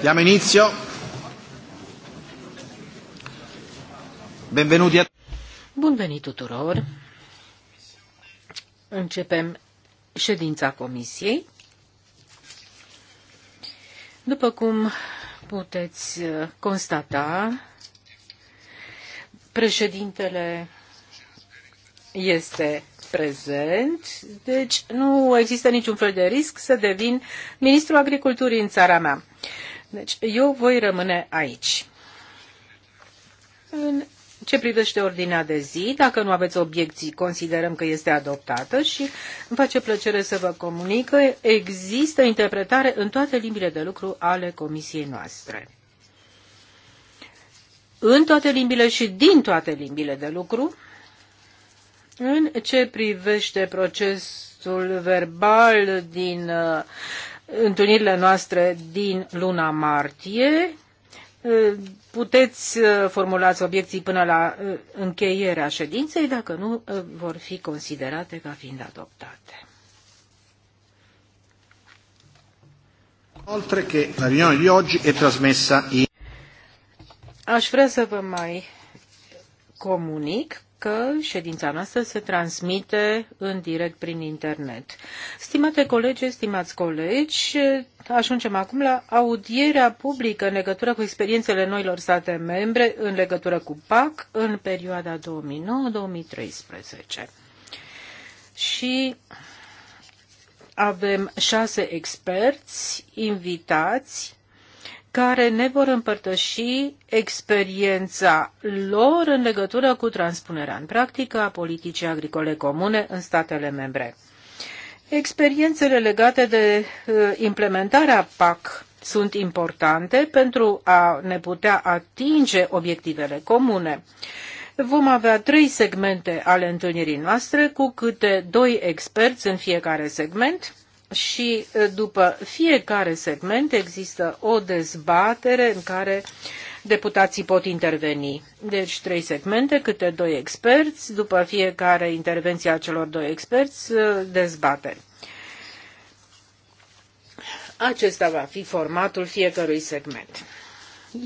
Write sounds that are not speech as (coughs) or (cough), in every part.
Diamo inizio. Benvenuti a... Bun venit tuturor. Începem ședința comisiei. După cum puteți uh, constata, președintele este prezent, deci nu există niciun fel de risc să devin ministrul agriculturii în țara mea. Deci, eu voi rămâne aici. În ce privește ordinea de zi, dacă nu aveți obiecții, considerăm că este adoptată și îmi face plăcere să vă comunic că există interpretare în toate limbile de lucru ale comisiei noastre. În toate limbile și din toate limbile de lucru, în ce privește procesul verbal din uh, întâlnirile noastre din luna martie. Eh, puteți eh, formulați obiecții până la eh, încheierea ședinței, dacă nu vor fi considerate ca fiind adoptate. Oltre che la riunione di oggi è trasmessa in... Aș vrea să vă mai comunic că ședința noastră se transmite în direct prin internet. Stimate colegi, stimați colegi, ajungem acum la audierea publică în legătură cu experiențele noilor state membre în legătură cu PAC în perioada 2009-2013. Și avem șase experți invitați care ne vor împărtăși experiența lor în legătură cu transpunerea în practică a politicii agricole comune în statele membre. Experiențele legate de uh, implementarea PAC sunt importante pentru a ne putea atinge obiectivele comune. Vom avea trei segmente ale întâlnirii noastre cu câte doi experți în fiecare segment și după fiecare segment există o dezbatere în care deputații pot interveni. Deci trei segmente, câte doi experți, după fiecare intervenție a celor doi experți, dezbatere. Acesta va fi formatul fiecărui segment.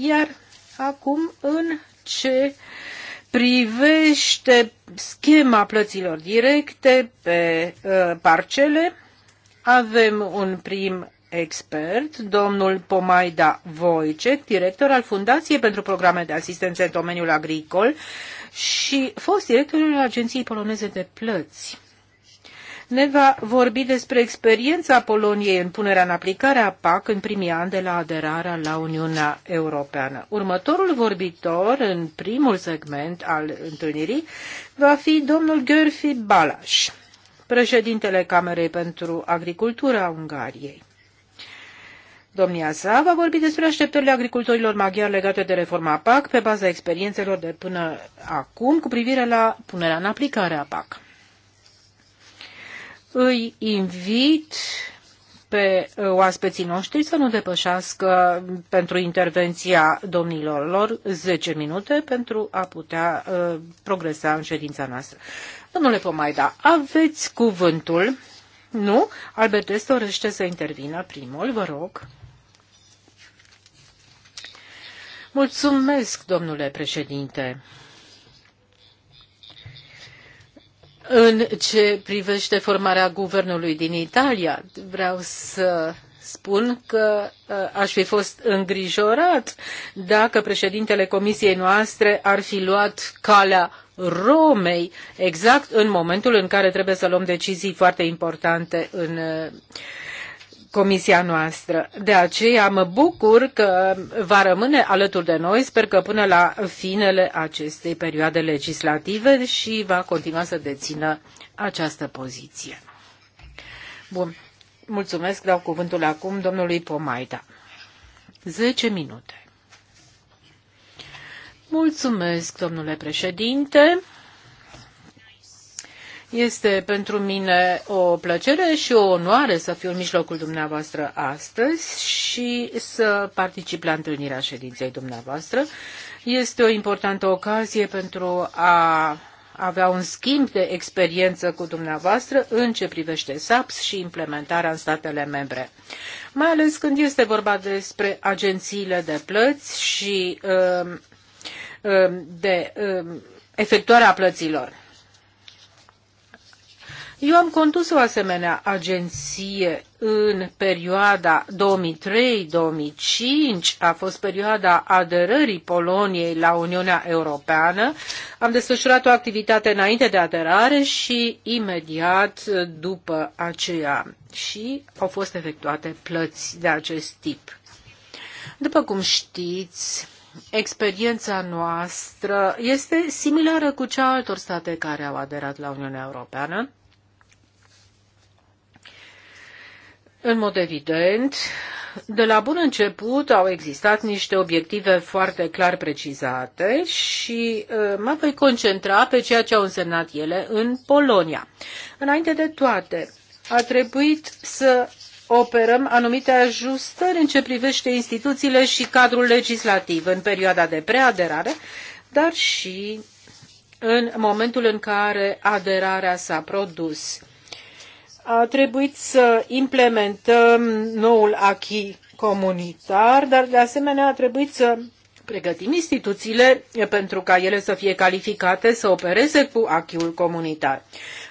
Iar acum în ce privește schema plăților directe pe uh, parcele, avem un prim expert, domnul Pomaida Voicec, director al Fundației pentru Programe de Asistență în domeniul agricol și fost directorul Agenției Poloneze de Plăți. Ne va vorbi despre experiența Poloniei în punerea în aplicare a PAC în primii ani de la aderarea la Uniunea Europeană. Următorul vorbitor în primul segment al întâlnirii va fi domnul Görfi Balas președintele Camerei pentru Agricultură a Ungariei. Domnia sa va vorbi despre așteptările agricultorilor maghiari legate de reforma PAC pe baza experiențelor de până acum cu privire la punerea în aplicare a PAC. Îi invit pe oaspeții noștri să nu depășească pentru intervenția domnilor lor 10 minute pentru a putea uh, progresa în ședința noastră. Domnule Pomaida, aveți cuvântul. Nu? Albertes dorește să intervină primul, vă rog. Mulțumesc, domnule președinte. În ce privește formarea guvernului din Italia, vreau să spun că uh, aș fi fost îngrijorat dacă președintele comisiei noastre ar fi luat calea Romei, exact în momentul în care trebuie să luăm decizii foarte importante în uh, comisia noastră. De aceea mă bucur că va rămâne alături de noi, sper că până la finele acestei perioade legislative și va continua să dețină această poziție. Bun. Mulțumesc, dau cuvântul acum domnului Pomaida. 10 minute. Mulțumesc, domnule președinte. Este pentru mine o plăcere și o onoare să fiu în mijlocul dumneavoastră astăzi și să particip la întâlnirea ședinței dumneavoastră. Este o importantă ocazie pentru a avea un schimb de experiență cu dumneavoastră în ce privește SAPS și implementarea în statele membre. Mai ales când este vorba despre agențiile de plăți și uh, Um, de um, efectuarea plăților. Eu am condus o asemenea agenție în perioada 2003-2005, a fost perioada aderării Poloniei la Uniunea Europeană. Am desfășurat o activitate înainte de aderare și imediat după aceea și au fost efectuate plăți de acest tip. După cum știți, experiența noastră este similară cu cea a altor state care au aderat la Uniunea Europeană. În mod evident, de la bun început au existat niște obiective foarte clar precizate și uh, mă voi concentra pe ceea ce au însemnat ele în Polonia. Înainte de toate, a trebuit să operăm anumite ajustări în ce privește instituțiile și cadrul legislativ în perioada de preaderare, dar și în momentul în care aderarea s-a produs. A trebuit să implementăm noul acquis comunitar, dar de asemenea a trebuit să pregătim instituțiile pentru ca ele să fie calificate să opereze cu acquis comunitar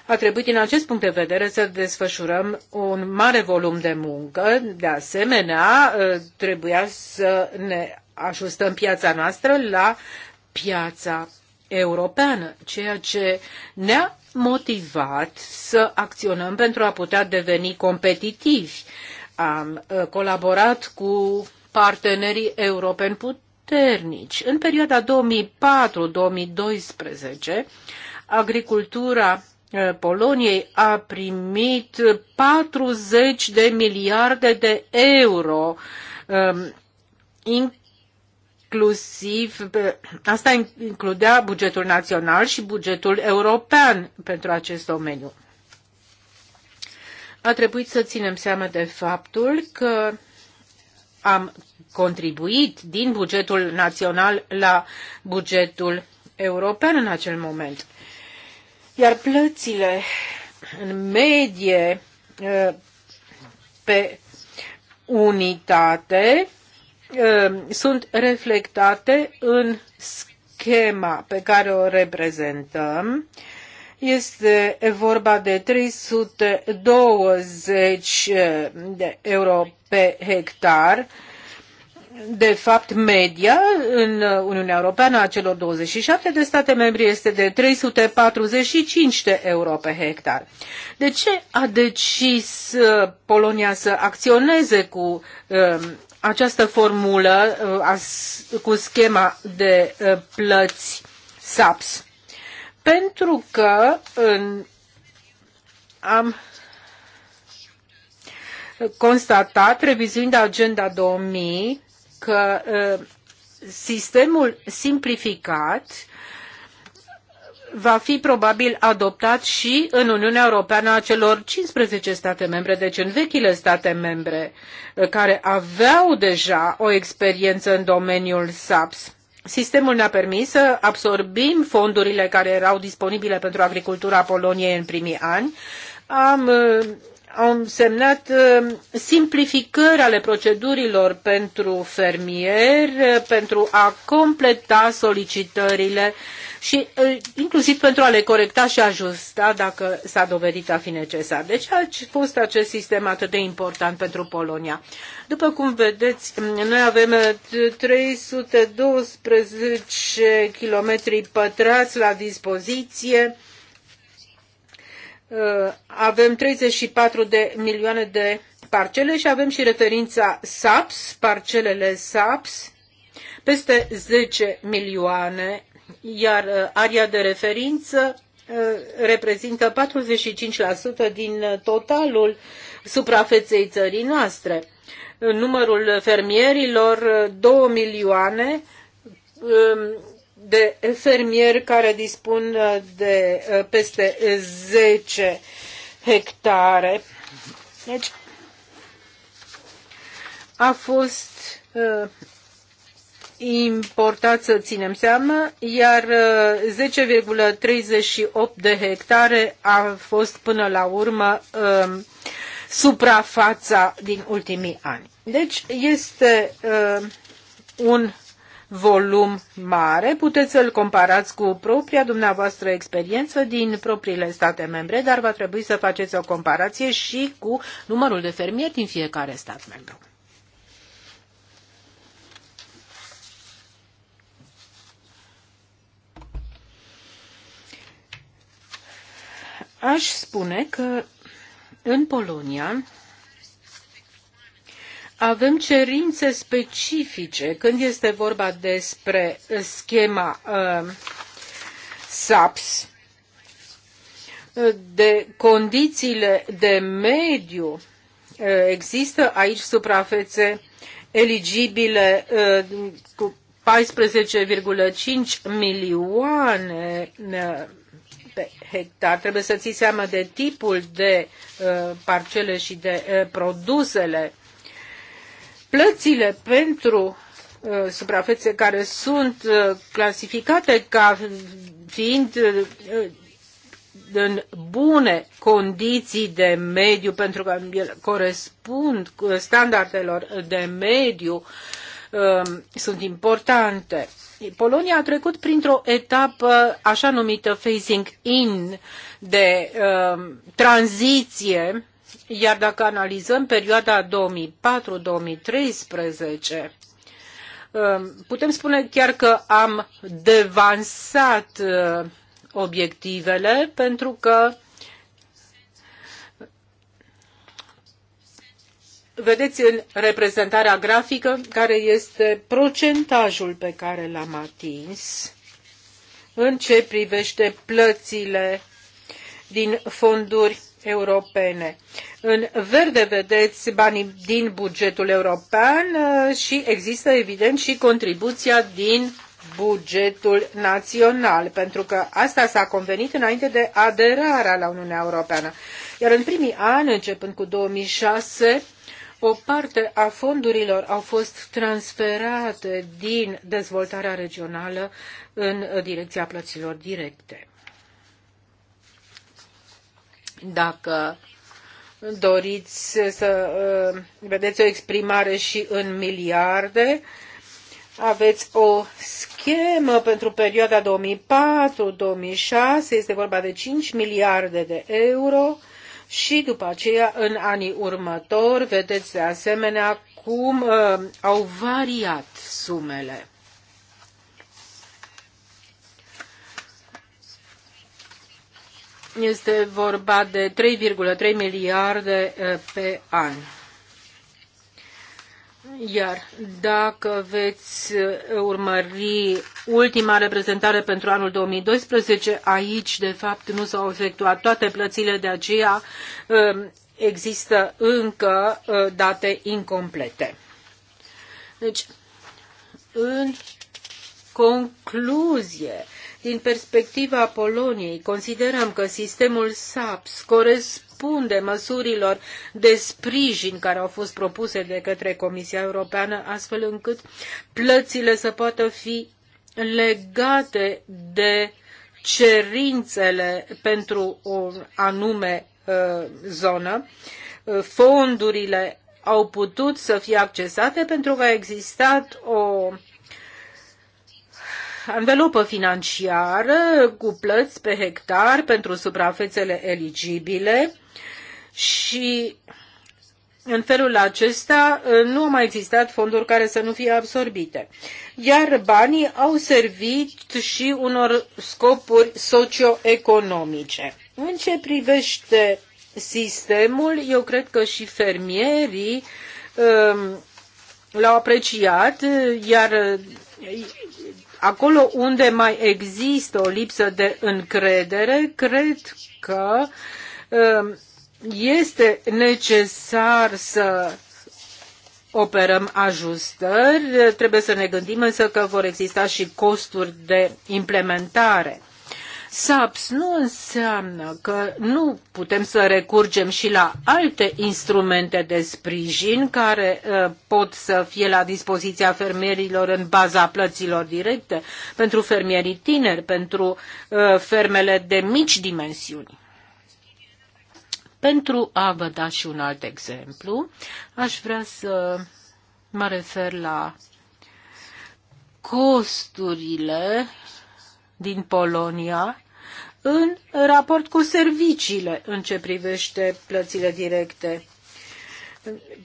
a trebuit din acest punct de vedere să desfășurăm un mare volum de muncă. De asemenea, ă, trebuia să ne ajustăm piața noastră la piața europeană, ceea ce ne-a motivat să acționăm pentru a putea deveni competitivi. Am ă, colaborat cu partenerii europeni puternici. În perioada 2004-2012, agricultura Eh, Poloniei a primit 40 de miliarde de euro, ehm, inclusiv, asta includea bugetul național și bugetul european pentru acest domeniu. A trebuit să ținem seama de faptul că am contribuit din bugetul național la bugetul european în acel moment. Iar plățile în medie eh, pe unitate eh, sunt reflectate în schema pe care o reprezentăm. Este vorba de 320 eh, de euro pe hectar de fapt, media în Uniunea Europeană a celor 27 de state membri este de 345 de euro pe hectar. De ce a decis uh, Polonia să acționeze cu um, această formulă, uh, cu schema de uh, plăți SAPS? Pentru că am constatat, revizuind agenda 2000, că sistemul simplificat va fi probabil adoptat și în Uniunea Europeană a celor 15 state membre, deci în vechile state membre care aveau deja o experiență în domeniul SAPS. Sistemul ne-a permis să absorbim fondurile care erau disponibile pentru agricultura Poloniei în primii ani. Am au semnat uh, simplificări ale procedurilor pentru fermieri, uh, pentru a completa solicitările și uh, inclusiv pentru a le corecta și ajusta dacă s-a dovedit a fi necesar. Deci a fost acest sistem atât de important pentru Polonia. După cum vedeți, noi avem 312 km pătrați la dispoziție Uh, avem 34 de milioane de parcele și avem și referința SAPS, parcelele SAPS, peste 10 milioane, iar uh, aria de referință uh, reprezintă 45% din totalul suprafeței țării noastre. Numărul fermierilor 2 milioane um, de fermieri care dispun uh, de uh, peste 10 hectare. Deci a fost uh, importat să ținem seama, iar 10,38 uh, de hectare a fost până la urmă uh, suprafața din ultimii ani. Deci este uh, un volum mare. Puteți să-l comparați cu propria dumneavoastră experiență din propriile state membre, dar va trebui să faceți o comparație și cu numărul de fermieri din fiecare stat membru. Aș spune că în Polonia avem cerințe specifice când este vorba despre schema uh, SAPS de condițiile de mediu uh, există aici suprafețe eligibile uh, cu 14,5 milioane uh, pe hectar. Trebuie să ții seama de tipul de parcele și de produsele plățile pentru uh, suprafețe care sunt uh, clasificate ca fiind uh, în bune condiții de mediu, pentru că corespund cu standardelor de mediu, um, sunt importante. Polonia a trecut printr-o etapă așa numită phasing in de uh, tranziție iar dacă analizăm perioada 2004-2013, um, putem spune chiar că am devansat uh, obiectivele pentru că vedeți în reprezentarea grafică care este procentajul pe care l-am atins în ce privește plățile din fonduri europene. În verde vedeți banii din bugetul european uh, și există evident și contribuția din bugetul național, pentru că asta s-a convenit înainte de aderarea la Uniunea Europeană. Iar în primii ani, începând cu 2006, o parte a fondurilor au fost transferate din dezvoltarea regională în direcția plăților directe. Dacă doriți să uh, vedeți o exprimare și în miliarde, aveți o schemă pentru perioada 2004-2006, este vorba de 5 miliarde de euro și după aceea în anii următori vedeți de asemenea cum uh, au variat sumele. Este vorba de 3,3 miliarde eh, pe an. Iar dacă veți eh, urmări ultima reprezentare pentru anul 2012, aici de fapt nu s-au efectuat toate plățile, de aceea eh, există încă date incomplete. Deci, în concluzie, din perspectiva Poloniei, considerăm că sistemul SAPS corespunde măsurilor de sprijin care au fost propuse de către Comisia Europeană, astfel încât plățile să poată fi legate de cerințele pentru o anume uh, zonă, uh, fondurile au putut să fie accesate pentru că a existat o anvelopă financiară cu plăți pe hectar pentru suprafețele eligibile și în felul acesta uh, nu au mai existat fonduri care să nu fie absorbite. Iar banii au servit și unor scopuri socioeconomice. În ce privește sistemul, eu cred că și fermierii um, l-au apreciat, iar acolo unde mai există o lipsă de încredere, cred că um, este necesar să operăm ajustări, trebuie să ne gândim însă că vor exista și costuri de implementare. SAPS nu înseamnă că nu putem să recurgem și la alte instrumente de sprijin care uh, pot să fie la dispoziția fermierilor în baza plăților directe pentru fermierii tineri, pentru uh, fermele de mici dimensiuni. Pentru a vă da și un alt exemplu, aș vrea să mă refer la costurile din Polonia în raport cu serviciile în ce privește plățile directe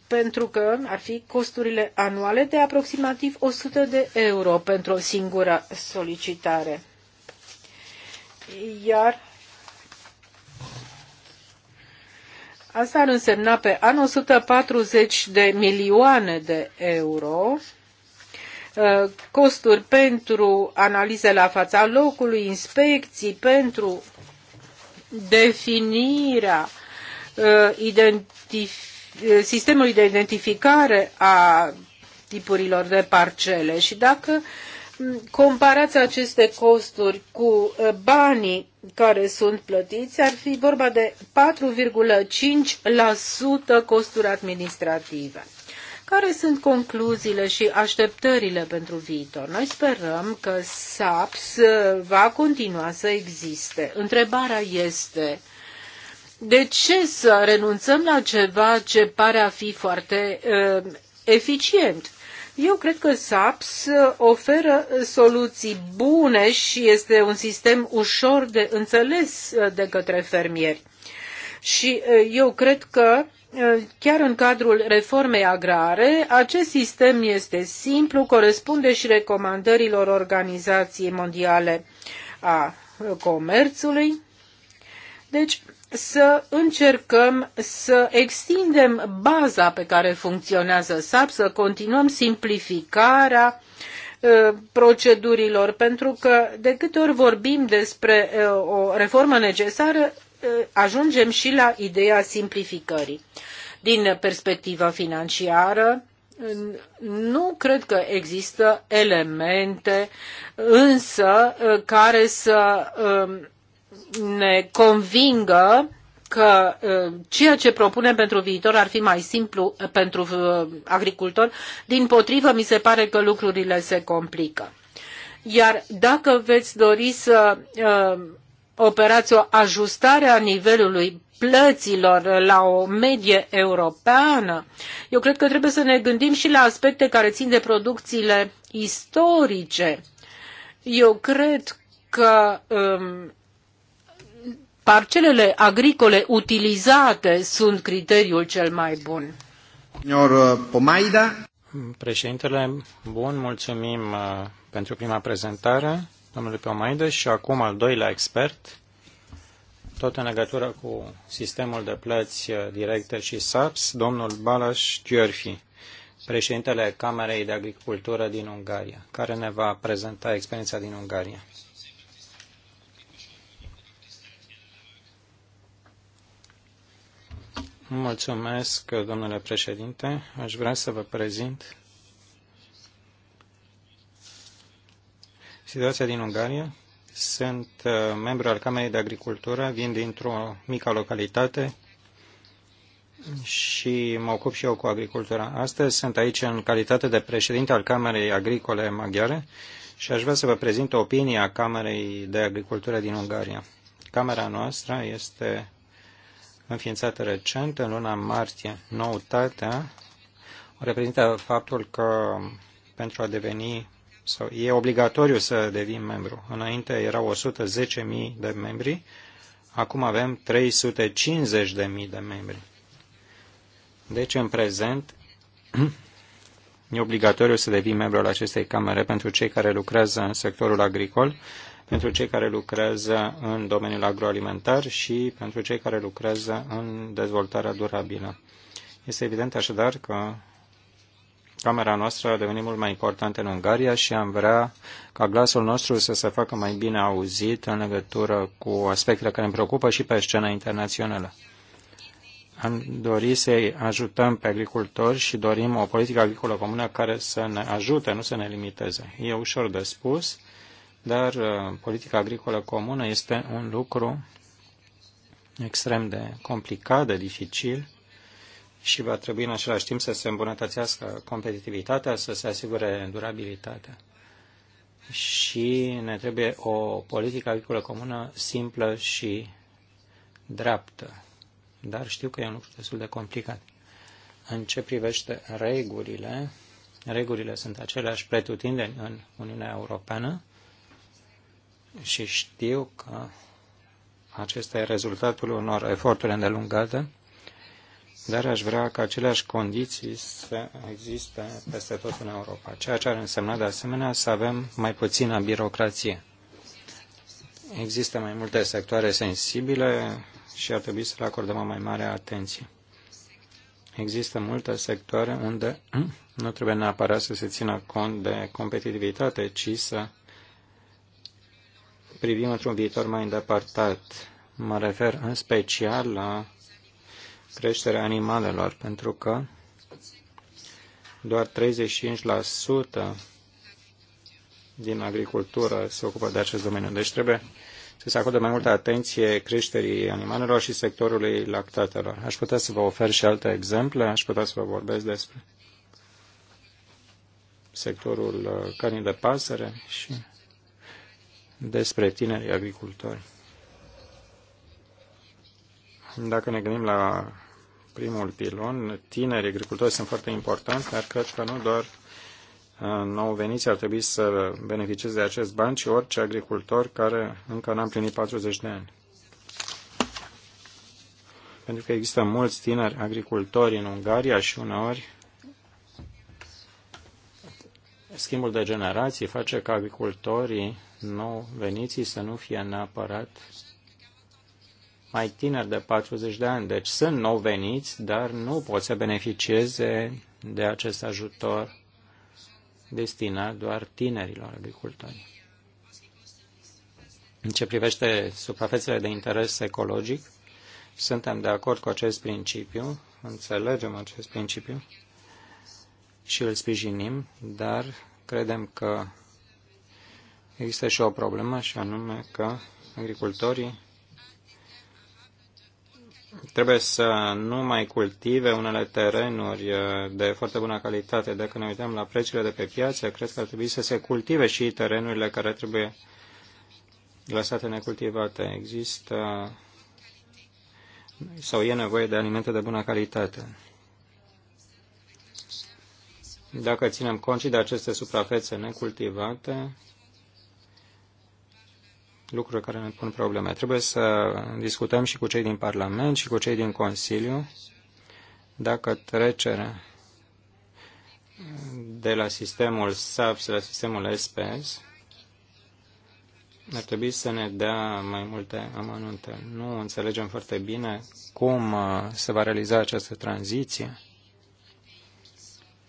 pentru că ar fi costurile anuale de aproximativ 100 de euro pentru o singură solicitare. Iar asta ar însemna pe an 140 de milioane de euro Uh, costuri pentru analize la fața locului, inspecții, pentru definirea uh, uh, sistemului de identificare a tipurilor de parcele și dacă mm, comparați aceste costuri cu banii care sunt plătiți, ar fi vorba de 4,5% costuri administrative. Care sunt concluziile și așteptările pentru viitor? Noi sperăm că SAPS va continua să existe. Întrebarea este, de ce să renunțăm la ceva ce pare a fi foarte uh, eficient? Eu cred că SAPS oferă soluții bune și este un sistem ușor de înțeles uh, de către fermieri. Și uh, eu cred că chiar în cadrul reformei agrare, acest sistem este simplu, corespunde și recomandărilor Organizației Mondiale a Comerțului. Deci, să încercăm să extindem baza pe care funcționează SAP, să continuăm simplificarea uh, procedurilor, pentru că de câte ori vorbim despre uh, o reformă necesară, Eh, ajungem și la ideea simplificării. Din perspectiva financiară, nu cred că există elemente însă eh, care să eh, ne convingă că ceea ce propunem pentru viitor ar fi mai simplu pentru agricultori. Din potrivă, mi se pare că lucrurile se complică. Iar dacă veți dori să operați o ajustare a nivelului plăților la o medie europeană, eu cred că trebuie să ne gândim și la aspecte care țin de producțiile istorice. Eu cred că um, parcelele agricole utilizate sunt criteriul cel mai bun. Signor uh, Pomaida. Președintele, bun, mulțumim uh, pentru prima prezentare domnului Piomaide și acum al doilea expert, tot în legătură cu sistemul de plăți uh, directe și SAPS, domnul Balas Györfi, președintele Camerei de Agricultură din Ungaria, care ne va prezenta experiența din Ungaria. Mulțumesc, domnule președinte. Aș vrea să vă prezint situația din Ungaria. Sunt uh, membru al Camerei de Agricultură, vin dintr-o mică localitate și mă ocup și eu cu agricultura. Astăzi sunt aici în calitate de președinte al Camerei Agricole Maghiare și aș vrea să vă prezint opinia Camerei de Agricultură din Ungaria. Camera noastră este înființată recent, în luna martie. Noutatea o reprezintă faptul că pentru a deveni sau e obligatoriu să devii membru. Înainte erau 110.000 de membri, acum avem 350.000 de membri. Deci, în prezent, (clears throat) e obligatoriu să devii membru al acestei camere pentru cei care lucrează în sectorul agricol, pentru cei care lucrează în domeniul agroalimentar și pentru cei care lucrează în dezvoltarea durabilă. Este evident așadar că Camera noastră a devenit mult mai importantă în Ungaria și am vrea ca glasul nostru să se facă mai bine auzit în legătură cu aspectele care ne preocupă și pe scena internațională. Am dorit să ajutăm pe agricultori și dorim o politică agricolă comună care să ne ajute, nu să ne limiteze. E ușor de spus, dar uh, politica agricolă comună este un lucru extrem de complicat, de dificil și va trebui în același timp să se îmbunătățească competitivitatea, să se asigure durabilitatea. Și ne trebuie o politică agricolă comună simplă și dreaptă. Dar știu că e un lucru destul de complicat. În ce privește regulile, regulile sunt aceleași pretutindeni în Uniunea Europeană și știu că acesta e rezultatul unor eforturi îndelungate dar aș vrea ca aceleași condiții să existe peste tot în Europa, ceea ce ar însemna de asemenea să avem mai puțină birocrație. Există mai multe sectoare sensibile și ar trebui să le acordăm o mai mare atenție. Există multe sectoare unde (clears throat) nu trebuie neapărat să se țină cont de competitivitate, ci să privim într-un viitor mai îndepărtat. Mă refer în special la creșterea animalelor, pentru că doar 35% din agricultură se ocupă de acest domeniu. Deci trebuie să se acorde mai multă atenție creșterii animalelor și sectorului lactatelor. Aș putea să vă ofer și alte exemple, aș putea să vă vorbesc despre sectorul uh, cărnii de pasăre și despre tinerii agricultori. Dacă ne gândim la primul pilon, tinerii agricultori sunt foarte importanți, dar cred că nu doar uh, nou veniți ar trebui să beneficieze de acest ban, ci orice agricultor care încă n-a împlinit 40 de ani. Pentru că există mulți tineri agricultori în Ungaria și uneori schimbul de generații face ca agricultorii nou veniții să nu fie neapărat mai tineri de 40 de ani, deci sunt nou veniți, dar nu pot să beneficieze de acest ajutor destinat doar tinerilor agricultori. În ce privește suprafețele de interes ecologic, suntem de acord cu acest principiu, înțelegem acest principiu și îl sprijinim, dar credem că există și o problemă, și anume că agricultorii trebuie să nu mai cultive unele terenuri uh, de foarte bună calitate. Dacă ne uităm la prețurile de pe piață, cred că ar trebui să se cultive și terenurile care trebuie lăsate necultivate. Există sau e nevoie de alimente de bună calitate. Dacă ținem cont și de aceste suprafețe necultivate, lucruri care ne pun probleme. Trebuie să discutăm și cu cei din Parlament și cu cei din Consiliu dacă trecerea de la sistemul SAPS la sistemul SPS ar trebui să ne dea mai multe amănunte. Nu înțelegem foarte bine cum uh, se va realiza această tranziție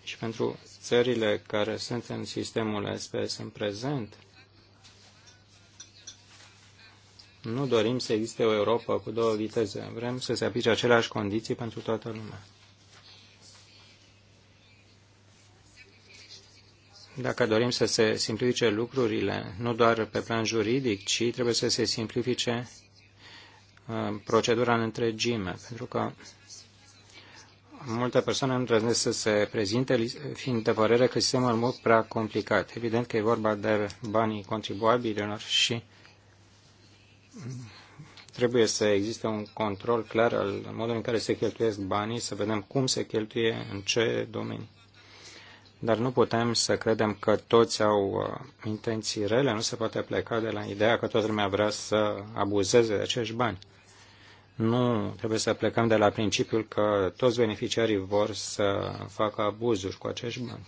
și pentru țările care sunt în sistemul SPS în prezent – Nu dorim să existe o Europa cu două viteze. Vrem să se aplice aceleași condiții pentru toată lumea. Dacă dorim să se simplifice lucrurile, nu doar pe plan juridic, ci trebuie să se simplifice uh, procedura în întregime, pentru că multe persoane nu îndrăznesc să se prezinte, fiind de părere că sistemul e mult prea complicat. Evident că e vorba de banii contribuabililor și trebuie să existe un control clar al modului în care se cheltuiesc banii, să vedem cum se cheltuie, în ce domenii. Dar nu putem să credem că toți au uh, intenții rele, nu se poate pleca de la ideea că toată lumea vrea să abuzeze de acești bani. Nu trebuie să plecăm de la principiul că toți beneficiarii vor să facă abuzuri cu acești bani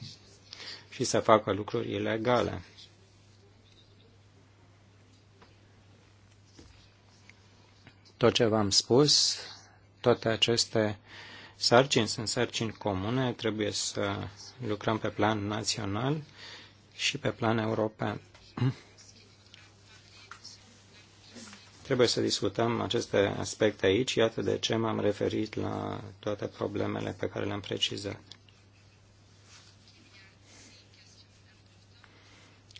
și să facă lucruri ilegale. tot ce v-am spus, toate aceste sarcini sunt sarcini comune, trebuie să lucrăm pe plan național și pe plan european. (clears throat) Trebuie să discutăm aceste aspecte aici, iată de ce m-am referit la toate problemele pe care le-am precizat.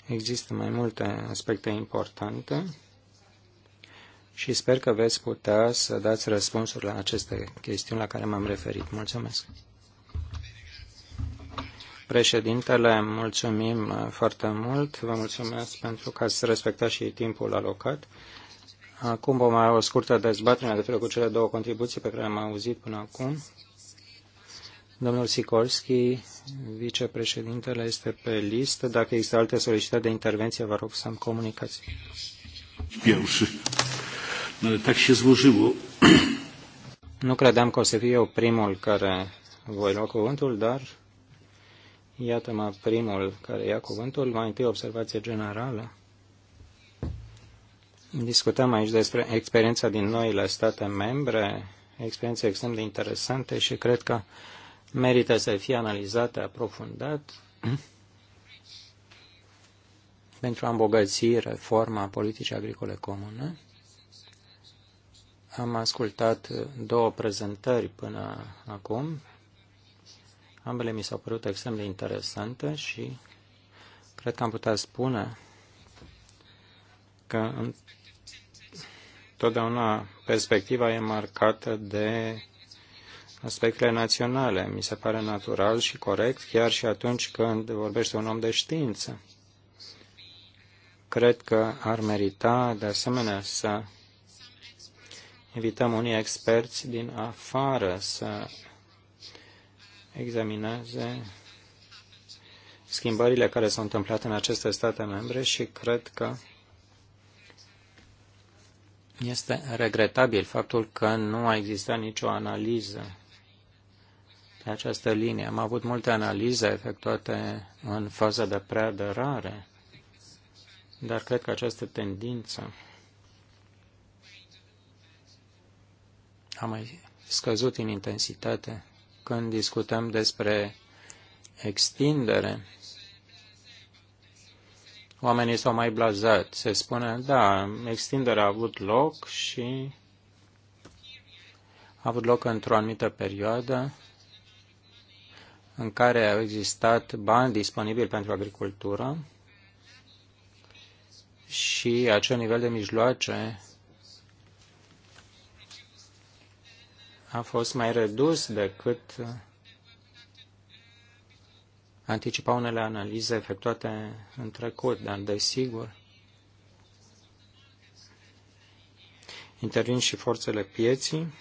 Există mai multe aspecte importante și sper că veți putea să dați răspunsuri la aceste chestiuni la care m-am referit. Mulțumesc! Președintele, mulțumim uh, foarte mult. Vă mulțumesc pentru că ați respectat și timpul alocat. Acum vom avea o scurtă dezbatere în cu cele două contribuții pe care am auzit până acum. Domnul Sikorski, vicepreședintele, este pe listă. Dacă există alte solicitări de intervenție, vă rog să-mi comunicați. Pierwszy. Nu credeam că o să fiu eu primul care voi lua cuvântul, dar iată-mă primul care ia cuvântul. Mai întâi observație generală. Discutăm aici despre experiența din noile state membre, experiențe extrem de interesante și cred că merită să fie analizate aprofundat pentru a îmbogăți reforma politicii agricole comune. Am ascultat două prezentări până acum. Ambele mi s-au părut extrem de interesante și cred că am putea spune că totdeauna perspectiva e marcată de aspectele naționale. Mi se pare natural și corect, chiar și atunci când vorbește un om de știință. Cred că ar merita, de asemenea, să invităm unii experți din afară să examineze schimbările care s-au întâmplat în aceste state membre și cred că este regretabil faptul că nu a existat nicio analiză pe această linie. Am avut multe analize efectuate în faza de preaderare, dar cred că această tendință a mai scăzut în intensitate când discutăm despre extindere. Oamenii s-au mai blazat. Se spune, da, extinderea a avut loc și a avut loc într-o anumită perioadă în care au existat bani disponibili pentru agricultură și acel nivel de mijloace a fost mai redus decât uh, anticipa unele analize efectuate în trecut, dar desigur intervin și forțele pieții.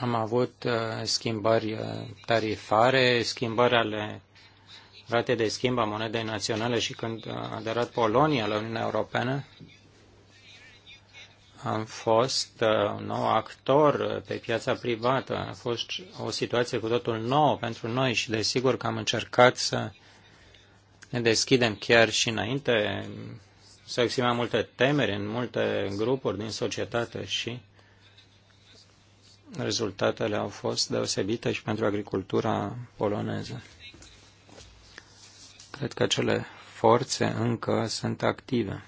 Am avut uh, schimbări uh, tarifare, schimbări ale rate de schimb a monedei naționale și când a aderat Polonia la Uniunea Europeană, am fost uh, un nou actor uh, pe piața privată. A fost o situație cu totul nouă pentru noi și desigur că am încercat să ne deschidem chiar și înainte. să exprimăm multe temeri în multe grupuri din societate și rezultatele au fost deosebite și pentru agricultura poloneză. Cred că cele forțe încă sunt active.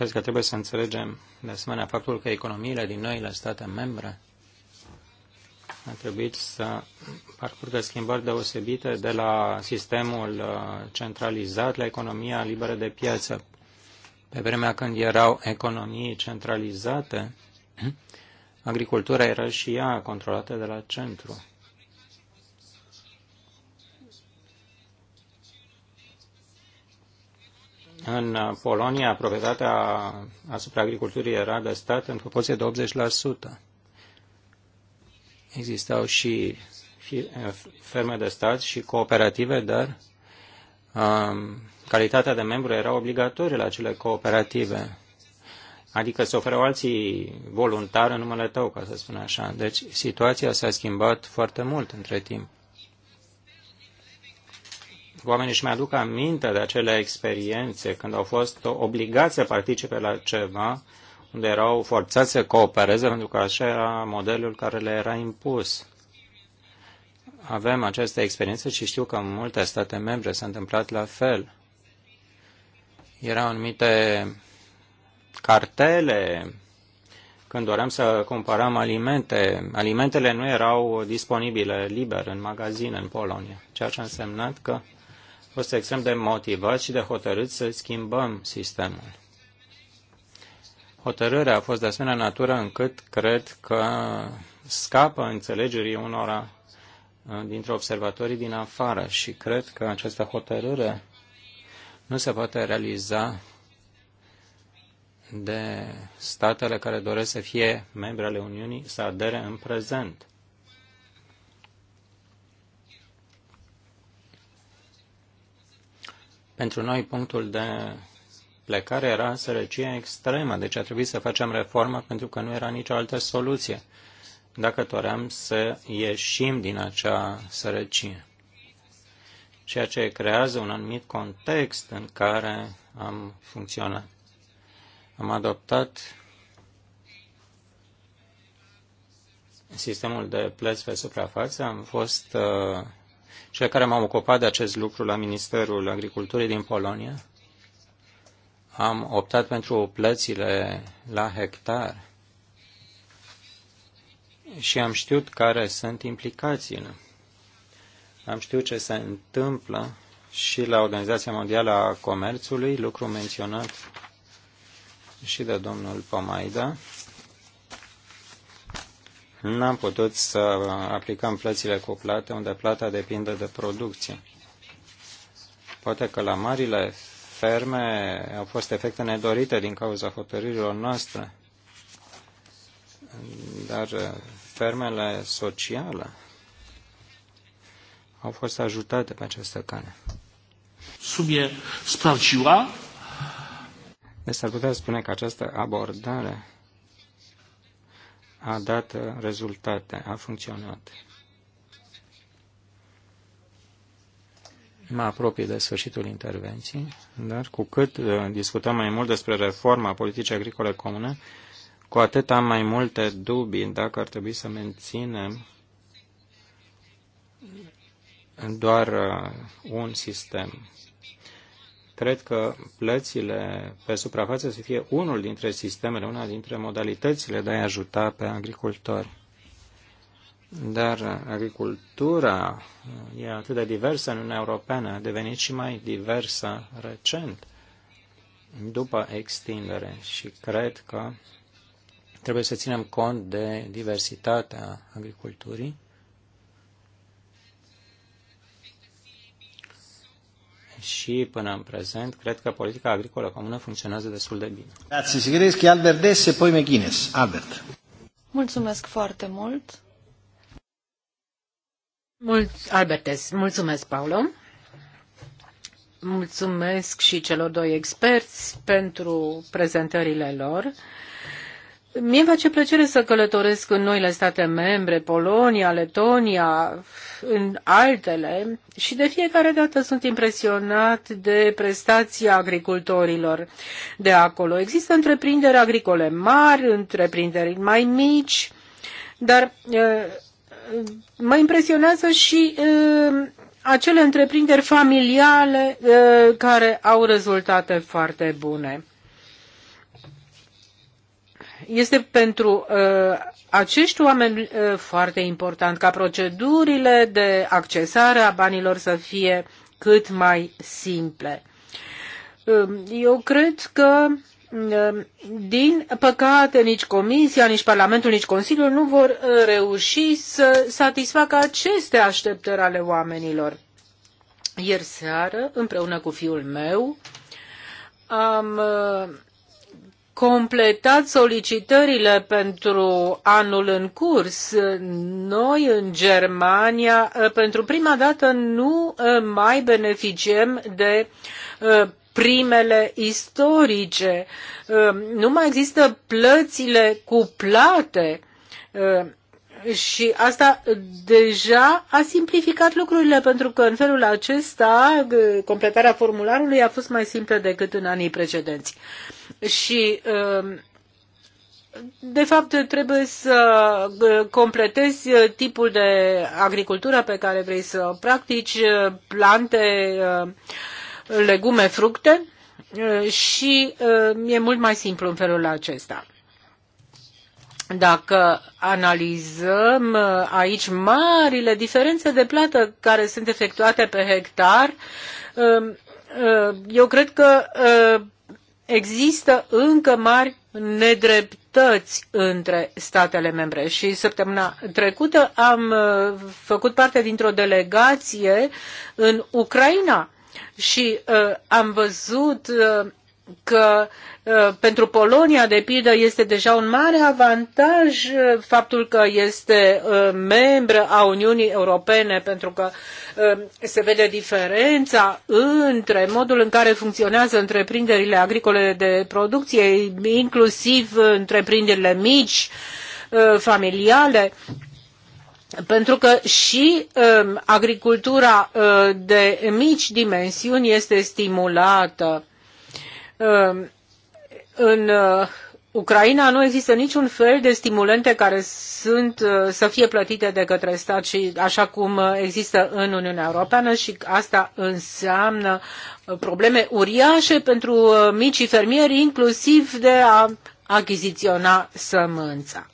Cred că trebuie să înțelegem de asemenea faptul că economiile din noile state membre a trebuit să parcurgă schimbări deosebite de la sistemul uh, centralizat la economia liberă de piață. Pe vremea când erau economii centralizate, (clears throat) agricultura era și ea controlată de la centru. În Polonia, proprietatea asupra agriculturii era de stat în proporție de 80%. Existau și ferme de stat și cooperative, dar um, calitatea de membru era obligatorie la cele cooperative. Adică se oferă alții voluntari în numele tău, ca să spun așa. Deci situația s-a schimbat foarte mult între timp. Oamenii își mai aduc aminte de acele experiențe când au fost obligați să participe la ceva unde erau forțați să coopereze pentru că așa era modelul care le era impus. Avem această experiență și știu că în multe state membre s-a întâmplat la fel. Erau anumite cartele când doream să cumpărăm alimente. Alimentele nu erau disponibile liber în magazine în Polonia, ceea ce a însemnat că fost extrem de motivați și de hotărâți să schimbăm sistemul. Hotărârea a fost de asemenea natură încât cred că scapă înțelegerii unora uh, dintre observatorii din afară și cred că această hotărâre nu se poate realiza de statele care doresc să fie membre ale Uniunii să adere în prezent. Pentru noi, punctul de plecare era sărăcia extremă, deci a trebuit să facem reformă pentru că nu era nicio altă soluție dacă doream să ieșim din acea sărăcie. Ceea ce creează un anumit context în care am funcționat. Am adoptat sistemul de plăți pe suprafață, am fost uh, cel care m-am ocupat de acest lucru la Ministerul Agriculturii din Polonia, am optat pentru plățile la hectar și am știut care sunt implicațiile. Am știut ce se întâmplă și la Organizația Mondială a Comerțului, lucru menționat și de domnul Pomaida n-am putut să aplicăm plățile plată, unde plata depinde de producție. Poate că la marile ferme au fost efecte nedorite din cauza hotărârilor noastre, dar fermele sociale au fost ajutate pe această cale. Subie sprawdziła. Deci s-ar putea spune că această abordare a dat rezultate, a funcționat. Mă apropii de sfârșitul intervenției, dar cu cât uh, discutăm mai mult despre reforma politicii agricole comune, cu atât am mai multe dubii dacă ar trebui să menținem doar uh, un sistem Cred că plățile pe suprafață să fie unul dintre sistemele, una dintre modalitățile de a ajuta pe agricultori. Dar agricultura e atât de diversă în Uniunea Europeană, a devenit și mai diversă recent după extindere și cred că trebuie să ținem cont de diversitatea agriculturii și până în prezent, cred că politica agricolă comună funcționează destul de bine. Grazie, Albert Desse, poi McGuinness. Albert. Mulțumesc foarte mult. Mulțumesc Albertes, mulțumesc, Paulo. Mulțumesc și celor doi experți pentru prezentările lor. Mie îmi face plăcere să călătoresc în noile state membre, Polonia, Letonia, în altele și de fiecare dată sunt impresionat de prestația agricultorilor de acolo. Există întreprinderi agricole mari, întreprinderi mai mici, dar mă impresionează și acele întreprinderi familiale care au rezultate foarte bune este pentru uh, acești oameni uh, foarte important ca procedurile de accesare a banilor să fie cât mai simple. Um, eu cred că um, din păcate, nici Comisia, nici Parlamentul, nici Consiliul nu vor uh, reuși să satisfacă aceste așteptări ale oamenilor. Ieri seară, împreună cu fiul meu, am completat solicitările pentru anul în curs. Noi în Germania eh, pentru prima dată nu eh, mai beneficiem de eh, primele istorice. Nu mai există plățile cuplate și asta deja a simplificat lucrurile, pentru că în felul acesta completarea formularului a fost mai simplă decât în anii precedenți. Și um, de fapt, trebuie să completezi tipul de agricultură pe care vrei să o practici, plante, um, legume, fructe uh, și uh, e mult mai simplu în felul acesta. Dacă analizăm uh, aici marile diferențe de plată care sunt efectuate pe hectar, um, uh, eu cred că uh, există încă mari nedreptăți între statele membre. Și săptămâna trecută am făcut parte dintr-o delegație în Ucraina și am văzut că ă, pentru Polonia, de pildă, este deja un mare avantaj ă, faptul că este ă, membră a Uniunii Europene, pentru că se vede diferența între modul în care funcționează întreprinderile agricole de producție, inclusiv întreprinderile mici, familiale, pentru că și agricultura de mici dimensiuni este stimulată Um, în uh, Ucraina nu există niciun fel de stimulente care sunt, uh, să fie plătite de către stat și așa cum uh, există în Uniunea Europeană și asta înseamnă probleme uriașe pentru micii fermieri, inclusiv de a achiziționa sămânța.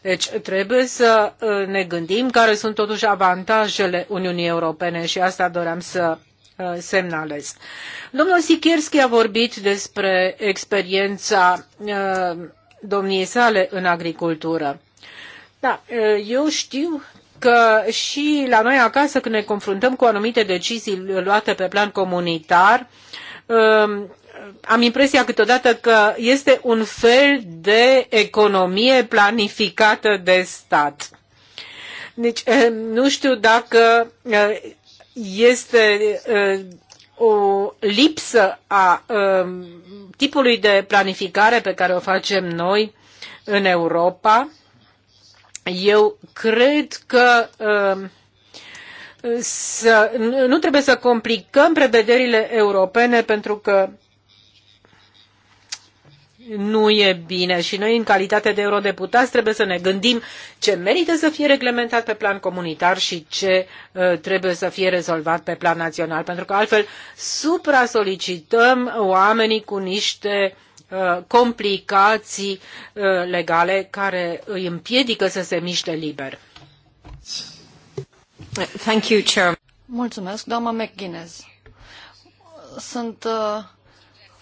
Deci trebuie să ne gândim care sunt totuși avantajele Uniunii Europene și asta doream să Uh, semnalez. Domnul Sikierski a vorbit despre experiența uh, domniei sale în agricultură. Da, uh, eu știu că și la noi acasă, când ne confruntăm cu anumite decizii luate pe plan comunitar, um, am impresia câteodată că este un fel de economie planificată de stat. Deci, nu știu dacă este o lipsă a tipului de planificare pe care o facem noi în Europa. Eu cred că să, nu trebuie să complicăm prevederile europene pentru că nu e bine și noi, în calitate de eurodeputați, trebuie să ne gândim ce merită să fie reglementat pe plan comunitar și ce uh, trebuie să fie rezolvat pe plan național, pentru că altfel supra-solicităm oamenii cu niște uh, complicații uh, legale care îi împiedică să se miște liber. Thank you, Chair. Mulțumesc, doamna McGuinness. Sunt uh,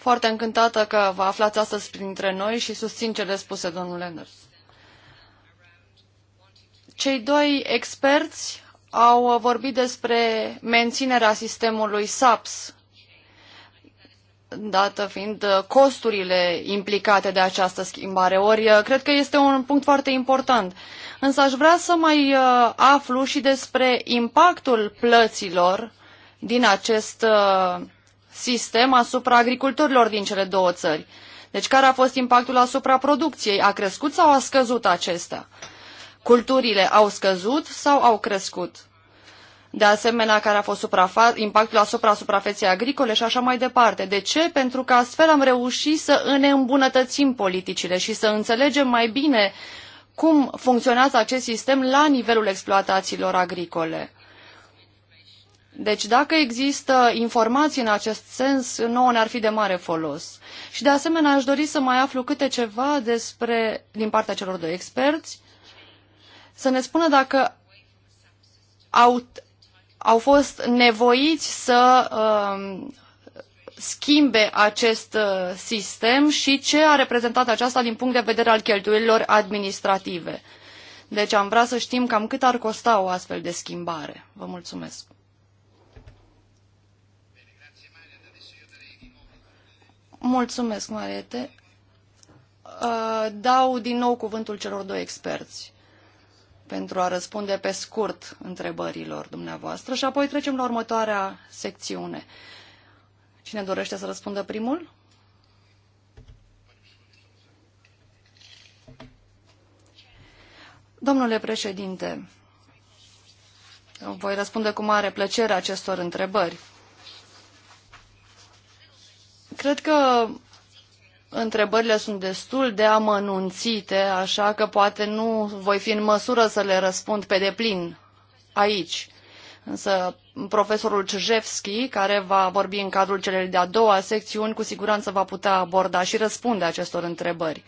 foarte încântată că vă aflați astăzi printre noi și susțin cele spuse, domnul Lenders. Cei doi experți au vorbit despre menținerea sistemului SAPS, dată fiind costurile implicate de această schimbare. Ori cred că este un punct foarte important. Însă aș vrea să mai uh, aflu și despre impactul plăților din acest uh, sistem asupra agricultorilor din cele două țări. Deci care a fost impactul asupra producției? A crescut sau a scăzut acestea? Culturile au scăzut sau au crescut? De asemenea, care a fost impactul asupra suprafeței agricole și așa mai departe. De ce? Pentru că astfel am reușit să ne îmbunătățim politicile și să înțelegem mai bine cum funcționează acest sistem la nivelul exploatațiilor agricole. Deci dacă există informații în acest sens, nouă ne-ar fi de mare folos. Și de asemenea aș dori să mai aflu câte ceva despre, din partea celor doi experți, să ne spună dacă au, au fost nevoiți să uh, schimbe acest uh, sistem și ce a reprezentat aceasta din punct de vedere al cheltuielilor administrative. Deci am vrea să știm cam cât ar costa o astfel de schimbare. Vă mulțumesc. Mulțumesc, marete. Uh, dau din nou cuvântul celor doi experți pentru a răspunde pe scurt întrebărilor dumneavoastră și apoi trecem la următoarea secțiune. Cine dorește să răspundă primul? Domnule președinte, voi răspunde cu mare plăcere acestor întrebări. Cred că întrebările sunt destul de amănunțite, așa că poate nu voi fi în măsură să le răspund pe deplin aici. Însă profesorul Czejewski, care va vorbi în cadrul celei de-a doua secțiuni, cu siguranță va putea aborda și răspunde acestor întrebări.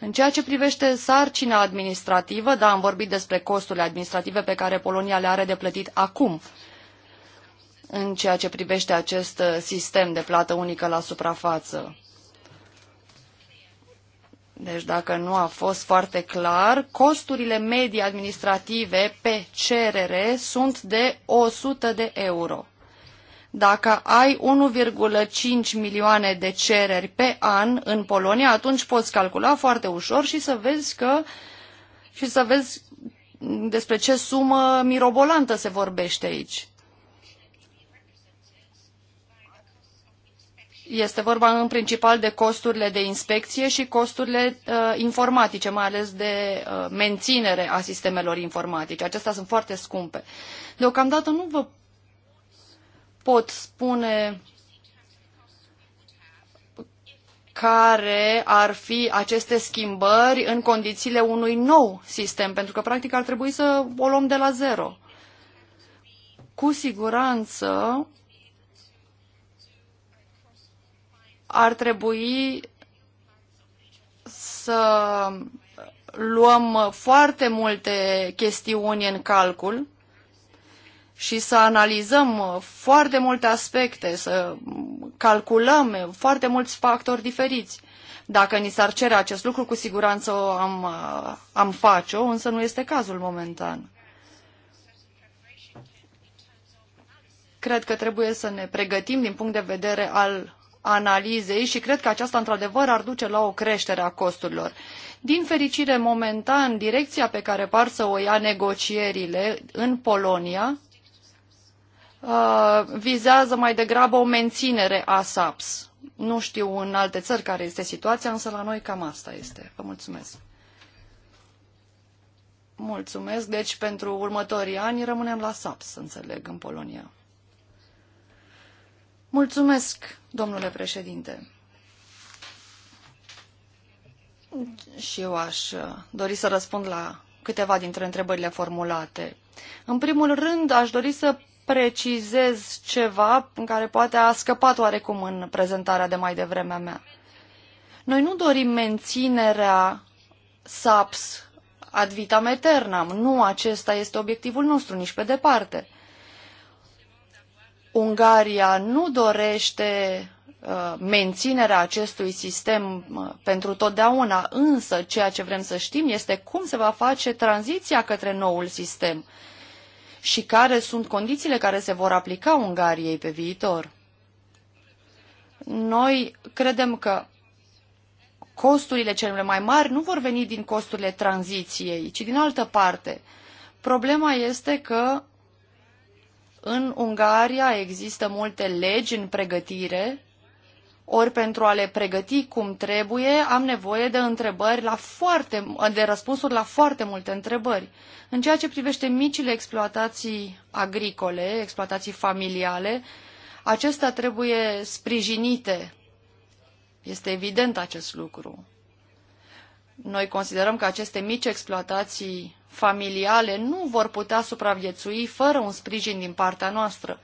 În ceea ce privește sarcina administrativă, da, am vorbit despre costurile administrative pe care Polonia le are de plătit acum în ceea ce privește acest uh, sistem de plată unică la suprafață. Deci dacă nu a fost foarte clar, costurile medii administrative pe cerere sunt de 100 de euro. Dacă ai 1,5 milioane de cereri pe an în Polonia, atunci poți calcula foarte ușor și să vezi că și să vezi despre ce sumă mirobolantă se vorbește aici. Este vorba în principal de costurile de inspecție și costurile uh, informatice, mai ales de uh, menținere a sistemelor informatice. Acestea sunt foarte scumpe. Deocamdată nu vă pot spune care ar fi aceste schimbări în condițiile unui nou sistem, pentru că practic ar trebui să o luăm de la zero. Cu siguranță ar trebui să luăm foarte multe chestiuni în calcul și să analizăm foarte multe aspecte, să calculăm foarte mulți factori diferiți. Dacă ni s-ar cere acest lucru, cu siguranță o am, am face-o, însă nu este cazul momentan. Cred că trebuie să ne pregătim din punct de vedere al analizei și cred că aceasta într-adevăr ar duce la o creștere a costurilor. Din fericire, momentan, direcția pe care par să o ia negocierile în Polonia uh, vizează mai degrabă o menținere a SAPS. Nu știu în alte țări care este situația, însă la noi cam asta este. Vă mulțumesc. Mulțumesc. Deci, pentru următorii ani rămânem la SAPS, înțeleg, în Polonia. Mulțumesc, domnule președinte. Și eu aș uh, dori să răspund la câteva dintre întrebările formulate. În primul rând, aș dori să precizez ceva în care poate a scăpat oarecum în prezentarea de mai devreme a mea. Noi nu dorim menținerea SAPS ad vitam aeternam. Nu acesta este obiectivul nostru, nici pe departe. Ungaria nu dorește uh, menținerea acestui sistem uh, pentru totdeauna, însă ceea ce vrem să știm este cum se va face tranziția către noul sistem și care sunt condițiile care se vor aplica Ungariei pe viitor. Noi credem că costurile cele mai mari nu vor veni din costurile tranziției, ci din altă parte. Problema este că în Ungaria există multe legi în pregătire, ori pentru a le pregăti cum trebuie, am nevoie de întrebări la foarte, de răspunsuri la foarte multe întrebări. În ceea ce privește micile exploatații agricole, exploatații familiale, acestea trebuie sprijinite. Este evident acest lucru. Noi considerăm că aceste mici exploatații familiale nu vor putea supraviețui fără un sprijin din partea noastră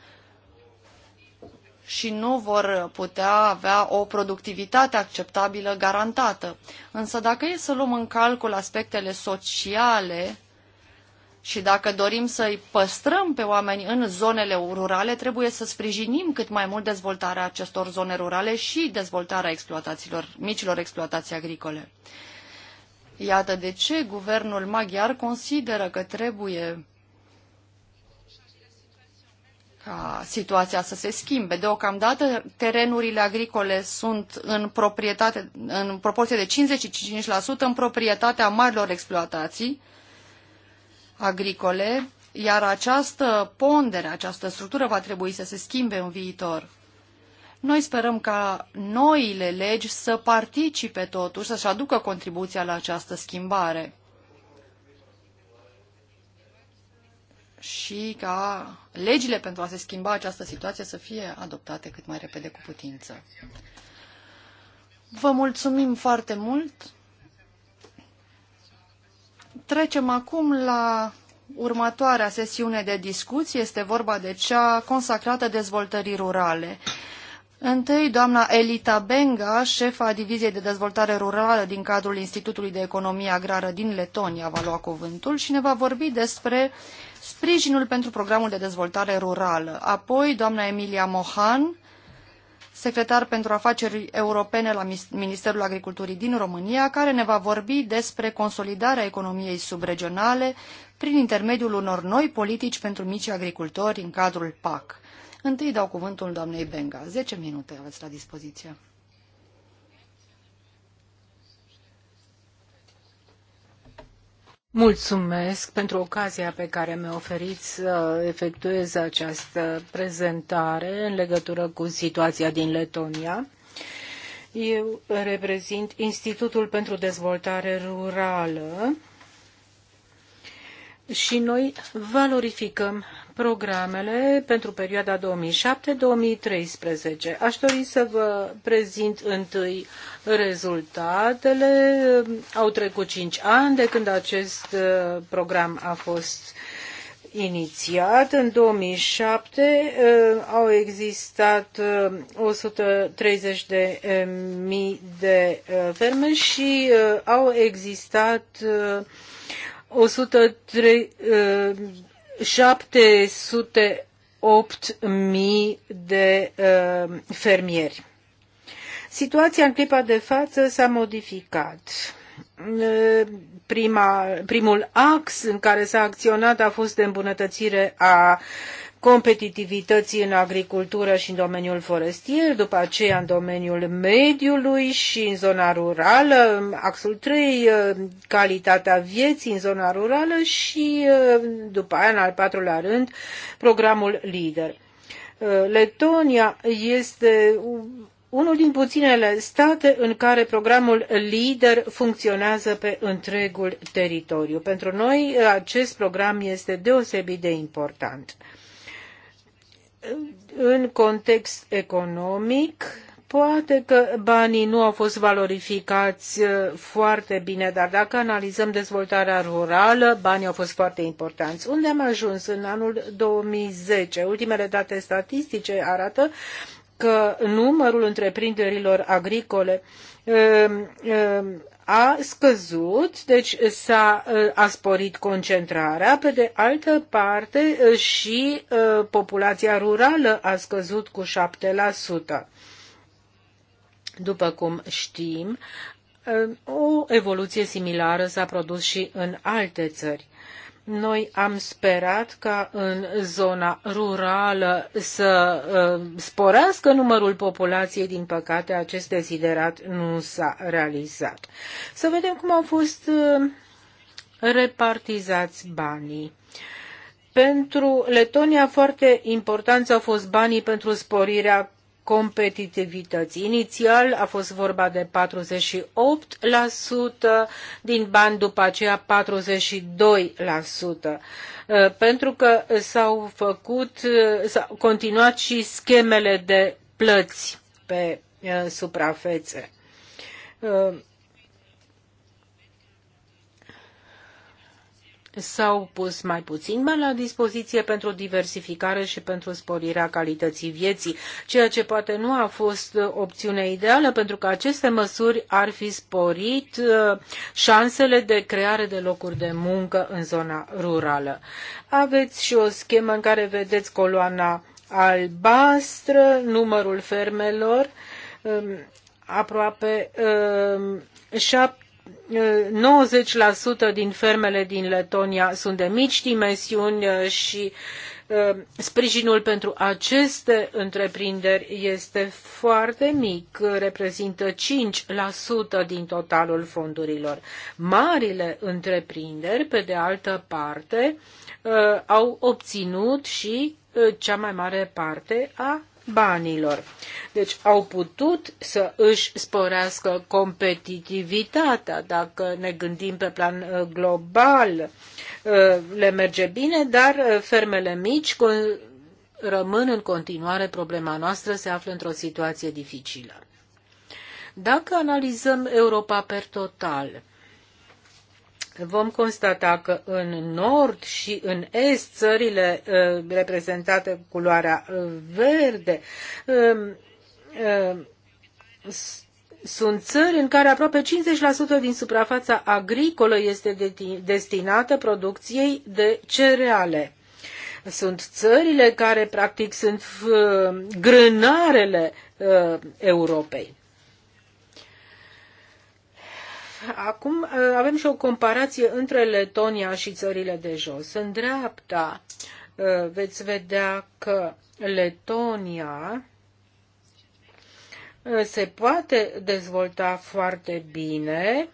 și nu vor putea avea o productivitate acceptabilă garantată. Însă dacă e să luăm în calcul aspectele sociale și dacă dorim să-i păstrăm pe oameni în zonele rurale, trebuie să sprijinim cât mai mult dezvoltarea acestor zone rurale și dezvoltarea exploatațiilor, micilor exploatații agricole. Iată de ce guvernul maghiar consideră că trebuie ca situația să se schimbe. Deocamdată terenurile agricole sunt în, proprietate, în proporție de 55% în proprietatea marilor exploatații agricole, iar această pondere, această structură va trebui să se schimbe în viitor. Noi sperăm ca noile legi să participe totuși, să-și aducă contribuția la această schimbare. și ca legile pentru a se schimba această situație să fie adoptate cât mai repede cu putință. Vă mulțumim foarte mult. Trecem acum la următoarea sesiune de discuții. Este vorba de cea consacrată dezvoltării rurale. Întâi, doamna Elita Benga, șefa Diviziei de Dezvoltare Rurală din cadrul Institutului de Economie Agrară din Letonia, va lua cuvântul și ne va vorbi despre sprijinul pentru programul de dezvoltare rurală. Apoi, doamna Emilia Mohan, secretar pentru afaceri europene la Ministerul Agriculturii din România, care ne va vorbi despre consolidarea economiei subregionale prin intermediul unor noi politici pentru mici agricultori în cadrul PAC. Întâi dau cuvântul doamnei Benga. Zece minute aveți la dispoziție. Mulțumesc pentru ocazia pe care mi-o oferiți să efectuez această prezentare în legătură cu situația din Letonia. Eu reprezint Institutul pentru Dezvoltare Rurală și noi valorificăm programele pentru perioada 2007-2013. Aș dori să vă prezint întâi rezultatele. Au trecut 5 ani de când acest uh, program a fost inițiat. În 2007 uh, au existat 130 uh, de mii de ferme și au existat 103, 708.000 de uh, fermieri. Situația în clipa de față s-a modificat. Uh, prima, primul ax în care s-a acționat a fost de îmbunătățire a competitivității în agricultură și în domeniul forestier, după aceea în domeniul mediului și în zona rurală, axul 3, uh, calitatea vieții în zona rurală și uh, după aia, în al patrulea rând, programul LIDER. Uh, Letonia este unul din puținele state în care programul LIDER funcționează pe întregul teritoriu. Pentru noi acest program este deosebit de important în context economic, poate că banii nu au fost valorificați uh, foarte bine, dar dacă analizăm dezvoltarea rurală, banii au fost foarte importanți. Unde am ajuns în anul 2010? Ultimele date statistice arată că numărul întreprinderilor agricole uh, Ehm, ehm, a scăzut, deci s-a eh, a sporit concentrarea, pe de altă parte eh, și eh, populația rurală a scăzut cu 7%. După cum știm, o evoluție similară s-a produs și în alte țări. Noi am sperat ca în zona rurală să uh, sporească numărul populației, din păcate acest deziderat nu s-a realizat. Să vedem cum au fost uh, repartizați banii. Pentru Letonia foarte importanți au fost banii pentru sporirea competitivității. Inițial a fost vorba de 48% din bani, după aceea 42%, uh, pentru că s-au făcut, uh, s-au continuat și schemele de plăți pe uh, suprafețe s-au pus mai puțin bani la dispoziție pentru diversificare și pentru sporirea calității vieții, ceea ce poate nu a fost opțiunea ideală, pentru că aceste măsuri ar fi sporit uh, șansele de creare de locuri de muncă în zona rurală. Aveți și o schemă în care vedeți coloana albastră, numărul fermelor, um, aproape um, 90% din fermele din Letonia sunt de mici dimensiuni uh, și uh, sprijinul pentru aceste întreprinderi este foarte mic, uh, reprezintă 5% din totalul fondurilor. Marile întreprinderi, pe de altă parte, au obținut și cea mai mare parte a banilor. Deci au putut să își sporească competitivitatea. Dacă ne gândim pe plan uh, global, uh, le merge bine, dar uh, fermele mici rămân în continuare problema noastră, se află într-o situație dificilă. Dacă analizăm Europa per total, vom constata că în nord și în est țările uh, reprezentate cu culoarea uh, verde um, um, sunt țări în care aproape 50% din suprafața agricolă este destinată producției de cereale. Sunt țările care practic sunt uh, grânarele Europei. Acum uh, avem și o comparație între Letonia și țările de jos. În dreapta uh, veți vedea că Letonia uh, se poate dezvolta foarte bine,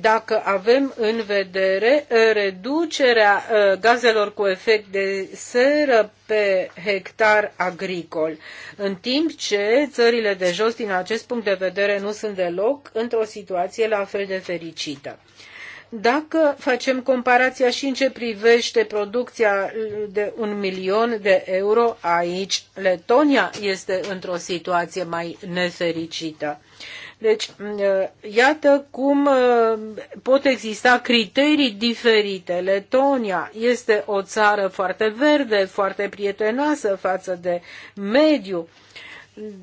dacă avem în vedere eh, reducerea eh, gazelor cu efect de seră pe hectar agricol, în timp ce țările de jos, din acest punct de vedere, nu sunt deloc într-o situație la fel de fericită. Dacă facem comparația și în ce privește producția de un milion de euro, aici Letonia este într-o situație mai nefericită. Deci, mm, iată cum mm, pot exista criterii diferite. Letonia este o țară foarte verde, foarte prietenoasă față de mediu.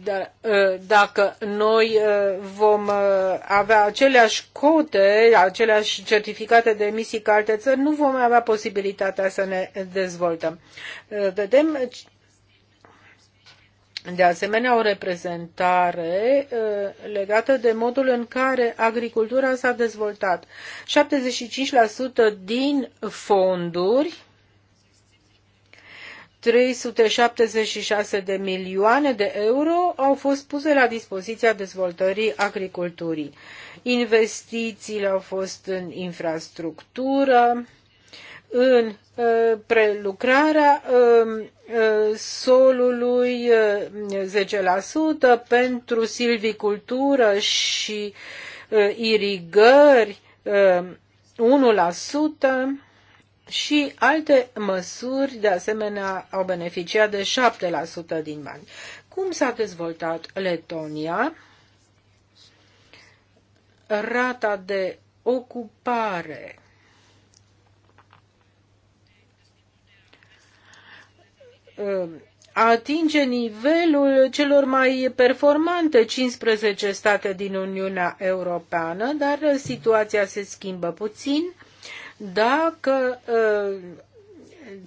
Da, mm, dacă noi vom avea aceleași cote, aceleași certificate de emisii ca alte țări, nu vom avea posibilitatea să ne dezvoltăm. Vedem de asemenea o reprezentare uh, legată de modul în care agricultura s-a dezvoltat. 75% din fonduri 376 de milioane de euro au fost puse la dispoziția dezvoltării agriculturii. Investițiile au fost în infrastructură, în uh, prelucrarea um, uh, solului 10% uh, pentru silvicultură și irigări 1% și alte măsuri de asemenea au beneficiat de 7% din bani. Cum s-a dezvoltat Letonia? Rata de ocupare atinge nivelul celor mai performante 15 state din Uniunea Europeană, dar situația se schimbă puțin dacă ă,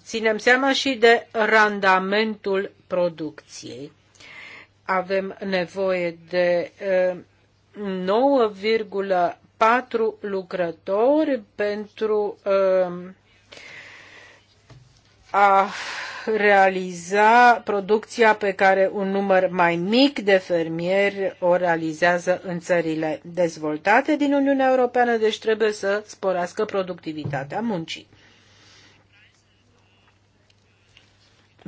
ținem seama și de randamentul producției. Avem nevoie de 9,4 ă, lucrători pentru ă, a realiza producția pe care un număr mai mic de fermieri o realizează în țările dezvoltate din Uniunea Europeană, deci trebuie să sporească productivitatea muncii.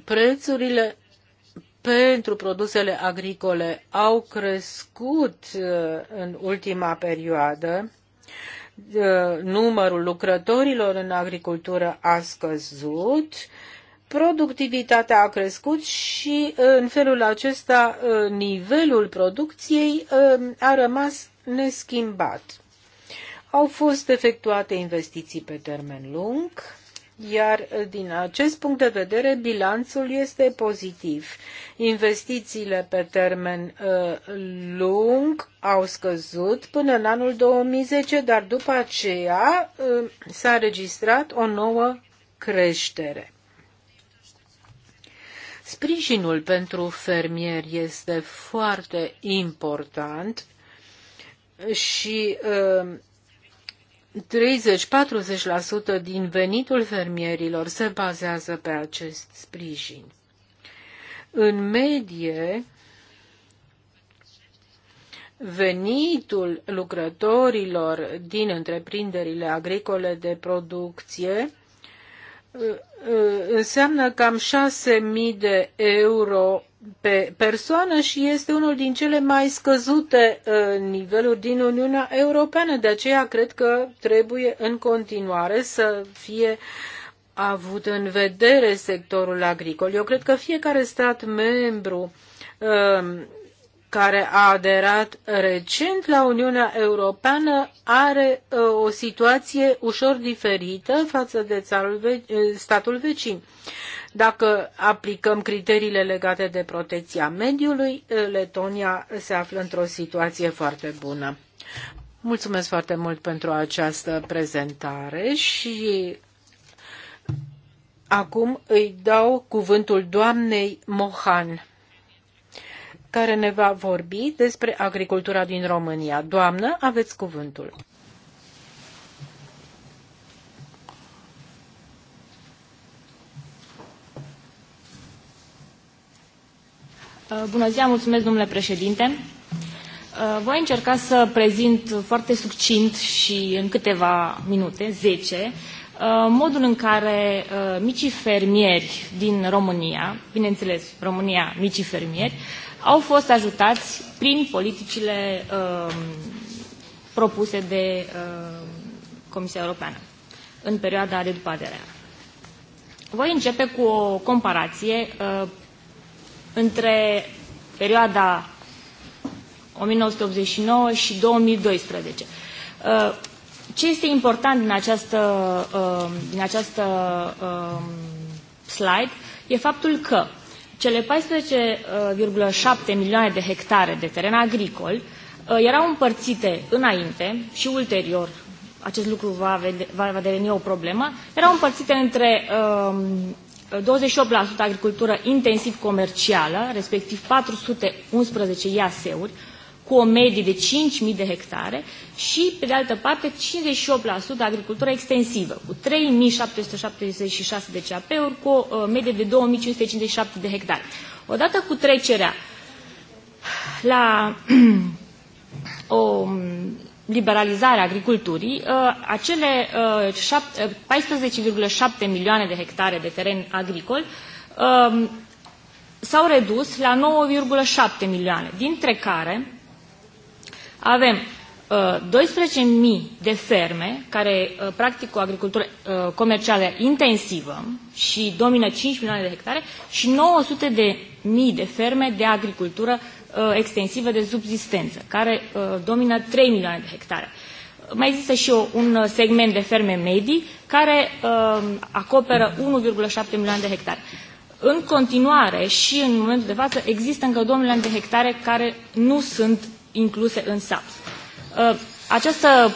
Prețurile pentru produsele agricole au crescut uh, în ultima perioadă uh, numărul lucrătorilor în agricultură a scăzut productivitatea a crescut și uh, în felul acesta uh, nivelul producției uh, a rămas neschimbat. Au fost efectuate investiții pe termen lung, iar din acest punct de vedere bilanțul este pozitiv. Investițiile pe termen lung au scăzut până în anul 2010, dar după aceea s-a registrat o nouă creștere. Sprijinul pentru fermieri este foarte important și 30-40% uh, din venitul fermierilor se bazează pe acest sprijin. În medie, venitul lucrătorilor din întreprinderile agricole de producție înseamnă cam 6.000 de euro pe persoană și este unul din cele mai scăzute uh, niveluri din Uniunea Europeană. De aceea cred că trebuie în continuare să fie avut în vedere sectorul agricol. Eu cred că fiecare stat membru uh, care a aderat recent la Uniunea Europeană are ă, o situație ușor diferită față de ă, statul vecin. Dacă aplicăm criteriile legate de protecția mediului, ă, Letonia se află într-o situație foarte bună. Mulțumesc foarte mult pentru această prezentare și acum îi dau cuvântul doamnei Mohan care ne va vorbi despre agricultura din România. Doamnă, aveți cuvântul. Uh, bună ziua, mulțumesc domnule președinte. Uh, voi încerca să prezint foarte succint și în câteva minute, 10, uh, modul în care micii fermieri din România, bineînțeles, România micii fermieri, au fost ajutați prin politicile uh, propuse de uh, Comisia Europeană în perioada de după aderea. Voi începe cu o comparație uh, între perioada 1989 și 2012. Uh, ce este important din această, uh, din această uh, slide e faptul că uh, cele 14,7 uh, milioane de hectare de teren agricol uh, erau împărțite înainte și ulterior, acest lucru va, va deveni o problemă, erau împărțite între um, 28% agricultură intensiv comercială, respectiv 411 IAS-uri, cu o medie de 5.000 de hectare și, pe de altă parte, 58% agricultură extensivă, cu 3.776 de CAP-uri, cu o uh, medie de 2.557 de hectare. Odată cu trecerea la (clears throat) o um, liberalizare a agriculturii, uh, acele 14,7 uh, milioane de hectare de teren agricol um, s-au redus la 9,7 milioane, dintre care avem 12.000 uh, de ferme care uh, practic o agricultură uh, comercială intensivă și domină 5 milioane de hectare și 900.000 de de ferme de agricultură extensivă de subsistență, care domină 3 milioane de hectare. Mai există și un segment de ferme medii care acoperă 1,7 milioane de hectare. În continuare și în momentul de față există încă 2 milioane de hectare care nu sunt incluse în SAPS. Uh, această,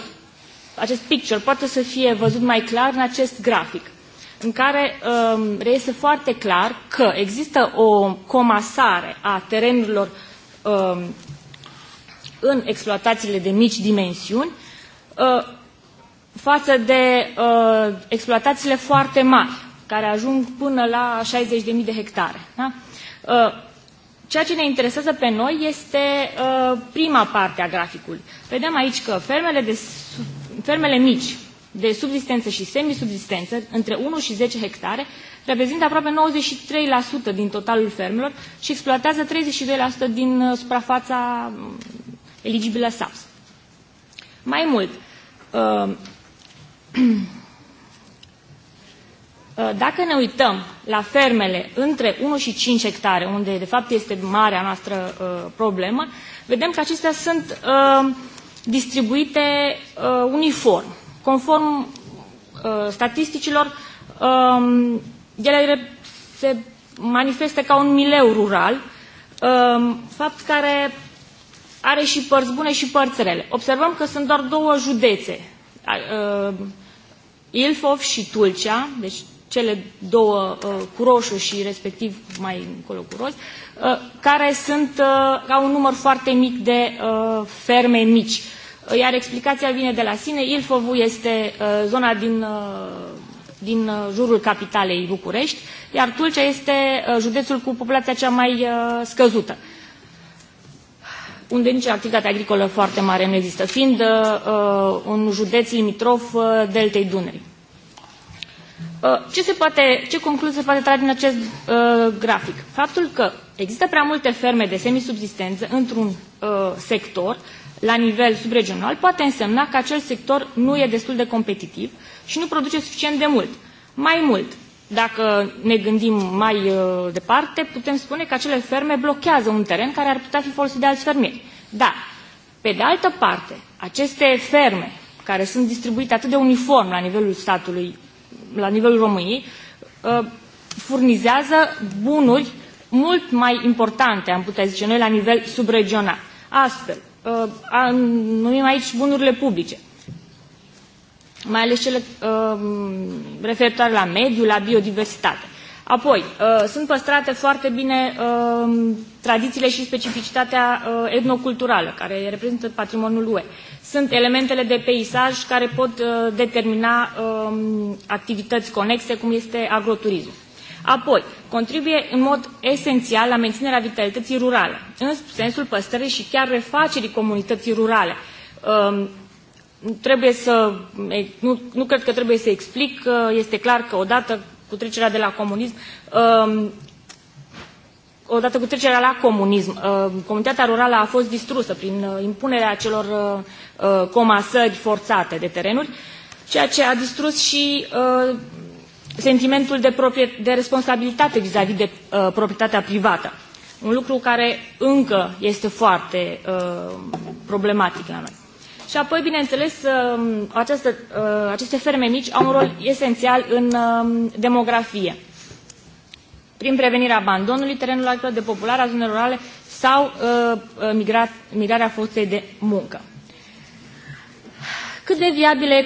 acest picture poate să fie văzut mai clar în acest grafic, în care um, reiese foarte clar că există o comasare a terenurilor um, în exploatațiile de mici dimensiuni uh, față de uh, exploatațiile foarte mari, care ajung până la 60.000 de hectare. Da? Ceea ce ne interesează pe noi este uh, prima parte a graficului. Vedem aici că fermele, de, fermele mici de subsistență și semisubsistență, între 1 și 10 hectare, reprezintă aproape 93% din totalul fermelor și exploatează 32% din uh, suprafața um, eligibilă SAPS. Mai mult, uh, (clears throat) Uh, dacă ne uităm la fermele între 1 și 5 hectare, unde de fapt este marea noastră uh, problemă, vedem că acestea sunt uh, distribuite uniform. Conform statisticilor, um, ele se manifestă ca un mileu rural, um, fapt care are și părți bune și părți rele. Observăm că sunt doar două județe, Ilfov și Tulcea, deci cele două uh, cu roșu și respectiv mai încolo cu roz, uh, care sunt, uh, au un număr foarte mic de ferme mici. Iar explicația vine de la sine. Ilfovu este zona din, din jurul capitalei București, iar Tulcea este județul cu populația cea mai scăzută unde nici activitate agricolă foarte mare nu există, fiind uh, un județ limitrof uh, deltei Dunării. Uh, ce, se poate, ce concluzie se poate trage din acest uh, grafic? Faptul că există prea multe ferme de semisubsistență într-un uh, sector la nivel subregional poate însemna că acel sector nu e destul de competitiv și nu produce suficient de mult. Mai mult, dacă ne gândim mai uh, departe, putem spune că acele ferme blochează un teren care ar putea fi folosit de alți fermieri. Da, pe de altă parte, aceste ferme care sunt distribuite atât de uniform la nivelul statului la nivelul României, uh, furnizează bunuri mult mai importante, am putea zice noi, la nivel subregional. Astfel, uh, numim aici bunurile publice, mai ales cele uh, referitoare la mediu, la biodiversitate. Apoi, sunt păstrate foarte bine tradițiile și specificitatea etnoculturală, care reprezintă patrimoniul UE sunt elementele de peisaj care pot uh, determina uh, activități conexe, cum este agroturismul. Apoi, contribuie în mod esențial la menținerea vitalității rurale, în sensul păstrării și chiar refacerii comunității rurale. Uh, trebuie să, nu, nu cred că trebuie să explic, uh, este clar că odată cu trecerea de la comunism, um, odată cu trecerea la comunism, uh, comunitatea rurală a fost distrusă prin uh, impunerea acelor uh, comasări forțate de terenuri, ceea ce a distrus și sentimentul de, proprie, de responsabilitate vis-a-vis -vis de proprietatea privată. Un lucru care încă este foarte problematic la noi. Și apoi, bineînțeles, această, aceste ferme mici au un rol esențial în demografie prin prevenirea abandonului terenurilor populare a zonelor rurale sau uh, uh migrat, migrarea forței de muncă. Cât de viabile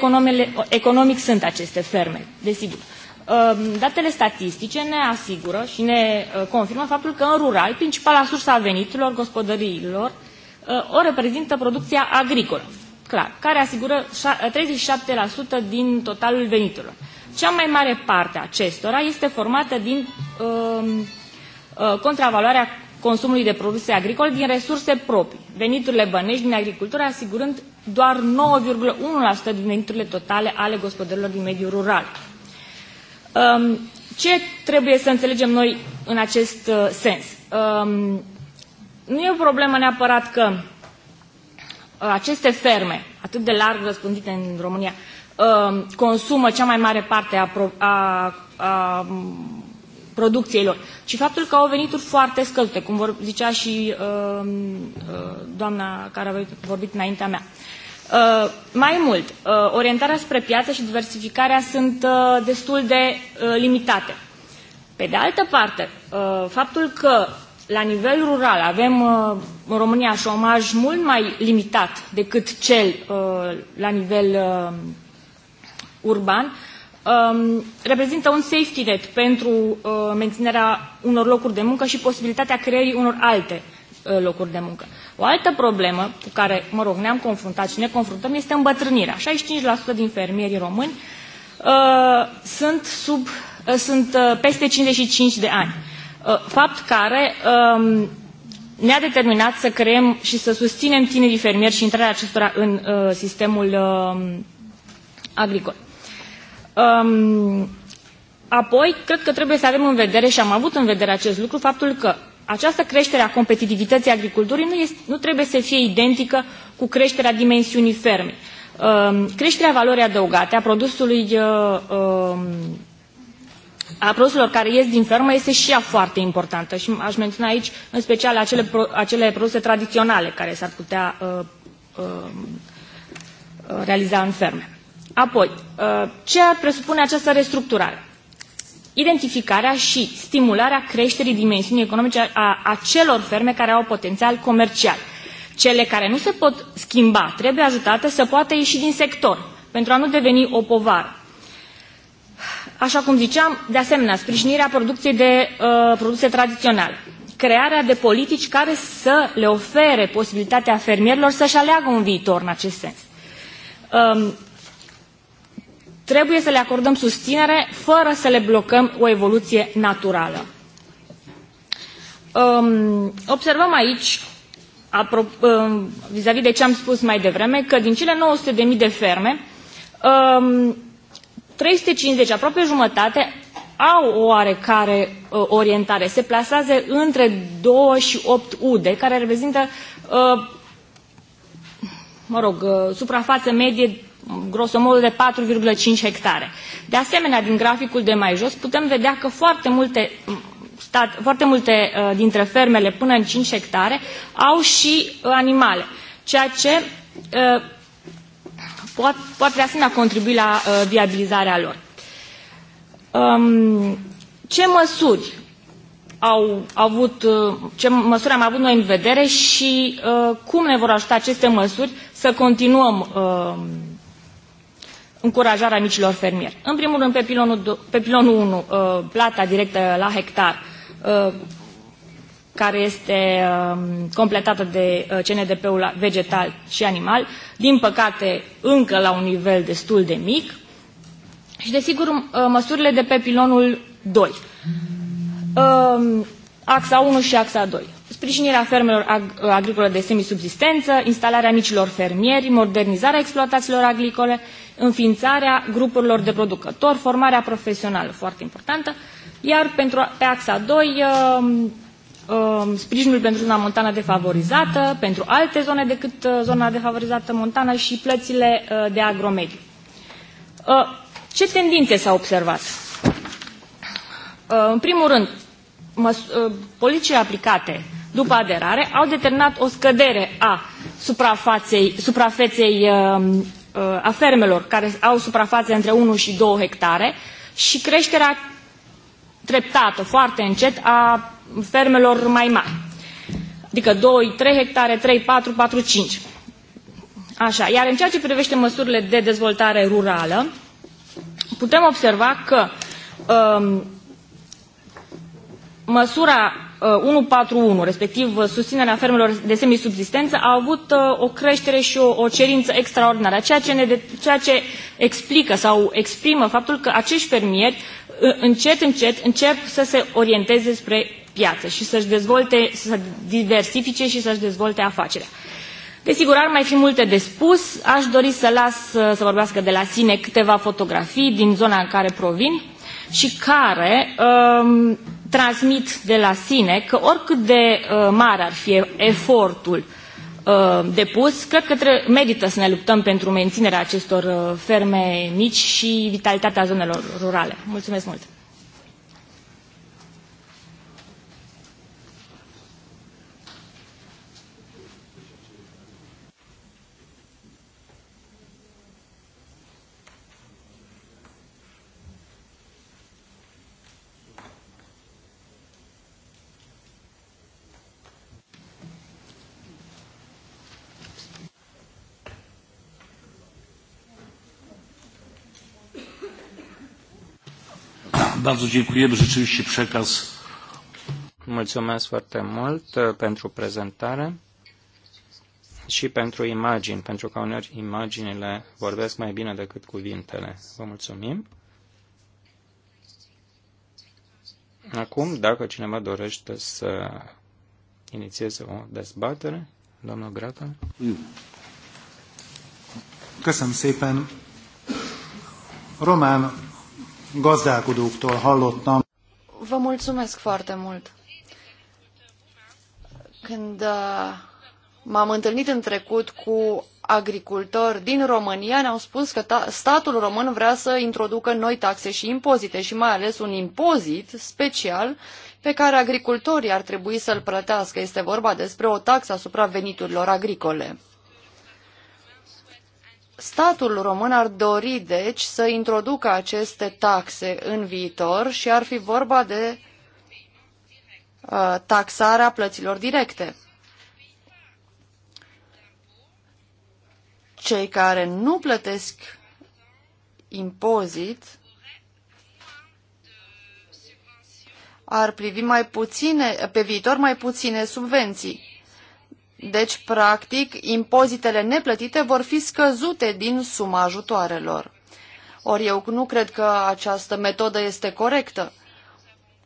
economic sunt aceste ferme? Desigur. Uh, datele statistice ne asigură și ne uh, confirmă faptul că în rural principala sursă a veniturilor gospodăriilor uh, o reprezintă producția agricolă, clar, care asigură 37% din totalul veniturilor. Cea mai mare parte a acestora este formată din uh, uh, contravaloarea consumului de produse agricole din resurse proprii, veniturile bănești din agricultură, asigurând doar 9,1% din veniturile totale ale gospodărilor din mediul rural. Um, ce trebuie să înțelegem noi în acest uh, sens? Um, nu e o problemă neapărat că uh, aceste ferme, atât de larg răspândite în România, Um, consumă cea mai mare parte a, pro, a, a producției lor, ci faptul că au venituri foarte scăzute, cum vor, zicea și um, uh, doamna care a vorbit înaintea mea. Uh, mai mult, uh, orientarea spre piață și diversificarea sunt uh, destul de uh, limitate. Pe de altă parte, uh, faptul că la nivel rural avem uh, în România șomaj mult mai limitat decât cel la nivel urban, um, reprezintă un safety net pentru uh, menținerea unor locuri de muncă și posibilitatea creării unor alte uh, locuri de muncă. O altă problemă cu care, mă rog, ne-am confruntat și ne confruntăm este îmbătrânirea. 65% din fermierii români uh, sunt, sub, uh, sunt uh, peste 55 de ani. Uh, fapt care um, ne-a determinat să creăm și să susținem tinerii fermieri și intrarea acestora în uh, sistemul uh, agricol. Um, apoi, cred că trebuie să avem în vedere, și am avut în vedere acest lucru, faptul că această creștere a competitivității agriculturii nu, este, nu trebuie să fie identică cu creșterea dimensiunii fermei. creșterea valorii adăugate a produsului uh, um, a produselor care ies din fermă este și ea foarte importantă și aș menționa aici în special acele, pro, acele produse tradiționale care s-ar putea uh, um, uh, realiza în ferme. Apoi, uh, ce presupune această restructurare? Identificarea și stimularea creșterii dimensiunii economice a acelor ferme care au potențial comercial. Cele care nu se pot schimba trebuie ajutate să poată ieși din sector pentru a nu deveni o povară. Așa cum ziceam, de asemenea, sprijinirea producției de uh, produse tradiționale, crearea de politici care să le ofere posibilitatea fermierilor să-și aleagă un viitor în acest sens. Uh, Trebuie să le acordăm susținere fără să le blocăm o evoluție naturală. Um, observăm aici, um, vis-a-vis -vis de ce am spus mai devreme, că din cele 900.000 de ferme, 350, um, aproape jumătate, au o oarecare uh, orientare. Se plasează între 2 și 8 ude, care reprezintă, uh, mă rog, uh, suprafață medie grosomorul de 4,5 hectare. De asemenea, din graficul de mai jos putem vedea că foarte multe, mm, stat, foarte multe uh, dintre fermele până în 5 hectare au și uh, animale, ceea ce uh, poate, poate de asemenea contribui la uh, viabilizarea lor. Um, ce măsuri au avut, uh, ce măsuri am avut noi în vedere și uh, cum ne vor ajuta aceste măsuri să continuăm uh, încurajarea micilor fermieri. În primul rând, pe pilonul, pe pilonul 1, uh, plata directă la hectar, uh, care este um, completată de uh, CNDP-ul vegetal și animal, din păcate încă la un nivel destul de mic, și desigur măsurile de pe pilonul 2, um, axa 1 și axa 2 sprijinirea fermelor ag agricole de semisubsistență, instalarea micilor fermieri, modernizarea exploatațiilor agricole, înființarea grupurilor de producători, formarea profesională, foarte importantă, iar pentru, pe axa 2, um, um, sprijinul pentru zona montană defavorizată, pentru alte zone decât uh, zona defavorizată montană și plățile uh, de agromediu. Uh, ce tendințe s-au observat? În primul rând, politicile aplicate după aderare au determinat o scădere a suprafeței um, Uh, a fermelor care au suprafațe între 1 și 2 hectare și creșterea treptată, foarte încet, a fermelor mai mari. Adică 2, 3 hectare, 3, 4, 4, 5. Așa, iar în ceea ce privește măsurile de dezvoltare rurală, putem observa că um, măsura 141, uh, respectiv uh, susținerea fermelor de semisubsistență, a avut uh, o creștere și o, o cerință extraordinară, ceea ce, ne, ceea ce explică sau exprimă faptul că acești fermieri încet, încet încep să se orienteze spre piață și să-și dezvolte, să se diversifice și să-și dezvolte afacerea. Desigur, ar mai fi multe de spus. Aș dori să las să vorbească de la sine câteva fotografii din zona în care provin și care um, transmit de la sine că oricât de uh, mare ar fi efortul uh, depus, cred că merită să ne luptăm pentru menținerea acestor uh, ferme mici și vitalitatea zonelor rurale. Mulțumesc mult! Bardzo dziękujemy. Rzeczywiście przekaz. Mulțumesc foarte mult uh, pentru prezentare și pentru imagini, pentru că uneori imaginile vorbesc mai bine decât cuvintele. Vă mulțumim. Acum, dacă cineva dorește să inițieze o dezbatere, domnul Grata. Căsăm Seipen. Román gazdálkodóktól hallottam. Vă mulțumesc foarte mult. Când uh, m-am întâlnit în trecut cu agricultori din România, ne-au spus că statul român vrea să introducă noi taxe și impozite și mai ales un impozit special pe care agricultorii ar trebui să-l plătească. Este vorba despre o taxă asupra veniturilor agricole. Statul român ar dori, deci, să introducă aceste taxe în viitor și ar fi vorba de uh, taxarea plăților directe. Cei care nu plătesc impozit ar privi mai puține, pe viitor mai puține subvenții. Deci, practic, impozitele neplătite vor fi scăzute din suma ajutoarelor. Ori eu nu cred că această metodă este corectă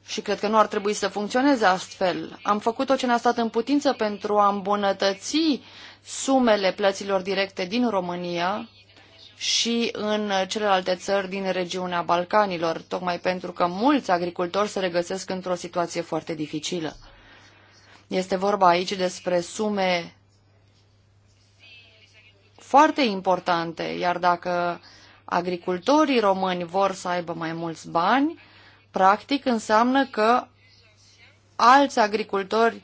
și cred că nu ar trebui să funcționeze astfel. Am făcut tot ce ne-a stat în putință pentru a îmbunătăți sumele plăților directe din România și în celelalte țări din regiunea Balcanilor, tocmai pentru că mulți agricultori se regăsesc într-o situație foarte dificilă. Este vorba aici despre sume foarte importante, iar dacă agricultorii români vor să aibă mai mulți bani, practic înseamnă că alți agricultori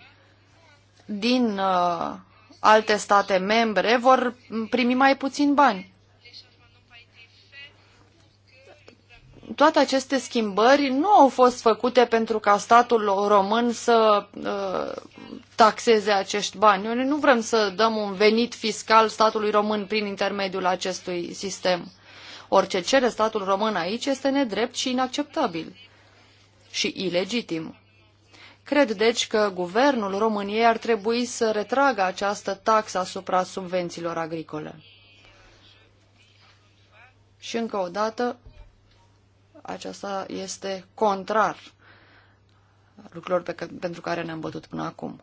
din uh, alte state membre vor primi mai puțin bani. Toate aceste schimbări nu au fost făcute pentru ca statul român să uh, taxeze acești bani. Noi nu vrem să dăm un venit fiscal statului român prin intermediul acestui sistem. Orice cere statul român aici este nedrept și inacceptabil și ilegitim. Cred deci că guvernul României ar trebui să retragă această taxă asupra subvențiilor agricole. Și încă o dată, aceasta este contrar lucrurilor pe că, pentru care ne-am bătut până acum.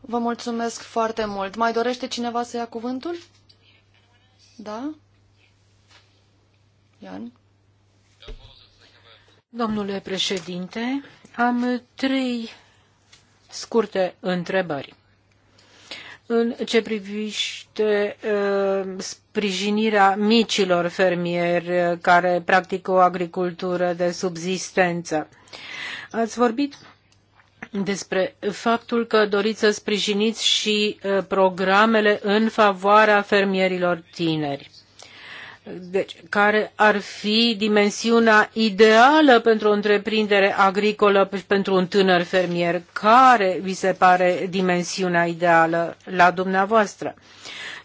Vă mulțumesc foarte mult. Mai dorește cineva să ia cuvântul? Da? Ian? Domnule președinte, am trei scurte întrebări în ce privește sprijinirea micilor fermieri care practică o agricultură de subzistență. Ați vorbit despre faptul că doriți să sprijiniți și programele în favoarea fermierilor tineri. Deci, care ar fi dimensiunea ideală pentru o întreprindere agricolă pentru un tânăr fermier? Care vi se pare dimensiunea ideală la dumneavoastră?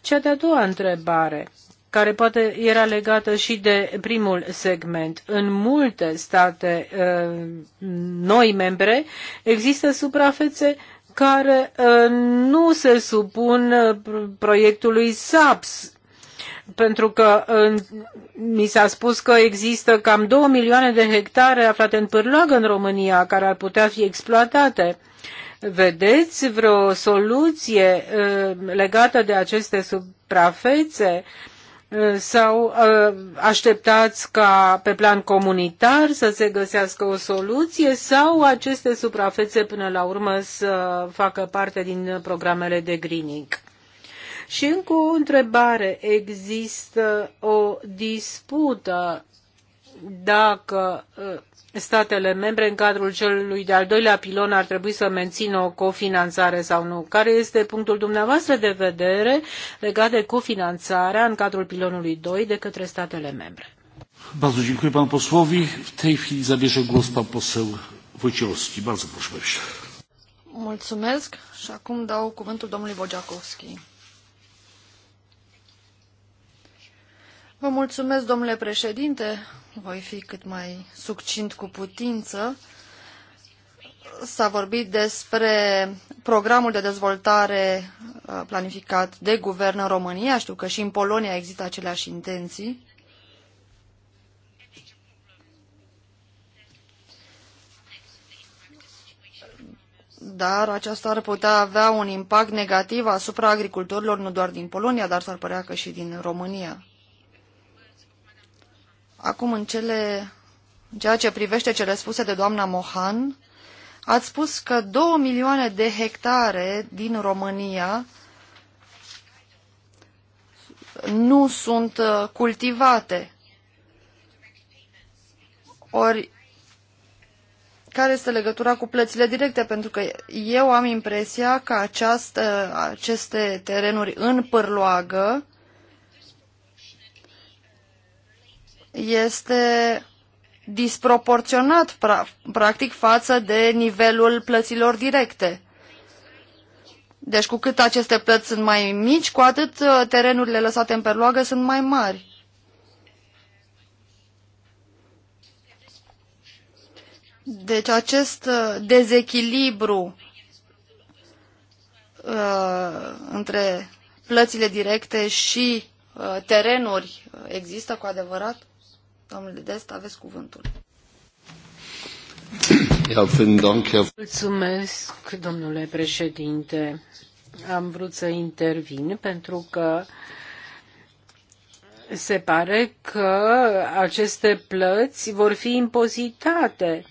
Cea de-a doua întrebare care poate era legată și de primul segment. În multe state uh, noi membre există suprafețe care uh, nu se supun uh, proiectului SAPS pentru că mi s-a spus că există cam 2 milioane de hectare aflate în pârlagă în România care ar putea fi exploatate. Vedeți vreo soluție uh, legată de aceste suprafețe? Uh, sau uh, așteptați ca pe plan comunitar să se găsească o soluție sau aceste suprafețe până la urmă să facă parte din programele de greening? Și încă o întrebare. Există o dispută dacă uh, statele membre în cadrul celui de-al doilea pilon ar trebui să mențină o cofinanțare sau nu. Care este punctul dumneavoastră de vedere legat de cofinanțarea în cadrul pilonului 2 de către statele membre? Bardzo dziękuję panu posłowi. W tej chwili zabierze głos pan poseł Wojciechowski. Bardzo proszę. Mulțumesc și acum dau cuvântul domnului Wojciechowski. Vă mulțumesc, domnule președinte. Voi fi cât mai succint cu putință. S-a vorbit despre programul de dezvoltare uh, planificat de guvern în România. Știu că și în Polonia există aceleași intenții. dar aceasta ar putea avea un impact negativ asupra agricultorilor nu doar din Polonia, dar s-ar părea că și din România. Acum, în, cele, în ceea ce privește cele spuse de doamna Mohan, ați spus că 2 milioane de hectare din România nu sunt uh, cultivate. Ori, care este legătura cu plățile directe? Pentru că eu am impresia că această, aceste terenuri în pârloagă este disproporționat, pra practic, față de nivelul plăților directe. Deci cu cât aceste plăți sunt mai mici, cu atât uh, terenurile lăsate în perloagă sunt mai mari. Deci acest uh, dezechilibru uh, între plățile directe și uh, terenuri uh, există cu adevărat? Domnule Dest, aveți cuvântul. Mulțumesc, domnule președinte. Am vrut să intervin pentru că se pare că aceste plăți vor fi impozitate.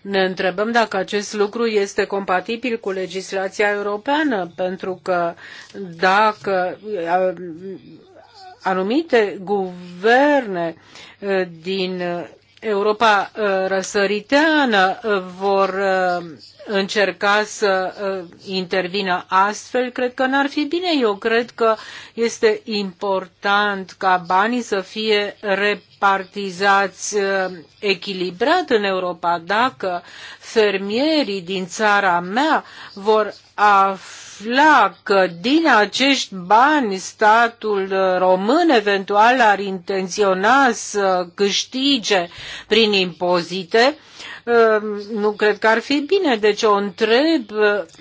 Ne întrebăm dacă acest lucru este compatibil cu legislația europeană, pentru că dacă anumite guverne uh, din uh, Europa uh, răsăriteană vor încerca să intervină astfel, cred că n-ar fi bine. Eu cred că este important ca banii să fie repartizați echilibrat în Europa. Dacă fermierii din țara mea vor afla afla că din acești bani statul român eventual ar intenționa să câștige prin impozite, uh, nu cred că ar fi bine. Deci o întreb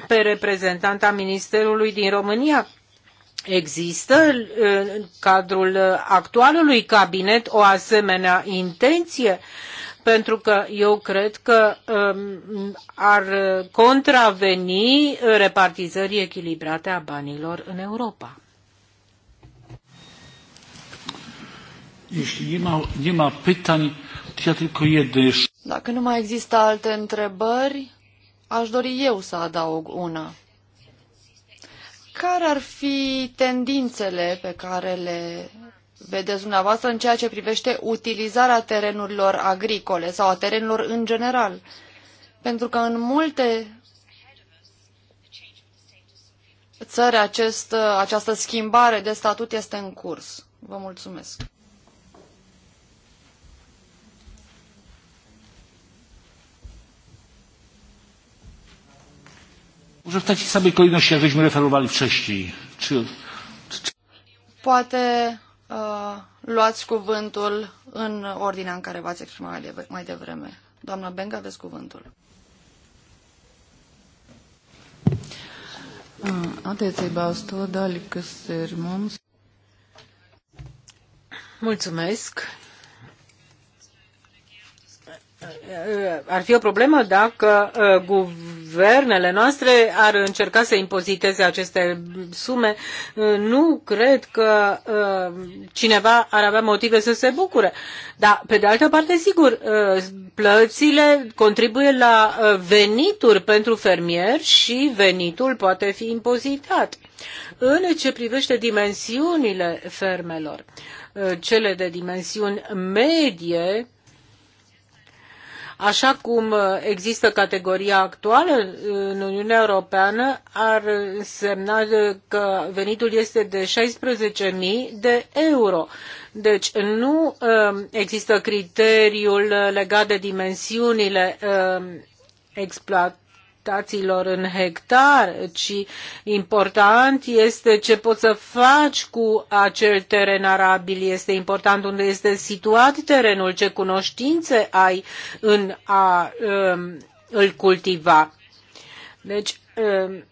pe reprezentanta Ministerului din România Există uh, în cadrul actualului cabinet o asemenea intenție pentru că eu cred că um, ar contraveni repartizării echilibrate a banilor în Europa. Dacă nu mai există alte întrebări, aș dori eu să adaug una. Care ar fi tendințele pe care le vedeți dumneavoastră în ceea ce privește utilizarea terenurilor agricole sau a terenurilor în general. Pentru că în multe țări acest, această schimbare de statut este în curs. Vă mulțumesc. Może w takiej samej kolejności, jak żeśmy referowali wcześniej. Czy, Poate Uh, luați cuvântul în ordinea în care v-ați exprimat mai devreme. Doamna Benga, aveți cuvântul. Uh, Mulțumesc ar fi o problemă dacă uh, guvernele noastre ar încerca să impoziteze aceste sume. Uh, nu cred că uh, cineva ar avea motive să se bucure. Dar, pe de altă parte, sigur, plățile contribuie la venituri pentru fermieri și venitul poate fi impozitat. În ce privește dimensiunile fermelor, cele de dimensiuni medie, așa cum uh, există categoria actuală în Uniunea Europeană, ar însemna uh, că venitul este de 16.000 de euro. Deci nu um, există criteriul uh, legat de dimensiunile um, exploat plantațiilor în hectar, ci important este ce poți să faci cu acel teren arabil, este important unde este situat terenul, ce cunoștințe ai în a um, îl cultiva. Deci, um,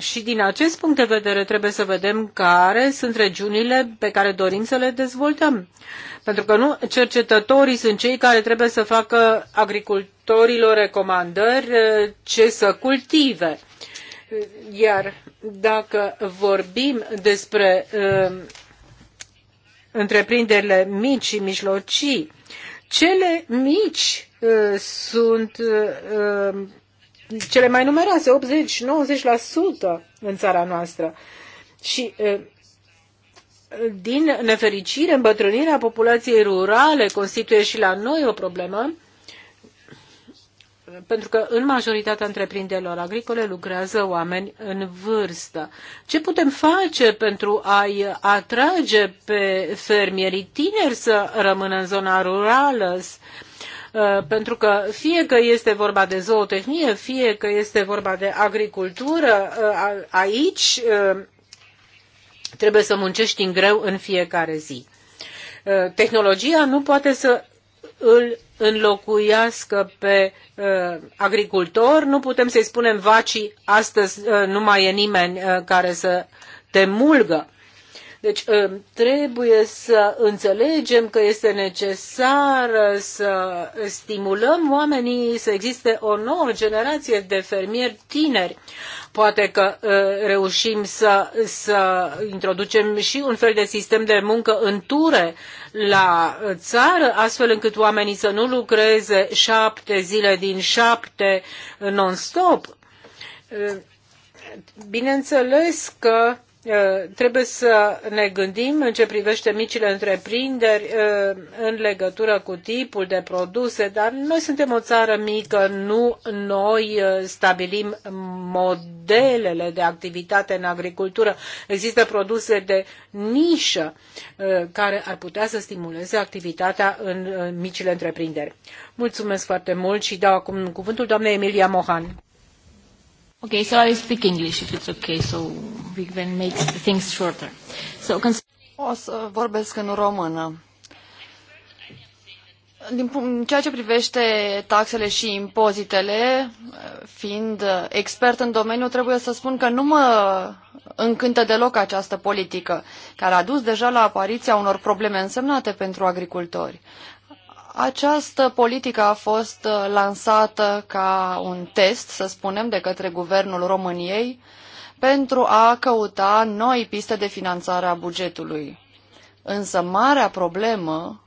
și din acest punct de vedere trebuie să vedem care sunt regiunile pe care dorim să le dezvoltăm. Pentru că nu cercetătorii sunt cei care trebuie să facă agricultorilor recomandări uh, ce să cultive. Iar dacă vorbim despre uh, întreprinderile mici și mijlocii, cele mici uh, sunt uh, cele mai numeroase, 80-90% în țara noastră. Și uh, din nefericire, îmbătrânirea populației rurale constituie și la noi o problemă, pentru că în majoritatea întreprinderilor agricole lucrează oameni în vârstă. Ce putem face pentru a-i atrage pe fermierii tineri să rămână în zona rurală? Uh, pentru că fie că este vorba de zootehnie, fie că este vorba de agricultură, uh, aici uh, trebuie să muncești în greu în fiecare zi. Uh, tehnologia nu poate să îl înlocuiască pe uh, agricultor. Nu putem să-i spunem vacii, astăzi uh, nu mai e nimeni uh, care să te mulgă. Deci ă, trebuie să înțelegem că este necesar să stimulăm oamenii să existe o nouă generație de fermieri tineri. Poate că ă, reușim să, să introducem și un fel de sistem de muncă în ture la țară, astfel încât oamenii să nu lucreze șapte zile din șapte non-stop. Ă, bineînțeles că Uh, trebuie să ne gândim în ce privește micile întreprinderi uh, în legătură cu tipul de produse, dar noi suntem o țară mică, nu noi uh, stabilim modelele de activitate în agricultură. Există produse de nișă care ar putea să stimuleze activitatea în micile întreprinderi. Mulțumesc foarte mult și dau acum cuvântul doamnei Emilia Mohan. Okay, so I speak English if it's okay, so we can make things shorter. So, o să vorbesc în română. Din în ceea ce privește taxele și impozitele, fiind expert în domeniu, trebuie să spun că nu mă încântă deloc această politică, care a dus deja la apariția unor probleme însemnate pentru agricultori. Această politică a fost uh, lansată ca un test, să spunem, de către Guvernul României pentru a căuta noi piste de finanțare a bugetului. Însă marea problemă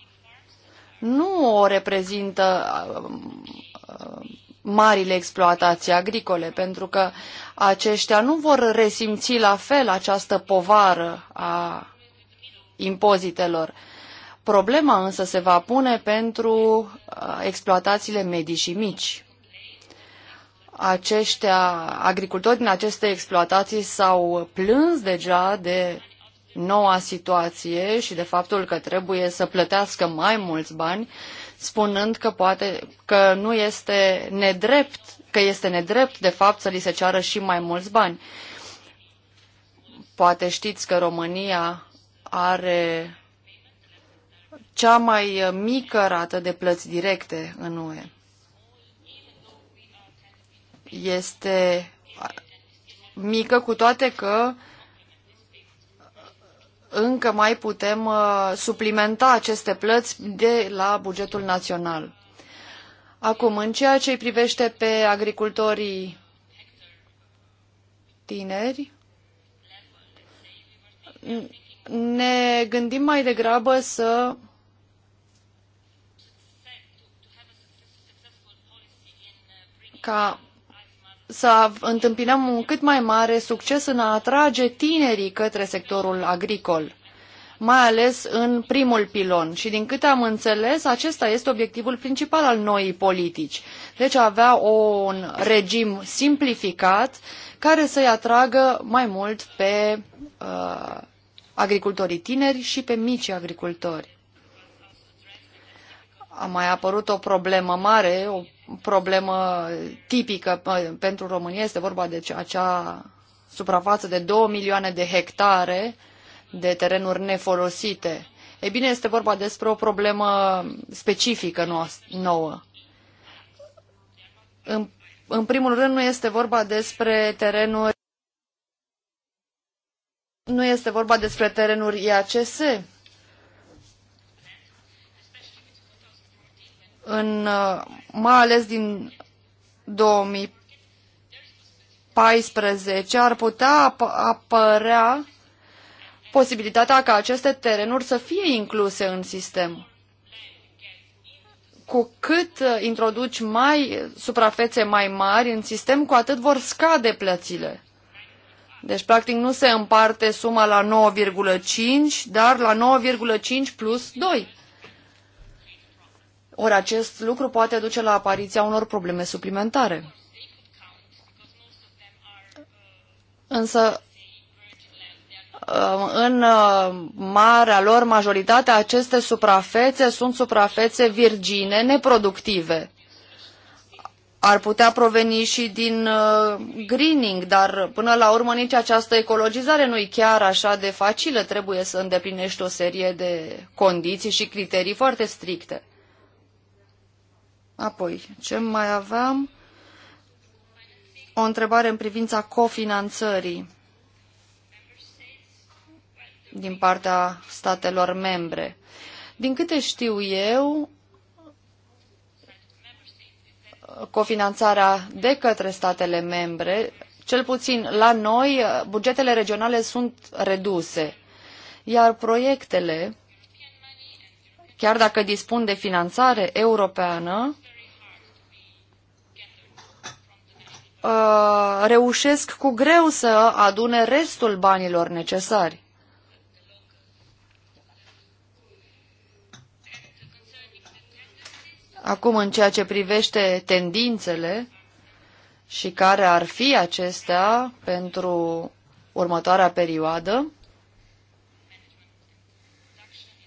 nu o reprezintă uh, marile exploatații agricole, pentru că aceștia nu vor resimți la fel această povară a impozitelor. Problema însă se va pune pentru uh, exploatațiile medii și mici. Aceștia, agricultori din aceste exploatații s-au plâns deja de noua situație și de faptul că trebuie să plătească mai mulți bani, spunând că poate că nu este nedrept, că este nedrept de fapt să li se ceară și mai mulți bani. Poate știți că România are cea mai mică rată de plăți directe în UE. Este mică cu toate că încă mai putem uh, suplimenta aceste plăți de la bugetul național. Acum, în ceea ce îi privește pe agricultorii tineri, ne gândim mai degrabă să ca să întâmpinăm un cât mai mare succes în a atrage tinerii către sectorul agricol, mai ales în primul pilon. Și din câte am înțeles, acesta este obiectivul principal al noii politici. Deci avea un regim simplificat care să-i atragă mai mult pe uh, agricultorii tineri și pe micii agricultori. A mai apărut o problemă mare, o problemă tipică pentru România. Este vorba de acea suprafață de 2 milioane de hectare de terenuri nefolosite. E bine, este vorba despre o problemă specifică nouă. În, în primul rând, nu este vorba despre terenuri nu este vorba despre terenuri IACS, în, uh, mai ales din 2014, ar putea ap- apărea posibilitatea ca aceste terenuri să fie incluse în sistem. Cu cât uh, introduci mai suprafețe mai mari în sistem, cu atât vor scade plățile. Deci, practic, nu se împarte suma la 9,5, dar la 9,5 plus 2. Ori acest lucru poate duce la apariția unor probleme suplimentare. Însă, um, în uh, marea lor majoritate, aceste suprafețe sunt suprafețe virgine, neproductive. Ar putea proveni și din uh, greening, dar până la urmă nici această ecologizare nu e chiar așa de facilă. Trebuie să îndeplinești o serie de condiții și criterii foarte stricte. Apoi, ce mai aveam? O întrebare în privința cofinanțării din partea statelor membre. Din câte știu eu, cofinanțarea de către statele membre, cel puțin la noi, bugetele regionale sunt reduse, iar proiectele, chiar dacă dispun de finanțare europeană, Uh, reușesc cu greu să adune restul banilor necesari. Acum, în ceea ce privește tendințele și care ar fi acestea pentru următoarea perioadă,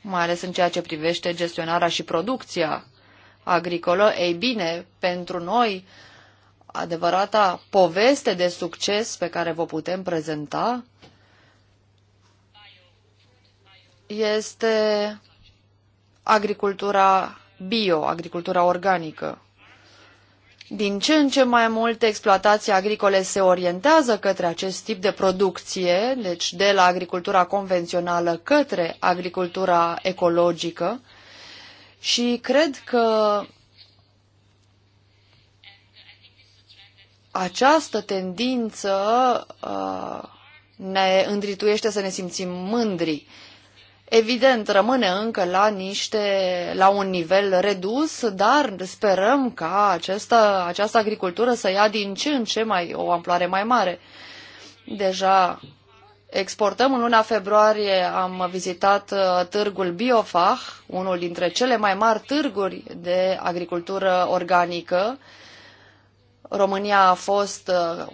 mai ales în ceea ce privește gestionarea și producția agricolă, ei bine, pentru noi, uh, adevărata poveste de succes pe care vă putem prezenta este agricultura bio, agricultura organică. Din ce în ce mai multe exploatații agricole se orientează către acest tip de producție, deci de la agricultura convențională către agricultura ecologică și cred că această tendință uh, ne îndrituiește să ne simțim mândri. Evident, rămâne încă la niște, la un nivel redus, dar sperăm ca această, această agricultură să ia din ce în ce mai o amploare mai mare. Deja exportăm în luna februarie, am vizitat uh, târgul Biofach, unul dintre cele mai mari târguri de agricultură organică, uh, România a fost uh,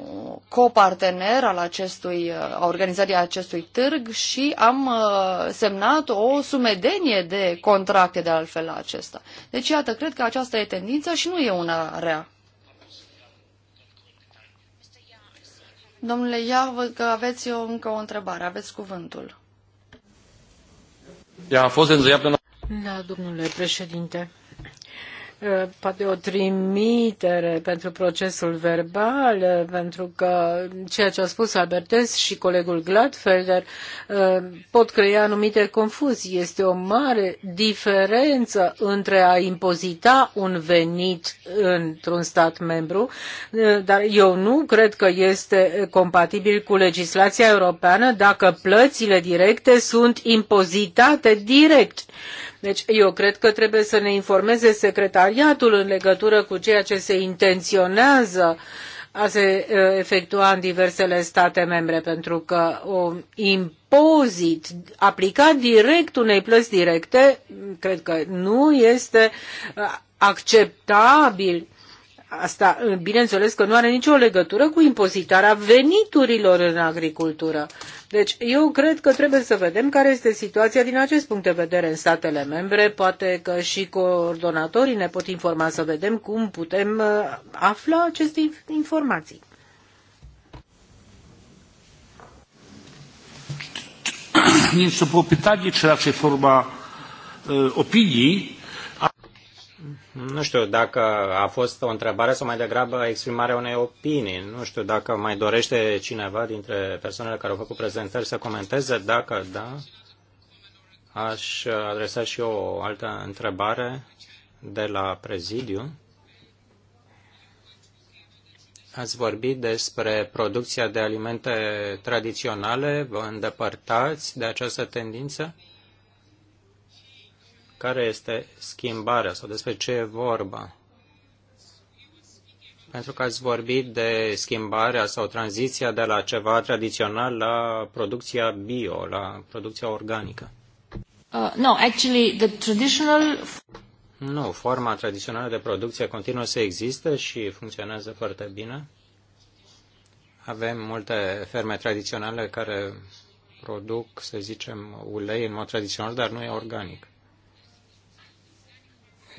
copartener al acestui, uh, a organizării acestui târg și am uh, semnat o sumedenie de contracte de altfel la acesta. Deci, iată, cred că aceasta e tendința și nu e una rea. Domnule Ia, văd că aveți eu încă o întrebare. Aveți cuvântul. Ia a fost Da, domnule președinte. Eh, poate o trimitere pentru procesul verbal, eh, pentru că ceea ce a spus Albertes și colegul Gladfelder eh, pot crea anumite confuzii. Este o mare diferență între a impozita un venit într-un stat membru, dar eu nu cred că este compatibil cu legislația europeană dacă plățile directe sunt impozitate direct. Deci eu cred că trebuie să ne informeze secretariatul în legătură cu ceea ce se intenționează a se uh, efectua în diversele state membre, pentru că un impozit aplicat direct unei plăți directe, cred că nu este uh, acceptabil Asta, bineînțeles că nu are nicio legătură cu impozitarea veniturilor în agricultură. Deci, eu cred că trebuie să vedem care este situația din acest punct de vedere în statele membre. Poate că și coordonatorii ne pot informa să vedem cum putem uh, afla aceste informații. Nu (coughs) wiem, czy to forma opinii. Nu știu dacă a fost o întrebare sau mai degrabă exprimarea unei opinii. Nu știu dacă mai dorește cineva dintre persoanele care au făcut prezentări să comenteze. Dacă da, aș adresa și eu o altă întrebare de la prezidiu. Ați vorbit despre producția de alimente tradiționale. Vă îndepărtați de această tendință? care este schimbarea sau despre ce e vorba. Pentru că ați vorbit de schimbarea sau tranziția de la ceva tradițional la producția bio, la producția organică. Uh, no, actually, the traditional... Nu, forma tradițională de producție continuă să existe și funcționează foarte bine. Avem multe ferme tradiționale care produc, să zicem, ulei în mod tradițional, dar nu e organic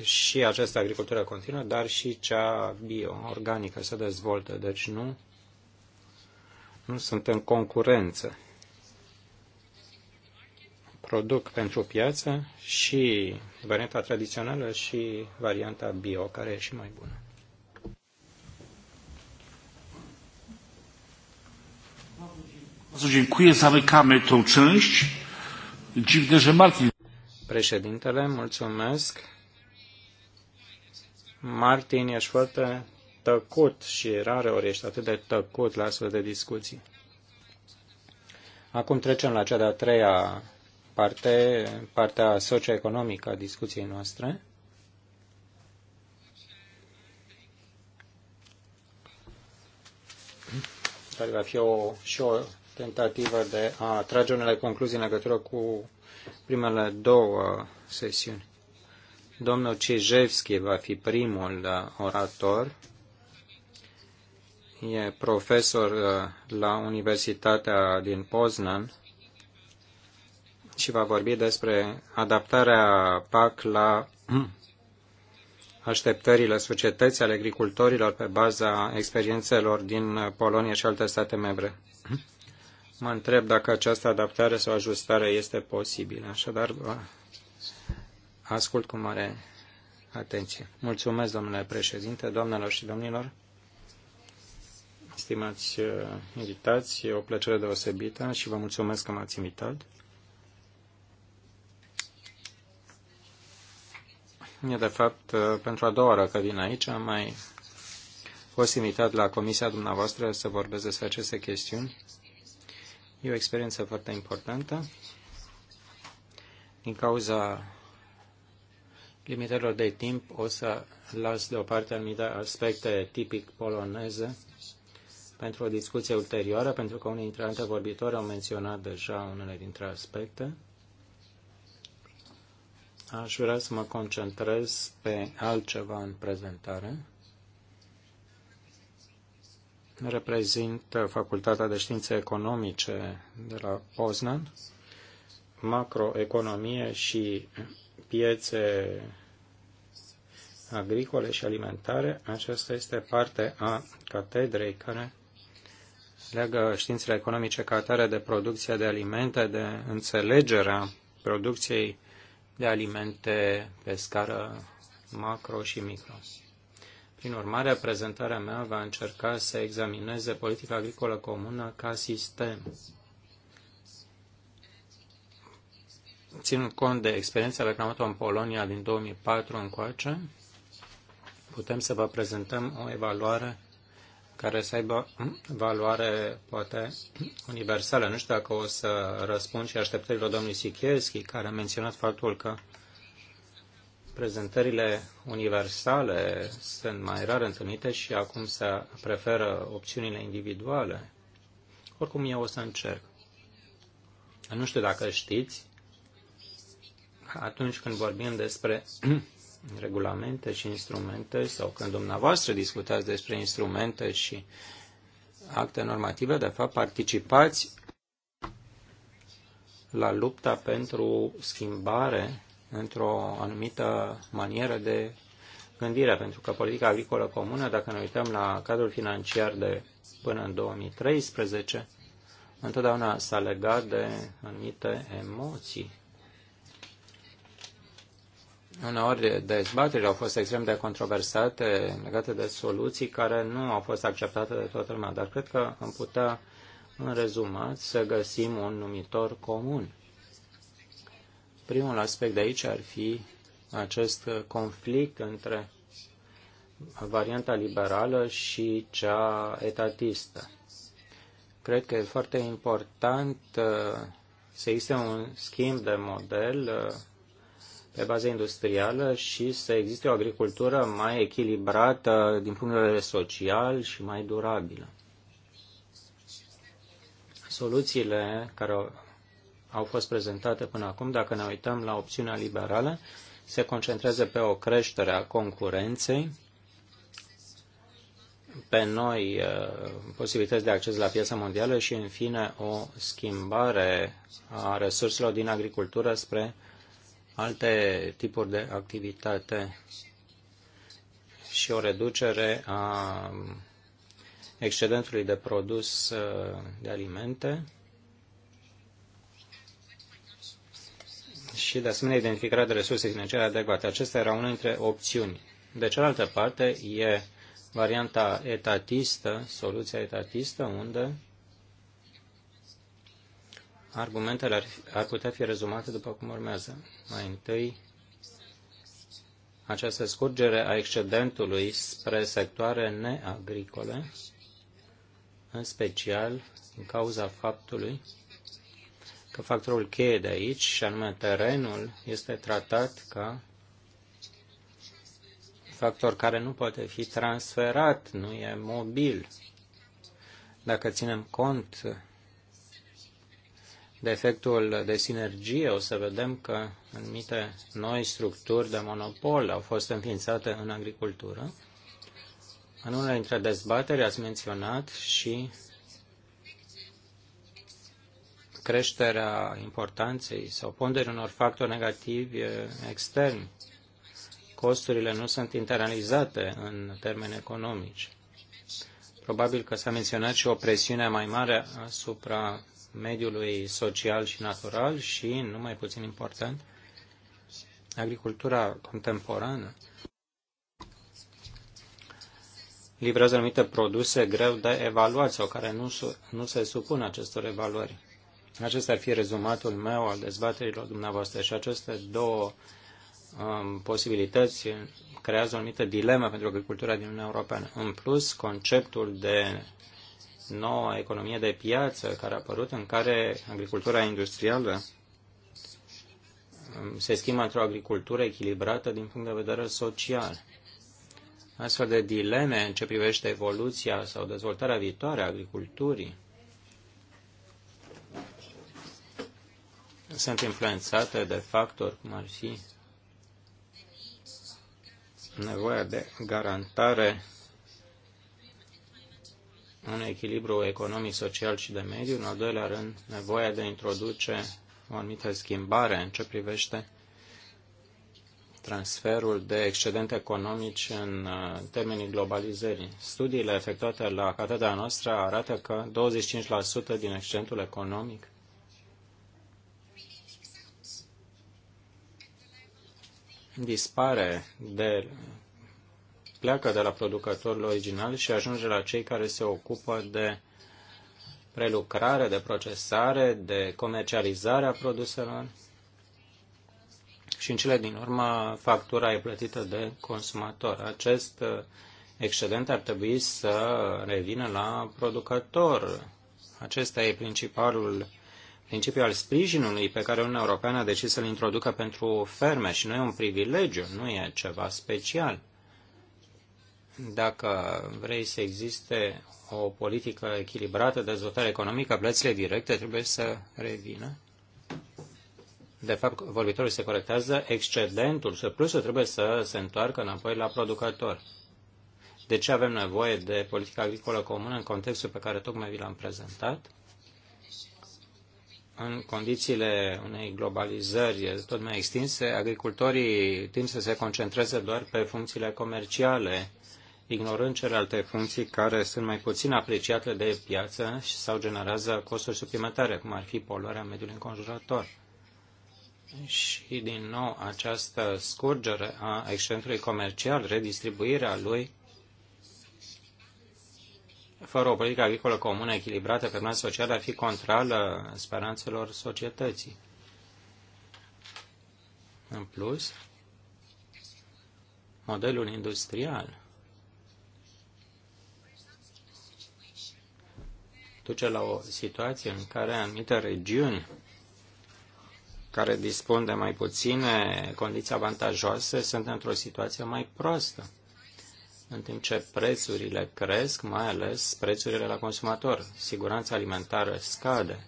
și această agricultură continuă, dar și cea bio-organică se dezvoltă. Deci nu, nu sunt în concurență. Produc pentru piață și varianta tradițională și varianta bio, care e și mai bună. Președintele, mulțumesc. Martin, ești foarte tăcut și rare ori ești atât de tăcut la astfel de discuții. Acum trecem la cea de-a treia parte, partea socioeconomică a discuției noastre. Care va fi o, și o tentativă de a trage unele concluzii în legătură cu primele două sesiuni. Domnul Cijevski va fi primul uh, orator. E profesor uh, la Universitatea din Poznan și va vorbi despre adaptarea PAC la (clears throat) așteptările societății ale agricultorilor pe baza experiențelor din Polonia și alte state membre. (clears throat) Mă întreb dacă această adaptare sau ajustare este posibilă. Așadar, ascult cu mare atenție. Mulțumesc, domnule președinte, doamnelor și domnilor, stimați uh, invitați, e o plăcere deosebită și vă mulțumesc că m-ați invitat. E de fapt uh, pentru a doua oară că vin aici, am mai fost invitat la comisia dumneavoastră să vorbesc despre aceste chestiuni. E o experiență foarte importantă din cauza limitelor de timp o să las deoparte anumite aspecte tipic poloneze pentru o discuție ulterioară, pentru că unii dintre alte vorbitori au menționat deja unele dintre aspecte. Aș vrea să mă concentrez pe altceva în prezentare. Reprezint Facultatea de Științe Economice de la Poznan, macroeconomie și piețe agricole și alimentare. Aceasta este parte a catedrei care leagă științele economice ca atare de producția de alimente, de înțelegerea producției de alimente pe scară macro și micro. Prin urmare, prezentarea mea va încerca să examineze politica agricolă comună ca sistem ținând cont de experiența pe care am avut-o în Polonia din 2004 încoace, putem să vă prezentăm o evaluare care să aibă valoare, poate, universală. Nu știu dacă o să răspund și așteptărilor domnului Sikierski, care a menționat faptul că prezentările universale sunt mai rar întâlnite și acum se preferă opțiunile individuale. Oricum, eu o să încerc. Nu știu dacă știți, atunci când vorbim despre (clears throat) regulamente și instrumente sau când dumneavoastră discutați despre instrumente și acte normative, de fapt participați la lupta pentru schimbare într-o anumită manieră de gândire, pentru că politica agricolă comună, dacă ne uităm la cadrul financiar de până în 2013, întotdeauna s-a legat de anumite emoții Uneori dezbaterile au fost extrem de controversate legate de soluții care nu au fost acceptate de toată lumea, dar cred că am putea, în rezumat, să găsim un numitor comun. Primul aspect de aici ar fi acest conflict între varianta liberală și cea etatistă. Cred că e foarte important uh, să existe un schimb de model uh, pe bază industrială și să existe o agricultură mai echilibrată din punct de vedere social și mai durabilă. Soluțiile care au fost prezentate până acum, dacă ne uităm la opțiunea liberală, se concentrează pe o creștere a concurenței, pe noi uh, posibilități de acces la piața mondială și, în fine, o schimbare a resurselor din agricultură spre uh, alte tipuri de activitate și o reducere a excedentului de produs uh, de alimente și, de asemenea, identificarea de resurse financiare adecvate. Acesta era una dintre opțiuni. De cealaltă parte, e varianta etatistă, soluția etatistă, unde Argumentele ar, fi, ar putea fi rezumate după cum urmează. Mai întâi, această scurgere a excedentului spre sectoare neagricole, în special din cauza faptului că factorul cheie de aici, și anume terenul, este tratat ca factor care nu poate fi transferat, nu e mobil. Dacă ținem cont de efectul de sinergie, o să vedem că anumite noi structuri de monopol au fost înființate în agricultură. În una dintre dezbateri ați menționat și creșterea importanței sau ponderii unor factori negativi eh, externi. Costurile nu sunt internalizate în termeni economici. Probabil că s-a menționat și o presiune mai mare asupra mediului social și natural și, nu mai puțin important, agricultura contemporană livrează anumite produse greu de evaluat sau care nu, nu se supun acestor evaluări. Acesta ar fi rezumatul meu al dezbaterilor dumneavoastră și aceste două um, posibilități creează o anumită dilemă pentru agricultura din Uniunea Europeană. În plus, conceptul de noua economie de piață care a apărut, în care agricultura industrială um, se schimbă într-o agricultură echilibrată din punct de vedere social. Astfel de dileme în ce privește evoluția sau dezvoltarea viitoare a agriculturii sunt influențate de factori cum ar fi nevoia de garantare un echilibru economic, social și de mediu, în al doilea rând nevoia de a introduce o anumită schimbare în ce privește transferul de excedente economici în uh, termenii globalizării. Studiile efectuate la catedra noastră arată că 25% din excedentul economic dispare de pleacă de la producătorul original și ajunge la cei care se ocupă de prelucrare, de procesare, de comercializare a produselor și în cele din urmă factura e plătită de consumator. Acest uh, excedent ar trebui să revină la producător. Acesta e principalul principiul al sprijinului pe care Uniunea Europeană a decis să-l introducă pentru ferme și nu e un privilegiu, nu e ceva special dacă vrei să existe o politică echilibrată de dezvoltare economică, plățile directe trebuie să revină. De fapt, vorbitorul se corectează, excedentul, surplusul trebuie să se întoarcă înapoi la producător. De ce avem nevoie de politica agricolă comună în contextul pe care tocmai vi l-am prezentat? În condițiile unei globalizări tot mai extinse, agricultorii tind să se concentreze doar pe funcțiile comerciale ignorând celelalte funcții care sunt mai puțin apreciate de piață și sau generează costuri suplimentare, cum ar fi poluarea mediului înconjurător. Și din nou această scurgere a excentului comercial, redistribuirea lui fără o politică agricolă comună echilibrată pe plan social ar fi contrară speranțelor societății. În plus, modelul industrial duce la o situație în care anumite regiuni care dispun de mai puține condiții avantajoase sunt într-o situație mai proastă, în timp ce prețurile cresc, mai ales prețurile la consumator. Siguranța alimentară scade.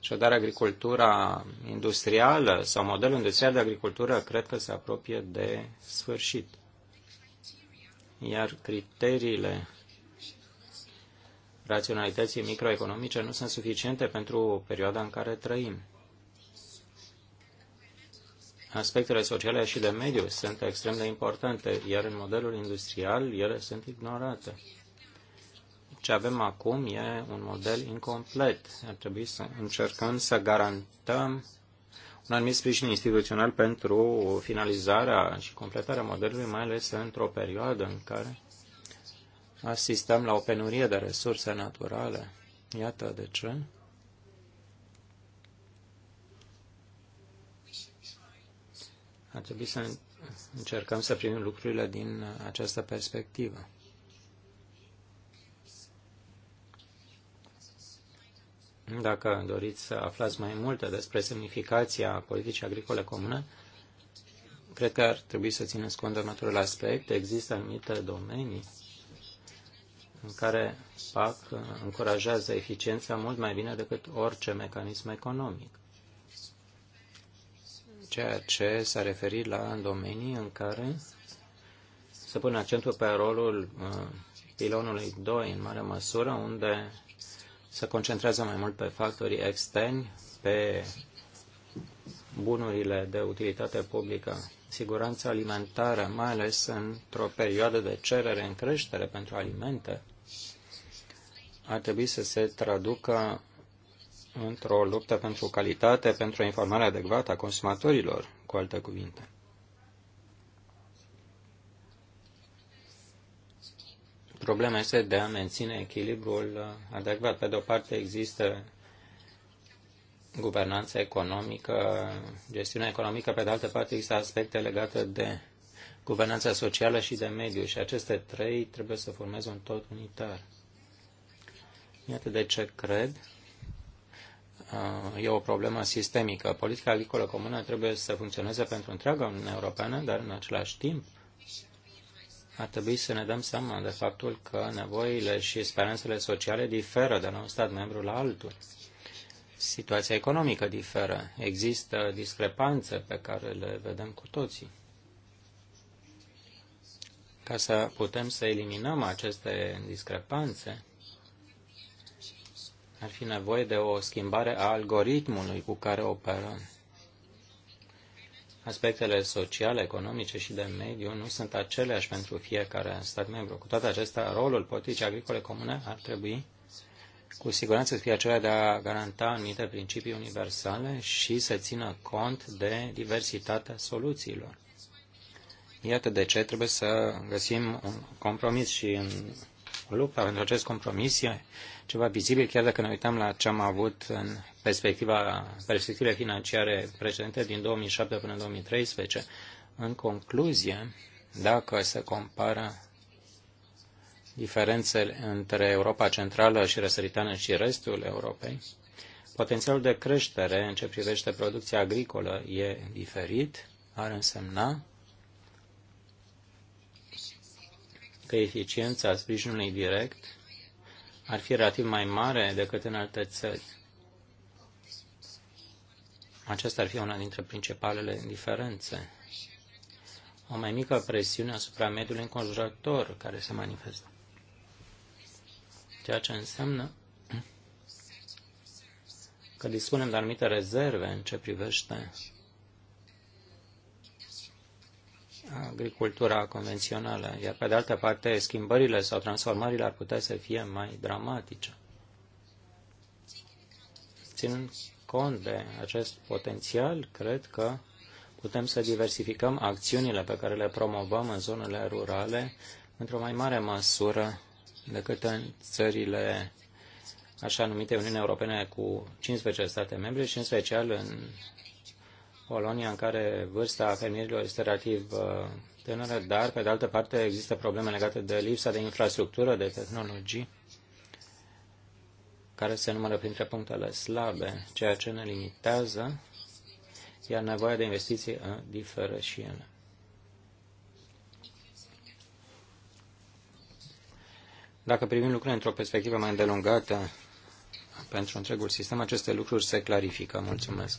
și dar agricultura industrială sau modelul industrial de agricultură cred că se apropie de sfârșit. Iar criteriile raționalității microeconomice nu sunt suficiente pentru perioada în care trăim. Aspectele sociale și de mediu sunt extrem de importante, iar în modelul industrial ele sunt ignorate. Ce avem acum e un model incomplet. Ar trebui să încercăm să garantăm un anumit sprijin instituțional pentru finalizarea și completarea modelului, mai ales într-o perioadă în care asistăm la o penurie de resurse naturale. Iată de ce. Ar trebui să încercăm să primim lucrurile din această perspectivă. Dacă doriți să aflați mai multe despre semnificația politicii agricole comune, cred că ar trebui să țineți cont de următorul aspect. Există anumite domenii în care PAC încurajează eficiența mult mai bine decât orice mecanism economic. Ceea ce s-a referit la domenii în care se pune accentul pe rolul uh, pilonului 2 în mare măsură, unde se concentrează mai mult pe factorii externi, pe bunurile de utilitate publică siguranța alimentară, mai ales într-o perioadă de cerere în creștere pentru alimente, ar trebui să se traducă într-o luptă pentru calitate, pentru informare adecvată a consumatorilor, cu alte cuvinte. Problema este de a menține echilibrul adecvat. Pe de o parte există guvernanța economică, gestiunea economică, pe de altă parte există aspecte legate de guvernanța socială și de mediu și aceste trei trebuie să formeze un tot unitar. Iată de ce cred uh, e o problemă sistemică. Politica agricolă comună trebuie să funcționeze pentru întreaga Uniune Europeană, dar în același timp ar trebui să ne dăm seama de faptul că nevoile și speranțele sociale diferă de la un stat membru la altul situația economică diferă. Există discrepanțe pe care le vedem cu toții. Ca să putem să eliminăm aceste discrepanțe, ar fi nevoie de o schimbare a algoritmului cu care operăm. Aspectele sociale, economice și de mediu nu sunt aceleași pentru fiecare stat membru. Cu toate acestea, rolul politicii agricole comune ar trebui cu siguranță să fie acela de a garanta anumite principii universale și să țină cont de diversitatea soluțiilor. Iată de ce trebuie să găsim un compromis și în lupta pentru acest compromis e ceva vizibil, chiar dacă ne uităm la ce am avut în perspectiva, perspectivele financiare precedente din 2007 până în 2013. În concluzie, dacă se compară diferențele între Europa Centrală și Răsăritană și restul Europei, potențialul de creștere în ce privește producția agricolă e diferit, ar însemna că eficiența sprijinului direct ar fi relativ mai mare decât în alte țări. Aceasta ar fi una dintre principalele diferențe. O mai mică presiune asupra mediului înconjurător care se manifestă ceea ce înseamnă că dispunem de anumite rezerve în ce privește agricultura convențională, iar pe de altă parte schimbările sau transformările ar putea să fie mai dramatice. Ținând cont de acest potențial, cred că putem să diversificăm acțiunile pe care le promovăm în zonele rurale într-o mai mare măsură decât în țările așa numite Uniunea Europene cu 15 state membre și în special în Polonia, în care vârsta fermierilor este relativ uh, tânără, dar, pe de altă parte, există probleme legate de lipsa de infrastructură, de tehnologii, care se numără printre punctele slabe, ceea ce ne limitează, iar nevoia de investiții uh, diferă și ele. Dacă privim lucrurile într-o perspectivă mai îndelungată pentru întregul sistem, aceste lucruri se clarifică. Mulțumesc.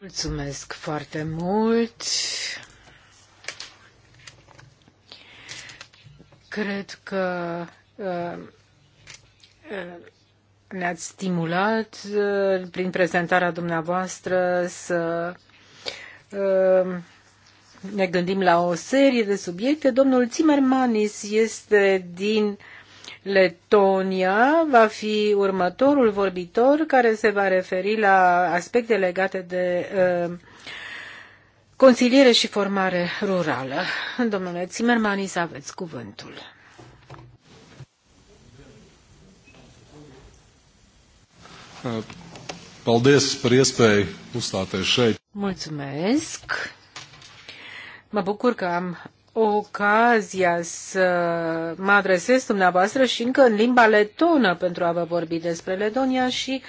Mulțumesc foarte mult. Cred că uh, uh, ne-ați stimulat uh, prin prezentarea dumneavoastră să ne gândim la o serie de subiecte. Domnul Zimmermanis este din Letonia, va fi următorul vorbitor care se va referi la aspecte legate de uh, consiliere și formare rurală. Domnule Zimmermanis, aveți cuvântul. Uh, paldies Mulțumesc Mă bucur că am ocazia să mă adresez dumneavoastră și încă în limba letonă pentru a vă vorbi despre Letonia și uh,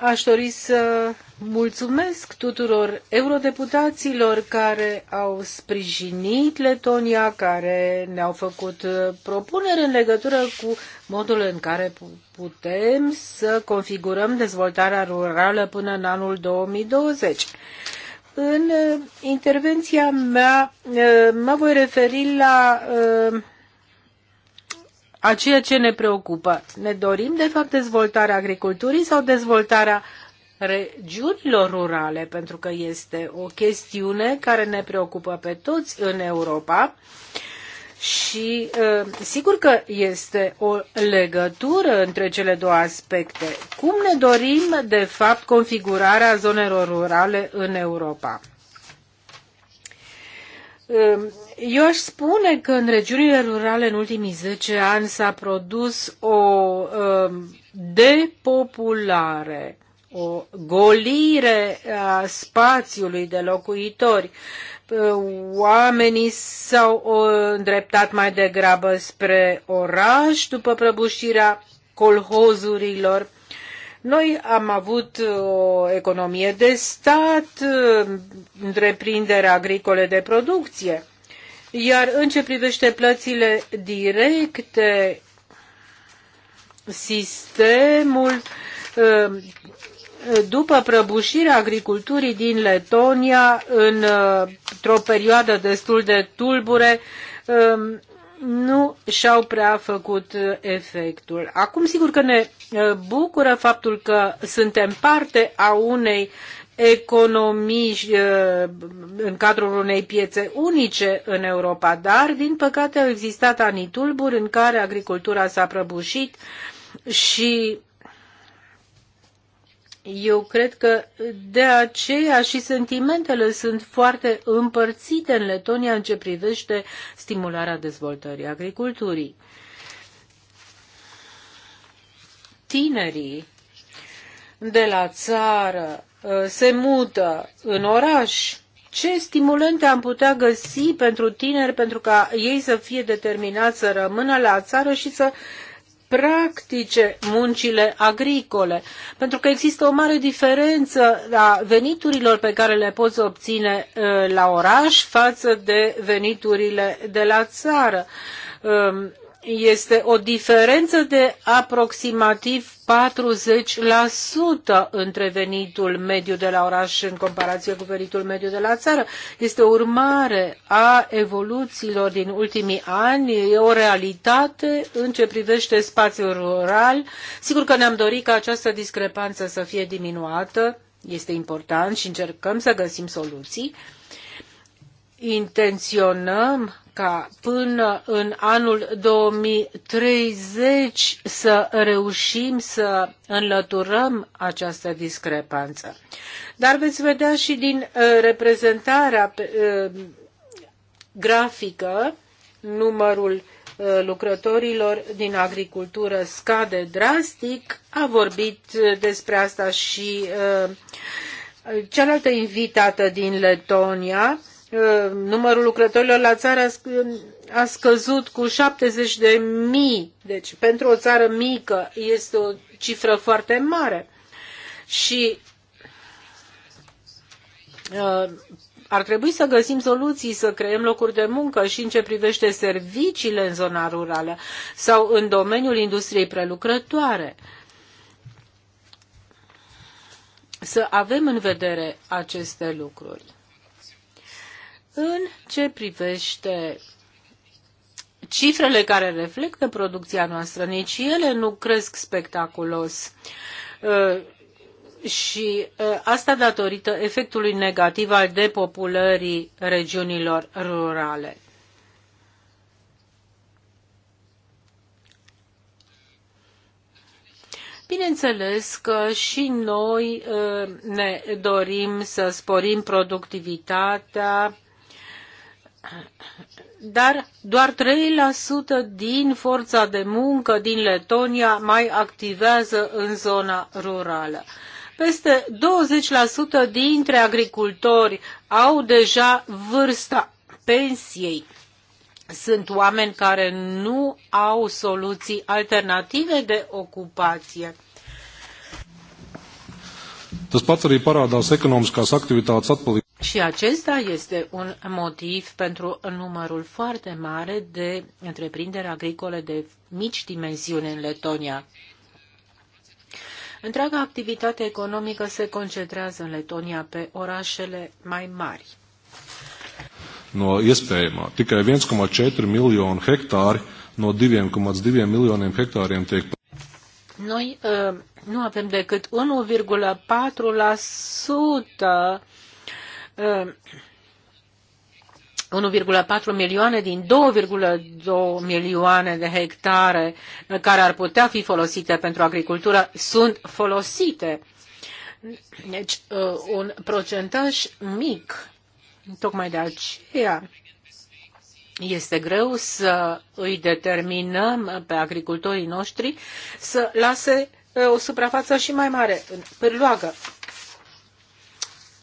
Aș dori să mulțumesc tuturor eurodeputaților care au sprijinit Letonia, care ne-au făcut propuneri în legătură cu modul în care putem să configurăm dezvoltarea rurală până în anul 2020. În uh, intervenția mea uh, mă voi referi la uh, a ceea ce ne preocupă. Ne dorim, de fapt, dezvoltarea agriculturii sau dezvoltarea regiunilor rurale, pentru că este o chestiune care ne preocupă pe toți în Europa. Și ă, sigur că este o legătură între cele două aspecte. Cum ne dorim, de fapt, configurarea zonelor rurale în Europa? Ă, eu aș spune că în regiunile rurale în ultimii 10 ani s-a produs o uh, depopulare, o golire a spațiului de locuitori. Oamenii s-au uh, îndreptat mai degrabă spre oraș după prăbușirea colhozurilor. Noi am avut uh, o economie de stat, uh, întreprinderi agricole de producție. Iar în ce privește plățile directe, sistemul uh, după prăbușirea agriculturii din Letonia uh, într-o perioadă destul de tulbure um, nu și-au prea făcut uh, efectul. Acum sigur că ne bucură faptul că suntem parte a unei economii eh, în cadrul unei piețe unice în Europa, dar, din păcate, au existat anii tulburi în care agricultura s-a prăbușit și eu cred că de aceea și sentimentele sunt foarte împărțite în Letonia în ce privește stimularea dezvoltării agriculturii. Tinerii de la țară Uh, se mută în oraș, ce stimulente am putea găsi pentru tineri pentru ca ei să fie determinați să rămână la țară și să practice muncile agricole, pentru că există o mare diferență a veniturilor pe care le poți obține uh, la oraș față de veniturile de la țară. Um, este o diferență de aproximativ 40% între venitul mediu de la oraș în comparație cu venitul mediu de la țară. Este o urmare a evoluțiilor din ultimii ani, e o realitate în ce privește spațiul rural. Sigur că ne-am dorit ca această discrepanță să fie diminuată, este important și încercăm să găsim soluții intenționăm ca până în anul 2030 să reușim să înlăturăm această discrepanță. Dar veți vedea și din uh, reprezentarea uh, grafică numărul uh, lucrătorilor din agricultură scade drastic. A vorbit despre asta și cealaltă invitată din Letonia, Uh, numărul lucrătorilor la țară a scăzut cu 70 de mii. Deci, pentru o țară mică este o cifră foarte mare. Și uh, ar trebui să găsim soluții, să creăm locuri de muncă și în ce privește serviciile în zona rurală sau în domeniul industriei prelucrătoare. Să avem în vedere aceste lucruri. În ce privește cifrele care reflectă producția noastră, nici ele nu cresc spectaculos. Uh, și uh, asta datorită efectului negativ al depopulării regiunilor rurale. Bineînțeles că și noi uh, ne dorim să sporim productivitatea dar doar 3% din forța de muncă din Letonia mai activează în zona rurală. Peste 20% dintre agricultori au deja vârsta pensiei. Sunt oameni care nu au soluții alternative de ocupație. Tas pats arī parādās ekonomiskās aktivitātes și acesta este un motiv pentru numărul foarte mare de întreprinderi agricole de mici dimensiuni în Letonia. Întreaga activitate economică se concentrează în Letonia pe orașele mai mari. No iespējamā tikai 1,4 miljonu hektāri no 2,2 miljoniem hektāriem tiek. Noi uh, nu avem decât 1,4% 1,4 um, milioane din 2,2 milioane de hectare care ar putea fi folosite pentru agricultură sunt folosite. Deci uh, un procentaj mic. Tocmai de aceea este greu să îi determinăm pe agricultorii noștri să lase uh, o suprafață și mai mare în pârloagă.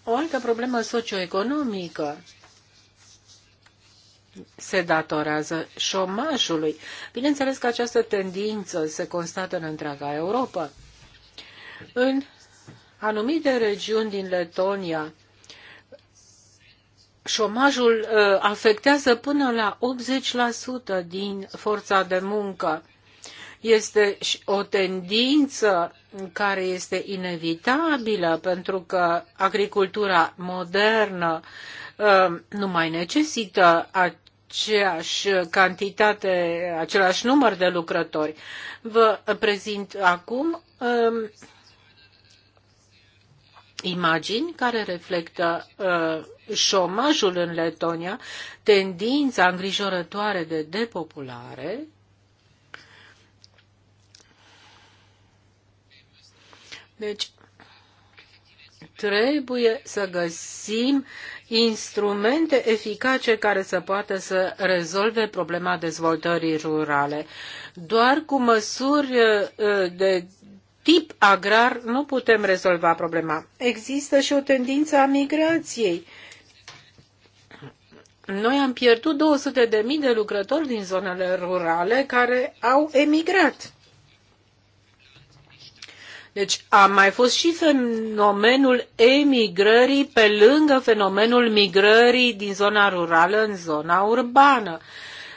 O altă problemă socioeconomică se datorează șomajului. Bineînțeles că această tendință se constată în întreaga Europa. În anumite regiuni din Letonia, șomajul uh, afectează până la 80% din forța de muncă. Este o tendință care este inevitabilă pentru că agricultura modernă uh, nu mai necesită aceeași cantitate, același număr de lucrători. Vă prezint acum um, imagini care reflectă uh, șomajul în Letonia, tendința îngrijorătoare de depopulare Deci, trebuie să găsim instrumente eficace care să poată să rezolve problema dezvoltării rurale. Doar cu măsuri uh, de tip agrar nu putem rezolva problema. Există și o tendință a migrației. Noi am pierdut 200.000 de lucrători din zonele rurale care au emigrat. Deci a mai fost și fenomenul emigrării pe lângă fenomenul migrării din zona rurală în zona urbană.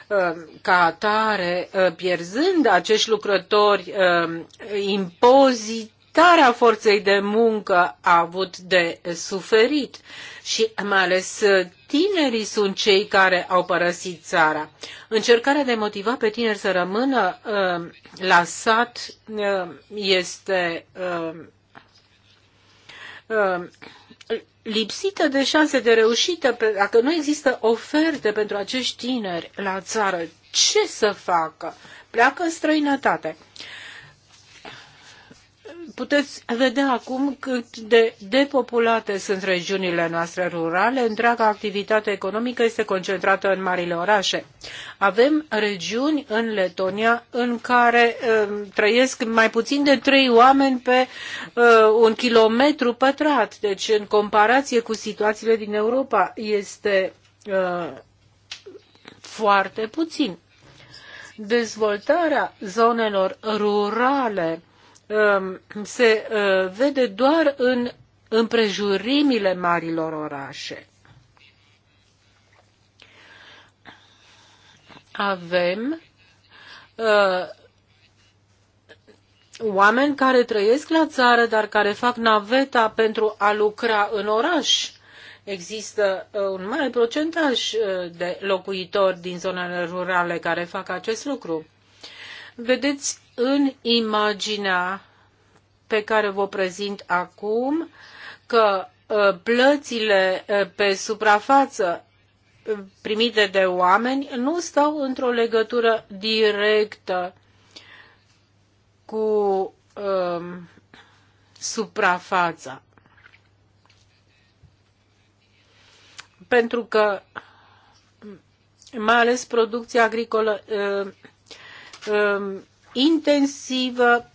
Uh, ca atare, uh, pierzând acești lucrători, uh, impozitarea forței de muncă a avut de suferit și mai ales uh, tinerii sunt cei care au părăsit țara. Încercarea de a motiva pe tineri să rămână uh, la sat uh, este uh, uh, lipsită de șanse de reușită, dacă nu există oferte pentru acești tineri la țară, ce să facă? Pleacă în străinătate puteți vedea acum cât de depopulate sunt regiunile noastre rurale. Întreaga activitate economică este concentrată în marile orașe. Avem regiuni în Letonia în care uh, trăiesc mai puțin de trei oameni pe uh, un kilometru pătrat. Deci, în comparație cu situațiile din Europa, este uh, foarte puțin. Dezvoltarea zonelor rurale Um, se uh, vede doar în împrejurimile marilor orașe. Avem uh, oameni care trăiesc la țară, dar care fac naveta pentru a lucra în oraș. Există uh, un mare procentaj de locuitori din zonele rurale care fac acest lucru. Vedeți în imaginea pe care vă prezint acum că uh, plățile uh, pe suprafață uh, primite de oameni nu stau într-o legătură directă cu um, suprafața. Pentru că mai ales producția agricolă uh, uh, intensivă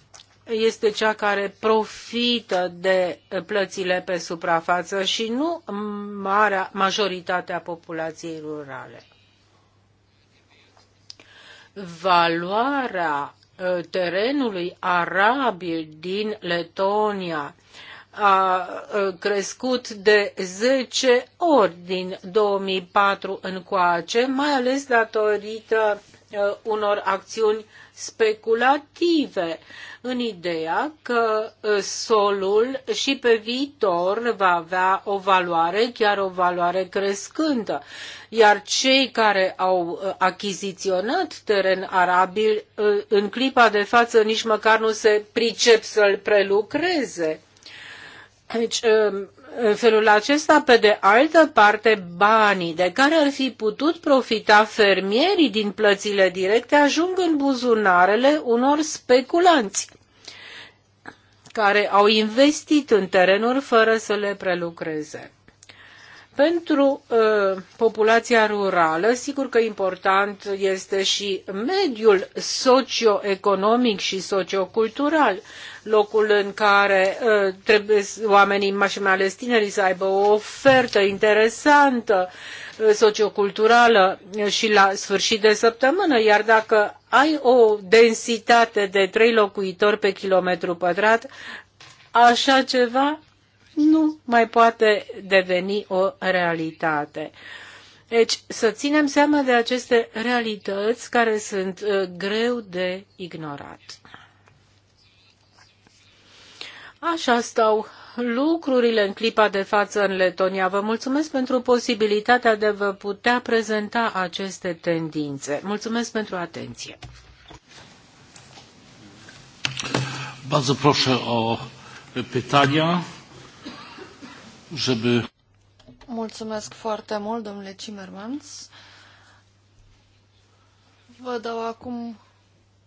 este cea care profită de plățile pe suprafață și nu marea majoritatea populației rurale. Valoarea ă, terenului arabil din Letonia a ă, crescut de 10 ori din 2004 încoace, mai ales datorită ă, unor acțiuni speculative în ideea că ă, solul și pe viitor va avea o valoare, chiar o valoare crescândă, iar cei care au ă, achiziționat teren arabil ă, în clipa de față nici măcar nu se pricep să-l prelucreze. Deci, în felul acesta, pe de altă parte, banii de care ar fi putut profita fermierii din plățile directe ajung în buzunarele unor speculanți care au investit în terenuri fără să le prelucreze. Pentru uh, populația rurală, sigur că important este și mediul socioeconomic și sociocultural, locul în care uh, trebuie oamenii, și mai ales tinerii, să aibă o ofertă interesantă uh, socioculturală uh, și la sfârșit de săptămână, iar dacă ai o densitate de trei locuitori pe kilometru pătrat, așa ceva nu mai poate deveni o realitate. Deci să ținem seama de aceste realități care sunt uh, greu de ignorat. Așa stau lucrurile în clipa de față în Letonia. Vă mulțumesc pentru posibilitatea de a vă putea prezenta aceste tendințe. Mulțumesc pentru atenție. Bardzo proszę o pytania żeby... Mulțumesc foarte mult, domnule Cimermans. Vă dau acum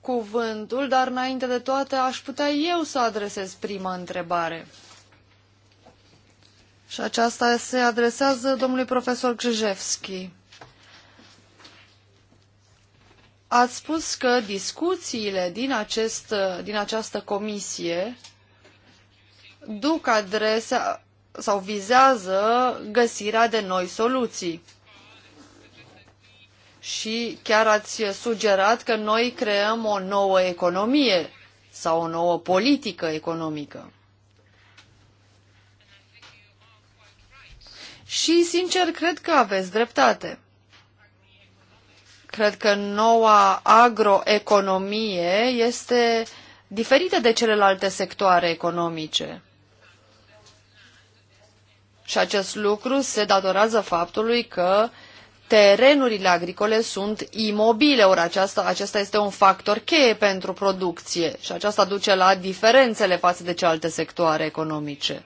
cuvântul, dar înainte de toate aș putea eu să adresez prima întrebare. Și aceasta se adresează domnului profesor Grzejewski. Ați spus că discuțiile din, acest, din această comisie duc adresa, sau vizează găsirea de noi soluții. Și chiar ați sugerat că noi creăm o nouă economie sau o nouă politică economică. Și, sincer, cred că aveți dreptate. Cred că noua agroeconomie este diferită de celelalte sectoare economice. Și acest lucru se datorează faptului că terenurile agricole sunt imobile, ori aceasta, acesta este un factor cheie pentru producție și aceasta duce la diferențele față de celelalte sectoare economice.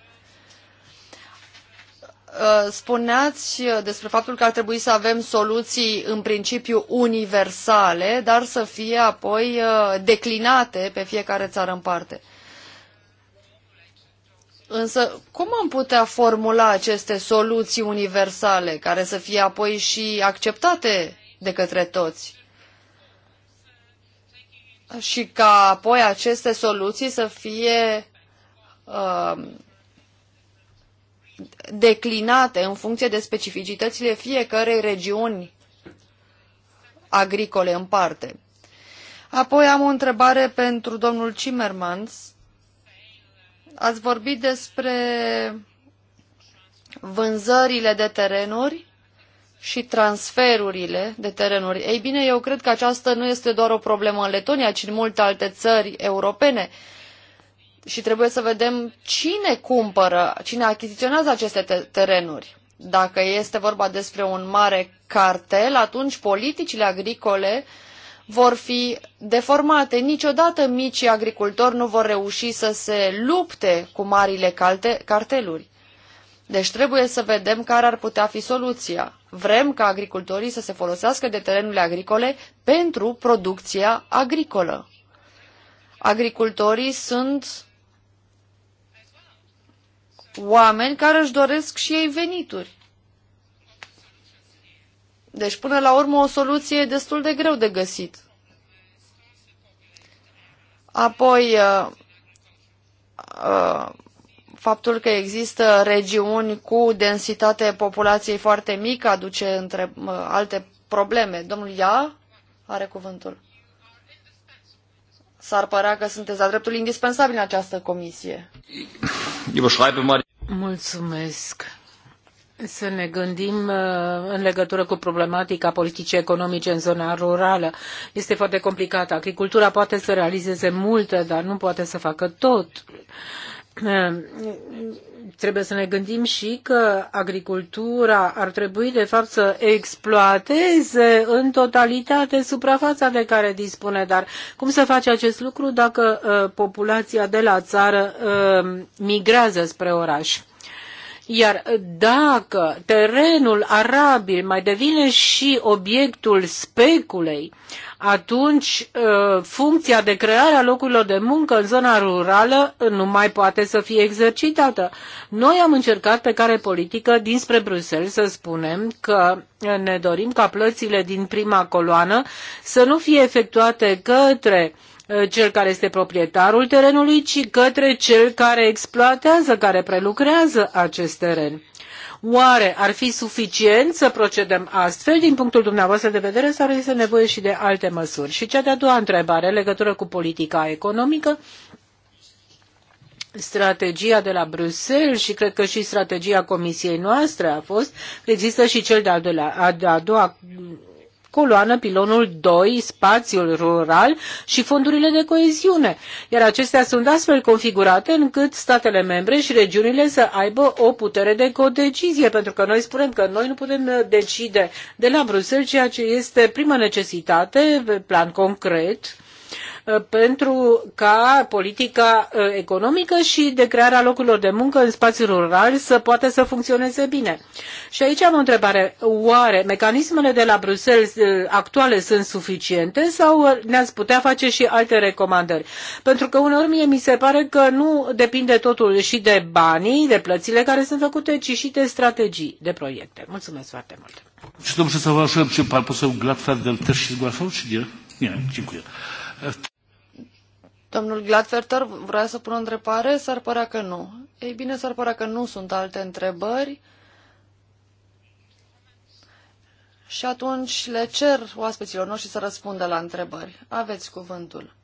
Uh, spuneați uh, despre faptul că ar trebui să avem soluții în principiu universale, dar să fie apoi uh, declinate pe fiecare țară în parte. Însă, cum am putea formula aceste soluții universale, care să fie apoi și acceptate de către toți? Și ca apoi aceste soluții să fie uh, declinate în funcție de specificitățile fiecarei regiuni agricole în parte. Apoi am o întrebare pentru domnul Cimermans Ați vorbit despre vânzările de terenuri și transferurile de terenuri. Ei bine, eu cred că aceasta nu este doar o problemă în Letonia, ci în multe alte țări europene. Și trebuie să vedem cine cumpără, cine achiziționează aceste terenuri. Dacă este vorba despre un mare cartel, atunci politicile agricole uh, vor fi deformate. Niciodată micii agricultori nu vor reuși să se lupte cu marile calte, carteluri. Deci trebuie să vedem care ar putea fi soluția. Vrem ca agricultorii să se folosească de terenurile agricole pentru producția agricolă. Agricultorii sunt oameni care își doresc și ei venituri. Deci, până la urmă, o soluție e destul de greu de găsit. Apoi, uh, uh, faptul că există regiuni cu densitate populației foarte mică aduce între uh, alte probleme. Domnul Ia are cuvântul. S-ar părea că sunteți la dreptul indispensabil în această comisie. Mulțumesc să ne gândim uh, în legătură cu problematica politicii economice în zona rurală. Este foarte complicat. Agricultura poate să realizeze multe, dar nu poate să facă tot. Uh, trebuie să ne gândim și că agricultura ar trebui, de fapt, să exploateze în totalitate suprafața de care dispune. Dar cum să face acest lucru dacă uh, populația de la țară migrează spre oraș? Iar dacă terenul arabil mai devine și obiectul speculei, atunci ă, funcția de creare a locurilor de muncă în zona rurală nu mai poate să fie exercitată. Noi am încercat pe care politică dinspre Bruxelles să spunem că ne dorim ca plățile din prima coloană să nu fie efectuate către uh, Uh, cel care este proprietarul terenului, ci către cel care exploatează, care prelucrează acest teren. Oare ar fi suficient să procedăm astfel din punctul dumneavoastră de vedere sau este nevoie și de alte măsuri? Și cea de-a doua întrebare, legătură cu politica economică, strategia de la Bruxelles și cred că și strategia comisiei noastre a fost, există și cel de-a doua, de doua coloană, pilonul 2, spațiul rural și fondurile de coeziune, iar acestea sunt astfel configurate încât statele membre și regiunile să aibă o putere de codecizie, pentru că noi spunem că noi nu putem decide de la Bruxelles ceea ce este prima necesitate pe plan concret Uh, pentru ca politica uh, economică și de crearea locurilor de muncă în spațiul rural să poată să funcționeze bine. Și aici am o întrebare. Oare mecanismele de la Bruxelles uh, actuale sunt suficiente sau ne-ați putea face și alte recomandări? Pentru că uneori mie mi se pare că nu depinde totul și de banii, de plățile care sunt făcute, ci și de strategii, de proiecte. Mulțumesc foarte mult. Czy dobrze zauważyłem, czy pan poseł Gladfelder też się zgłaszał, czy nie? Nie, dziękuję. Domnul Gladferter vrea să pună întrebare? S-ar părea că nu. Ei bine, s-ar părea că nu sunt alte întrebări. Și atunci le cer oaspeților noștri să răspundă la întrebări. Aveți cuvântul.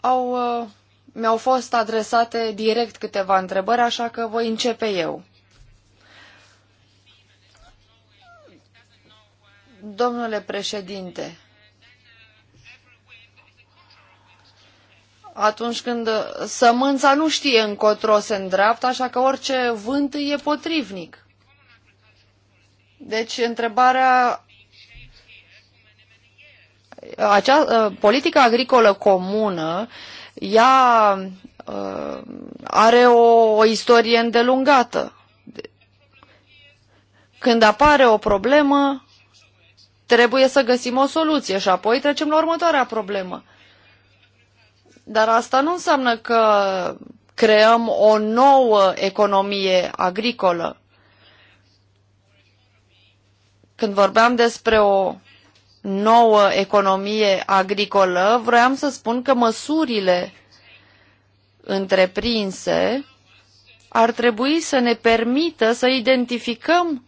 Au, uh, mi-au fost adresate direct câteva întrebări, așa că voi începe eu. Domnule președinte, atunci când sămânța nu știe încotro se îndreaptă, așa că orice vânt e potrivnic. Deci întrebarea acea, ă, politica agricolă comună, ea ă, are o, o istorie îndelungată. Când apare o problemă, Trebuie să găsim o soluție și apoi trecem la următoarea problemă. Dar asta nu înseamnă că creăm o nouă economie agricolă. Când vorbeam despre o nouă economie agricolă, vroiam să spun că măsurile întreprinse ar trebui să ne permită să identificăm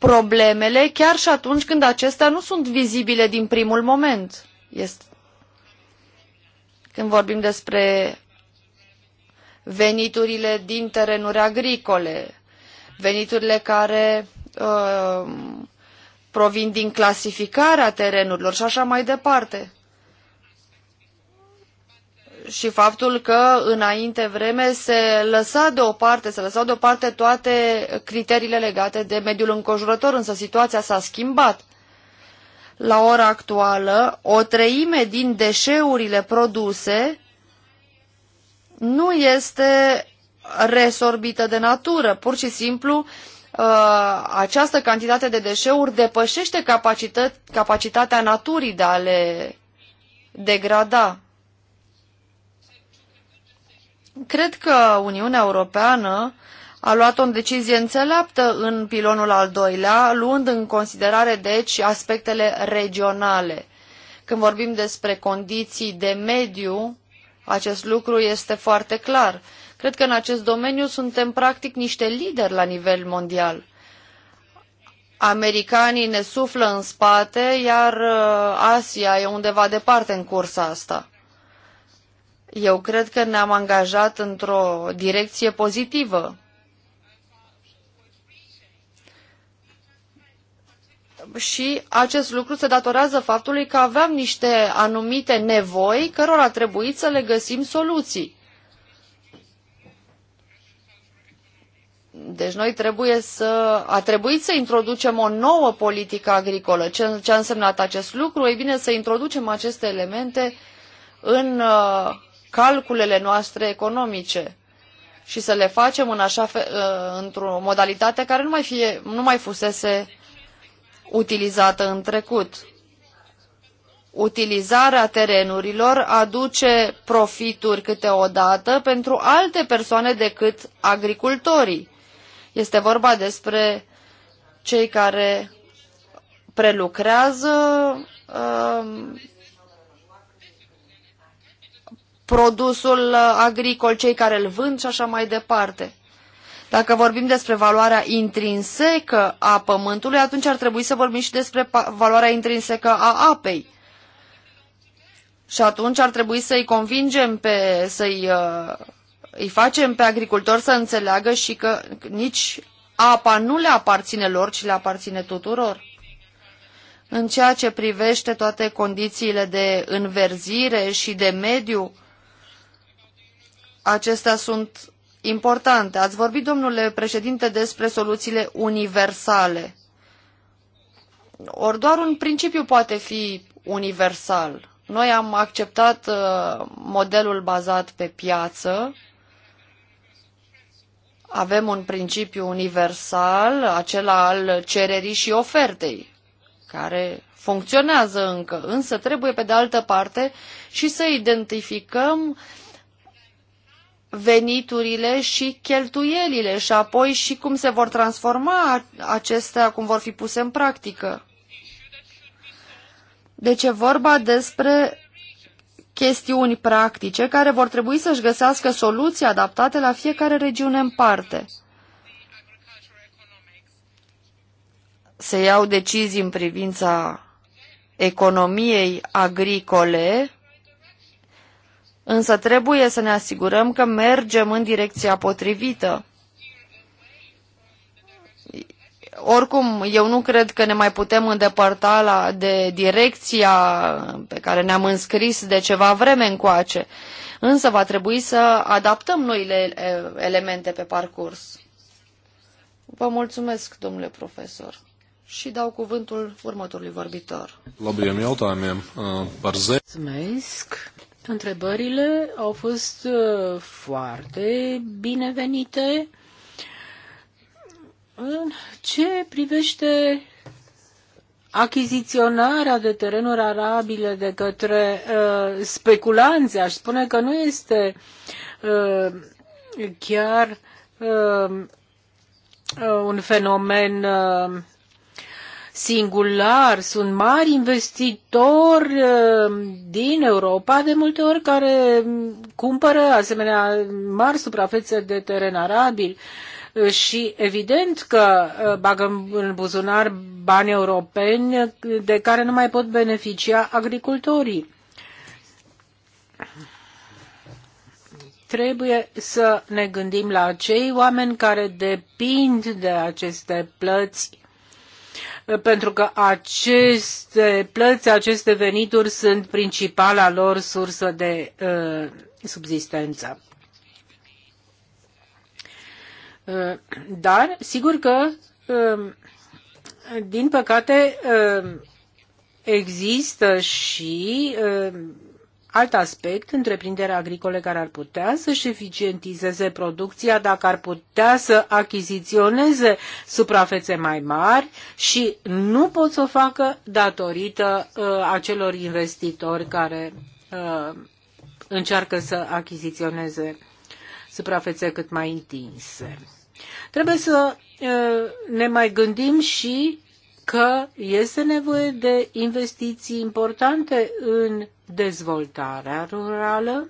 problemele chiar și atunci când acestea nu sunt vizibile din primul moment. Este... Când vorbim despre veniturile din terenuri agricole, veniturile care uh, provin din clasificarea terenurilor și așa mai departe și faptul că înainte vreme se lăsa deoparte, se lăsau deoparte toate criteriile legate de mediul înconjurător, însă situația s-a schimbat. La ora actuală, o treime din deșeurile produse nu este resorbită de natură. Pur și simplu, uh, această cantitate de deșeuri depășește capacitatea naturii de a le degrada. Cred că Uniunea Europeană a luat o decizie înțeleaptă în pilonul al doilea, luând în considerare, deci, aspectele regionale. Când vorbim despre condiții de mediu, acest lucru este foarte clar. Cred că în acest domeniu suntem practic niște lideri la nivel mondial. Americanii ne suflă în spate, iar uh, Asia e undeva departe în cursa asta. Eu cred că ne-am angajat într-o direcție pozitivă. Și acest lucru se datorează faptului că aveam niște anumite nevoi cărora a trebuit să le găsim soluții. Deci noi trebuie să, a trebuit să introducem o nouă politică agricolă. Ce, ce a însemnat acest lucru? Ei bine, să introducem aceste elemente în uh, calculele noastre economice și să le facem în așa ă, într-o modalitate care nu mai, fie, nu mai fusese utilizată în trecut. Utilizarea terenurilor aduce profituri câteodată pentru alte persoane decât agricultorii. Este vorba despre cei care prelucrează uh, produsul uh, agricol, cei care îl vând și așa mai departe. Dacă vorbim despre valoarea intrinsecă a pământului, atunci ar trebui să vorbim și despre valoarea intrinsecă a apei. Și atunci ar trebui să-i convingem pe, să-i uh, îi facem pe agricultori să înțeleagă și că nici apa nu le aparține lor, ci le aparține tuturor. În ceea ce privește toate condițiile de înverzire și de mediu, acestea sunt importante. Ați vorbit, domnule președinte, despre soluțiile universale. Ori doar un principiu poate fi universal. Noi am acceptat uh, modelul bazat pe piață, avem un principiu universal, acela al cererii și ofertei, care funcționează încă, însă trebuie pe de altă parte și să identificăm veniturile și cheltuielile și apoi și cum se vor transforma acestea, cum vor fi puse în practică. Deci e vorba despre chestiuni practice care vor trebui să-și găsească soluții adaptate la fiecare regiune în parte. Se iau decizii în privința economiei agricole, Însă trebuie să ne asigurăm că mergem în direcția potrivită. Oricum, eu nu cred că ne mai putem îndepărta la, de direcția pe care ne-am înscris de ceva vreme încoace. Însă va trebui să adaptăm noile elemente pe parcurs. Vă mulțumesc, domnule profesor și dau cuvântul următorului vorbitor. Uh, mulțumesc. Întrebările au fost uh, foarte binevenite. În ce privește achiziționarea de terenuri arabile de către uh, speculanți, aș spune că nu este uh, chiar uh, un fenomen uh, singular, sunt mari investitori uh, din Europa, de multe ori care mm, cumpără asemenea mari suprafețe de teren arabil uh, și evident că uh, bagăm în buzunar bani europeni de care nu mai pot beneficia agricultorii. Trebuie să ne gândim la cei oameni care depind de aceste plăți pentru că aceste plăți, aceste venituri sunt principala lor sursă de uh, subsistență. Uh, dar, sigur că, uh, din păcate, uh, există și uh, Alt aspect, întreprinderea agricole care ar putea să-și eficientizeze producția dacă ar putea să achiziționeze suprafețe mai mari și nu pot să o facă datorită uh, acelor investitori care uh, încearcă să achiziționeze suprafețe cât mai întinse. Trebuie să uh, ne mai gândim și că este nevoie de investiții importante în dezvoltarea rurală,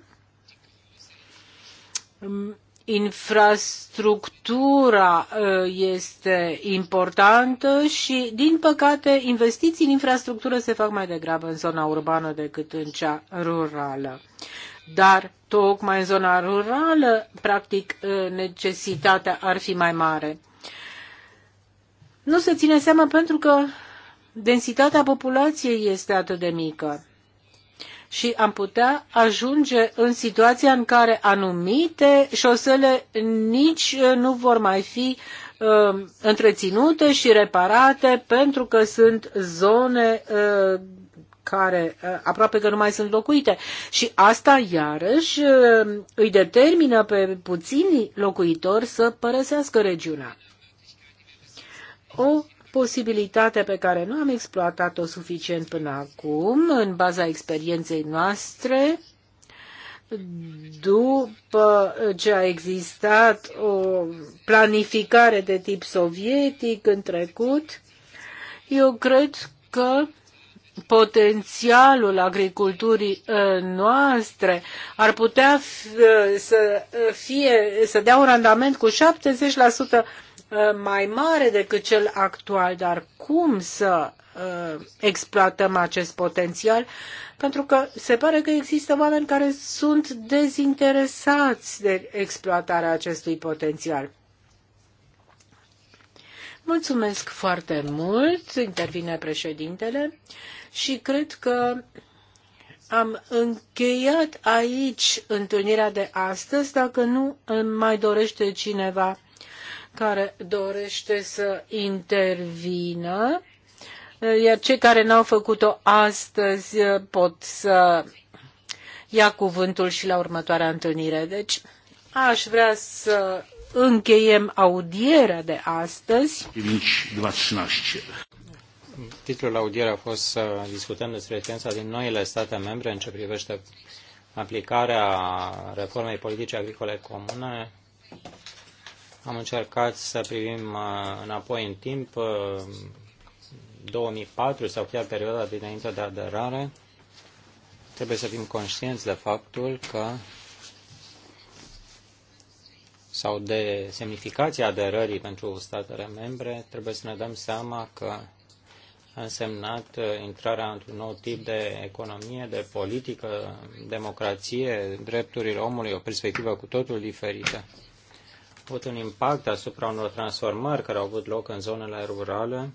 um, infrastructura uh, este importantă și, din păcate, investiții în infrastructură se fac mai degrabă în zona urbană decât în cea rurală. Dar, tocmai în zona rurală, practic, uh, necesitatea ar fi mai mare nu se ține seama pentru că densitatea populației este atât de mică și am putea ajunge în situația în care anumite șosele nici uh, nu vor mai fi uh, întreținute și reparate pentru că sunt zone uh, care uh, aproape că nu mai sunt locuite. Și asta iarăși uh, îi determină pe puțini locuitori să părăsească regiunea o posibilitate pe care nu am exploatat-o suficient până acum, în baza experienței noastre, după ce a existat o planificare de tip sovietic în trecut, eu cred că potențialul agriculturii uh, noastre ar putea uh, să, fie, să dea un randament cu 70% Uh, mai mare decât cel actual, dar cum să uh, exploatăm acest potențial, pentru că se pare că există oameni care sunt dezinteresați de exploatarea acestui potențial. Mulțumesc foarte mult, intervine președintele, și cred că am încheiat aici întâlnirea de astăzi, dacă nu mai dorește cineva care dorește să intervină, iar cei care n-au făcut-o astăzi eh, pot să ia cuvântul și la următoarea întâlnire. Deci, aș vrea să încheiem audierea de astăzi. Titlul audierea a fost să discutăm despre tensa din noile state membre în ce privește aplicarea reformei politice agricole comune am încercat să privim uh, înapoi în timp, 2004 uh, sau chiar perioada dinainte de aderare. Trebuie să fim conștienți de faptul că sau de semnificația aderării pentru statele membre, trebuie să ne dăm seama că a însemnat uh, intrarea într-un nou tip de economie, de politică, democrație, drepturile omului, o perspectivă cu totul diferită avut un impact asupra unor transformări care au avut loc în zonele rurale,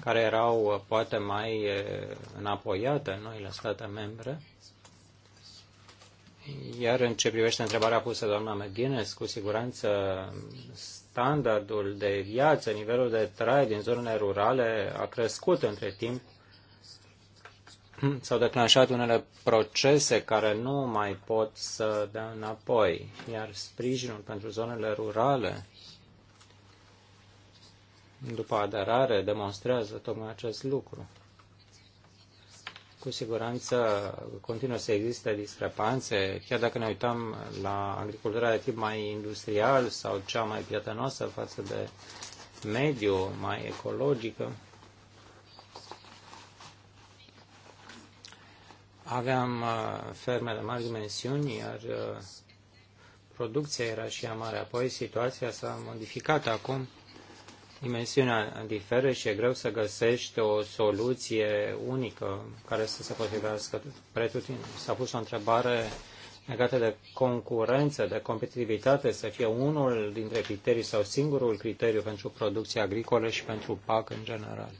care erau uh, poate mai uh, înapoiate în noile state membre. Iar în ce privește întrebarea pusă doamna McGuinness, cu siguranță standardul de viață, nivelul de trai din zonele rurale a crescut între timp s-au declanșat unele procese care nu mai pot să dea înapoi, iar sprijinul pentru zonele rurale după aderare demonstrează tocmai acest lucru. Cu siguranță continuă să existe discrepanțe, chiar dacă ne uităm la agricultura de tip mai industrial sau cea mai prietenoasă față de mediu, mai ecologică. aveam uh, ferme de mari dimensiuni, iar uh, producția era și ea mare. Apoi situația s-a modificat acum. Dimensiunea diferă și e greu să găsești o soluție unică care să se potrivească pretutin. S-a pus o întrebare legată de concurență, de competitivitate, să fie unul dintre criterii sau singurul criteriu pentru producția agricolă și pentru PAC în general.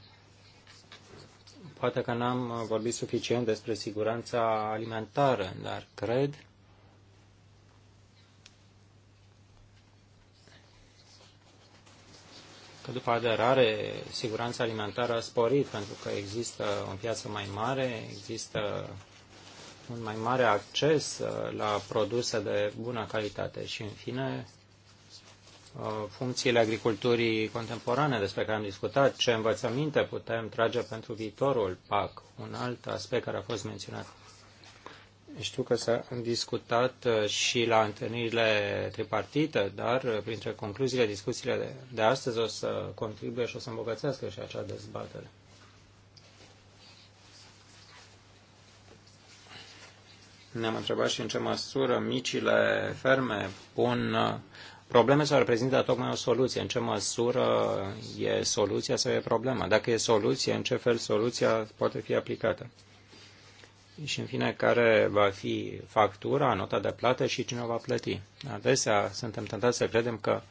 Poate că n-am uh, vorbit suficient despre siguranța alimentară, dar cred că după aderare siguranța alimentară a sporit pentru că există o piață mai mare, există un mai mare acces uh, la produse de bună calitate și, în fine, Uh, funcțiile agriculturii contemporane despre care am discutat, ce învățăminte putem trage pentru viitorul PAC, un alt aspect care a fost menționat. Știu că s-a discutat uh, și la întâlnirile tripartite, dar uh, printre concluziile discuțiile de, de astăzi o să contribuie și o să îmbogățească și acea dezbatere. Ne-am întrebat și în ce măsură micile ferme pun Probleme sau reprezintă tocmai o soluție? În ce măsură e soluția sau e problema? Dacă e soluție, în ce fel soluția poate fi aplicată? Și în fine, care va fi factura, nota de plată și cine o va plăti? Adesea suntem tentați să credem că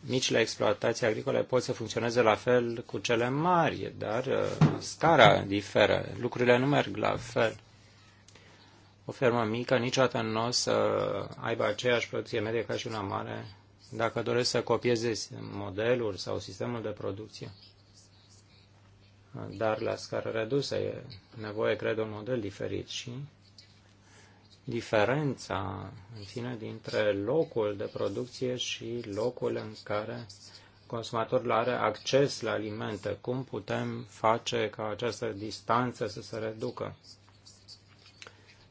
micile exploatații agricole pot să funcționeze la fel cu cele mari, dar uh, scara diferă, lucrurile nu merg la fel. O fermă mică niciodată nu o să aibă aceeași producție medie ca și una mare dacă doresc să copieze modelul sau sistemul de producție, dar la scară redusă e nevoie, cred, un model diferit și diferența, în fine, dintre locul de producție și locul în care consumatorul are acces la alimente. Cum putem face ca această distanță să se reducă?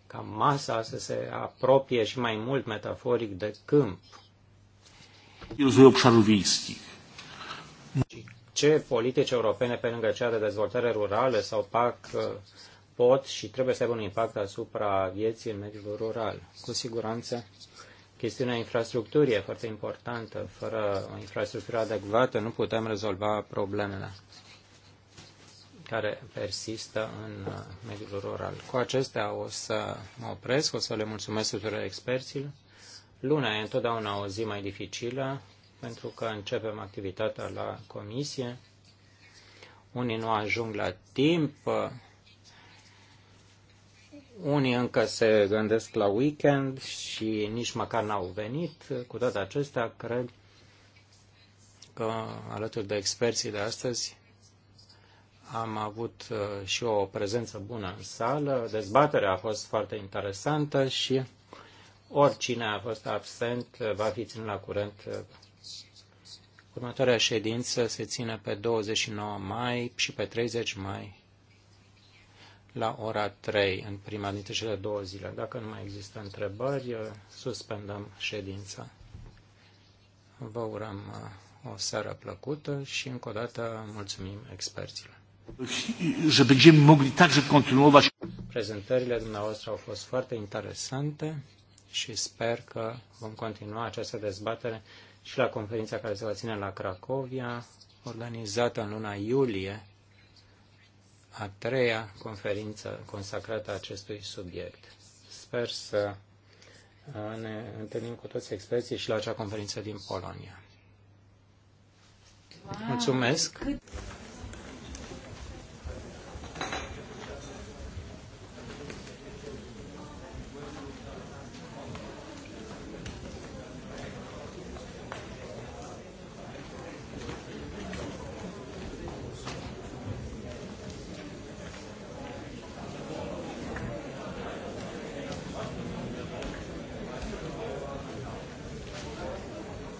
Ca masa să se apropie și mai mult metaforic de câmp rozwoju obszarów wiejskich. Ce politici europene pe lângă cea de dezvoltare rurală sau PAC uh, pot și trebuie să aibă un impact asupra vieții în mediul rural? Cu siguranță chestiunea infrastructurii e foarte importantă. Fără o infrastructură adecvată nu putem rezolva problemele care persistă în uh, mediul rural. Cu acestea o să mă opresc, o să le mulțumesc tuturor experților Luna e întotdeauna o zi mai dificilă pentru că începem activitatea la comisie. Unii nu ajung la timp, unii încă se gândesc la weekend și nici măcar n-au venit. Cu toate acestea, cred că alături de experții de astăzi am avut uh, și o prezență bună în sală. Dezbaterea a fost foarte interesantă și Oricine a fost absent va fi ținut la curent. Următoarea ședință se ține pe 29 mai și pe 30 mai la ora 3 în prima dintre cele două zile. Dacă nu mai există întrebări, suspendăm ședința. Vă urăm uh, o seară plăcută și încă o dată mulțumim experților. Prezentările dumneavoastră au fost foarte interesante și sper că vom continua această dezbatere și la conferința care se va ține la Cracovia, organizată în luna iulie, a treia conferință consacrată acestui subiect. Sper să uh, ne întâlnim cu toți experții și la acea conferință din Polonia. Wow, Mulțumesc! Cât...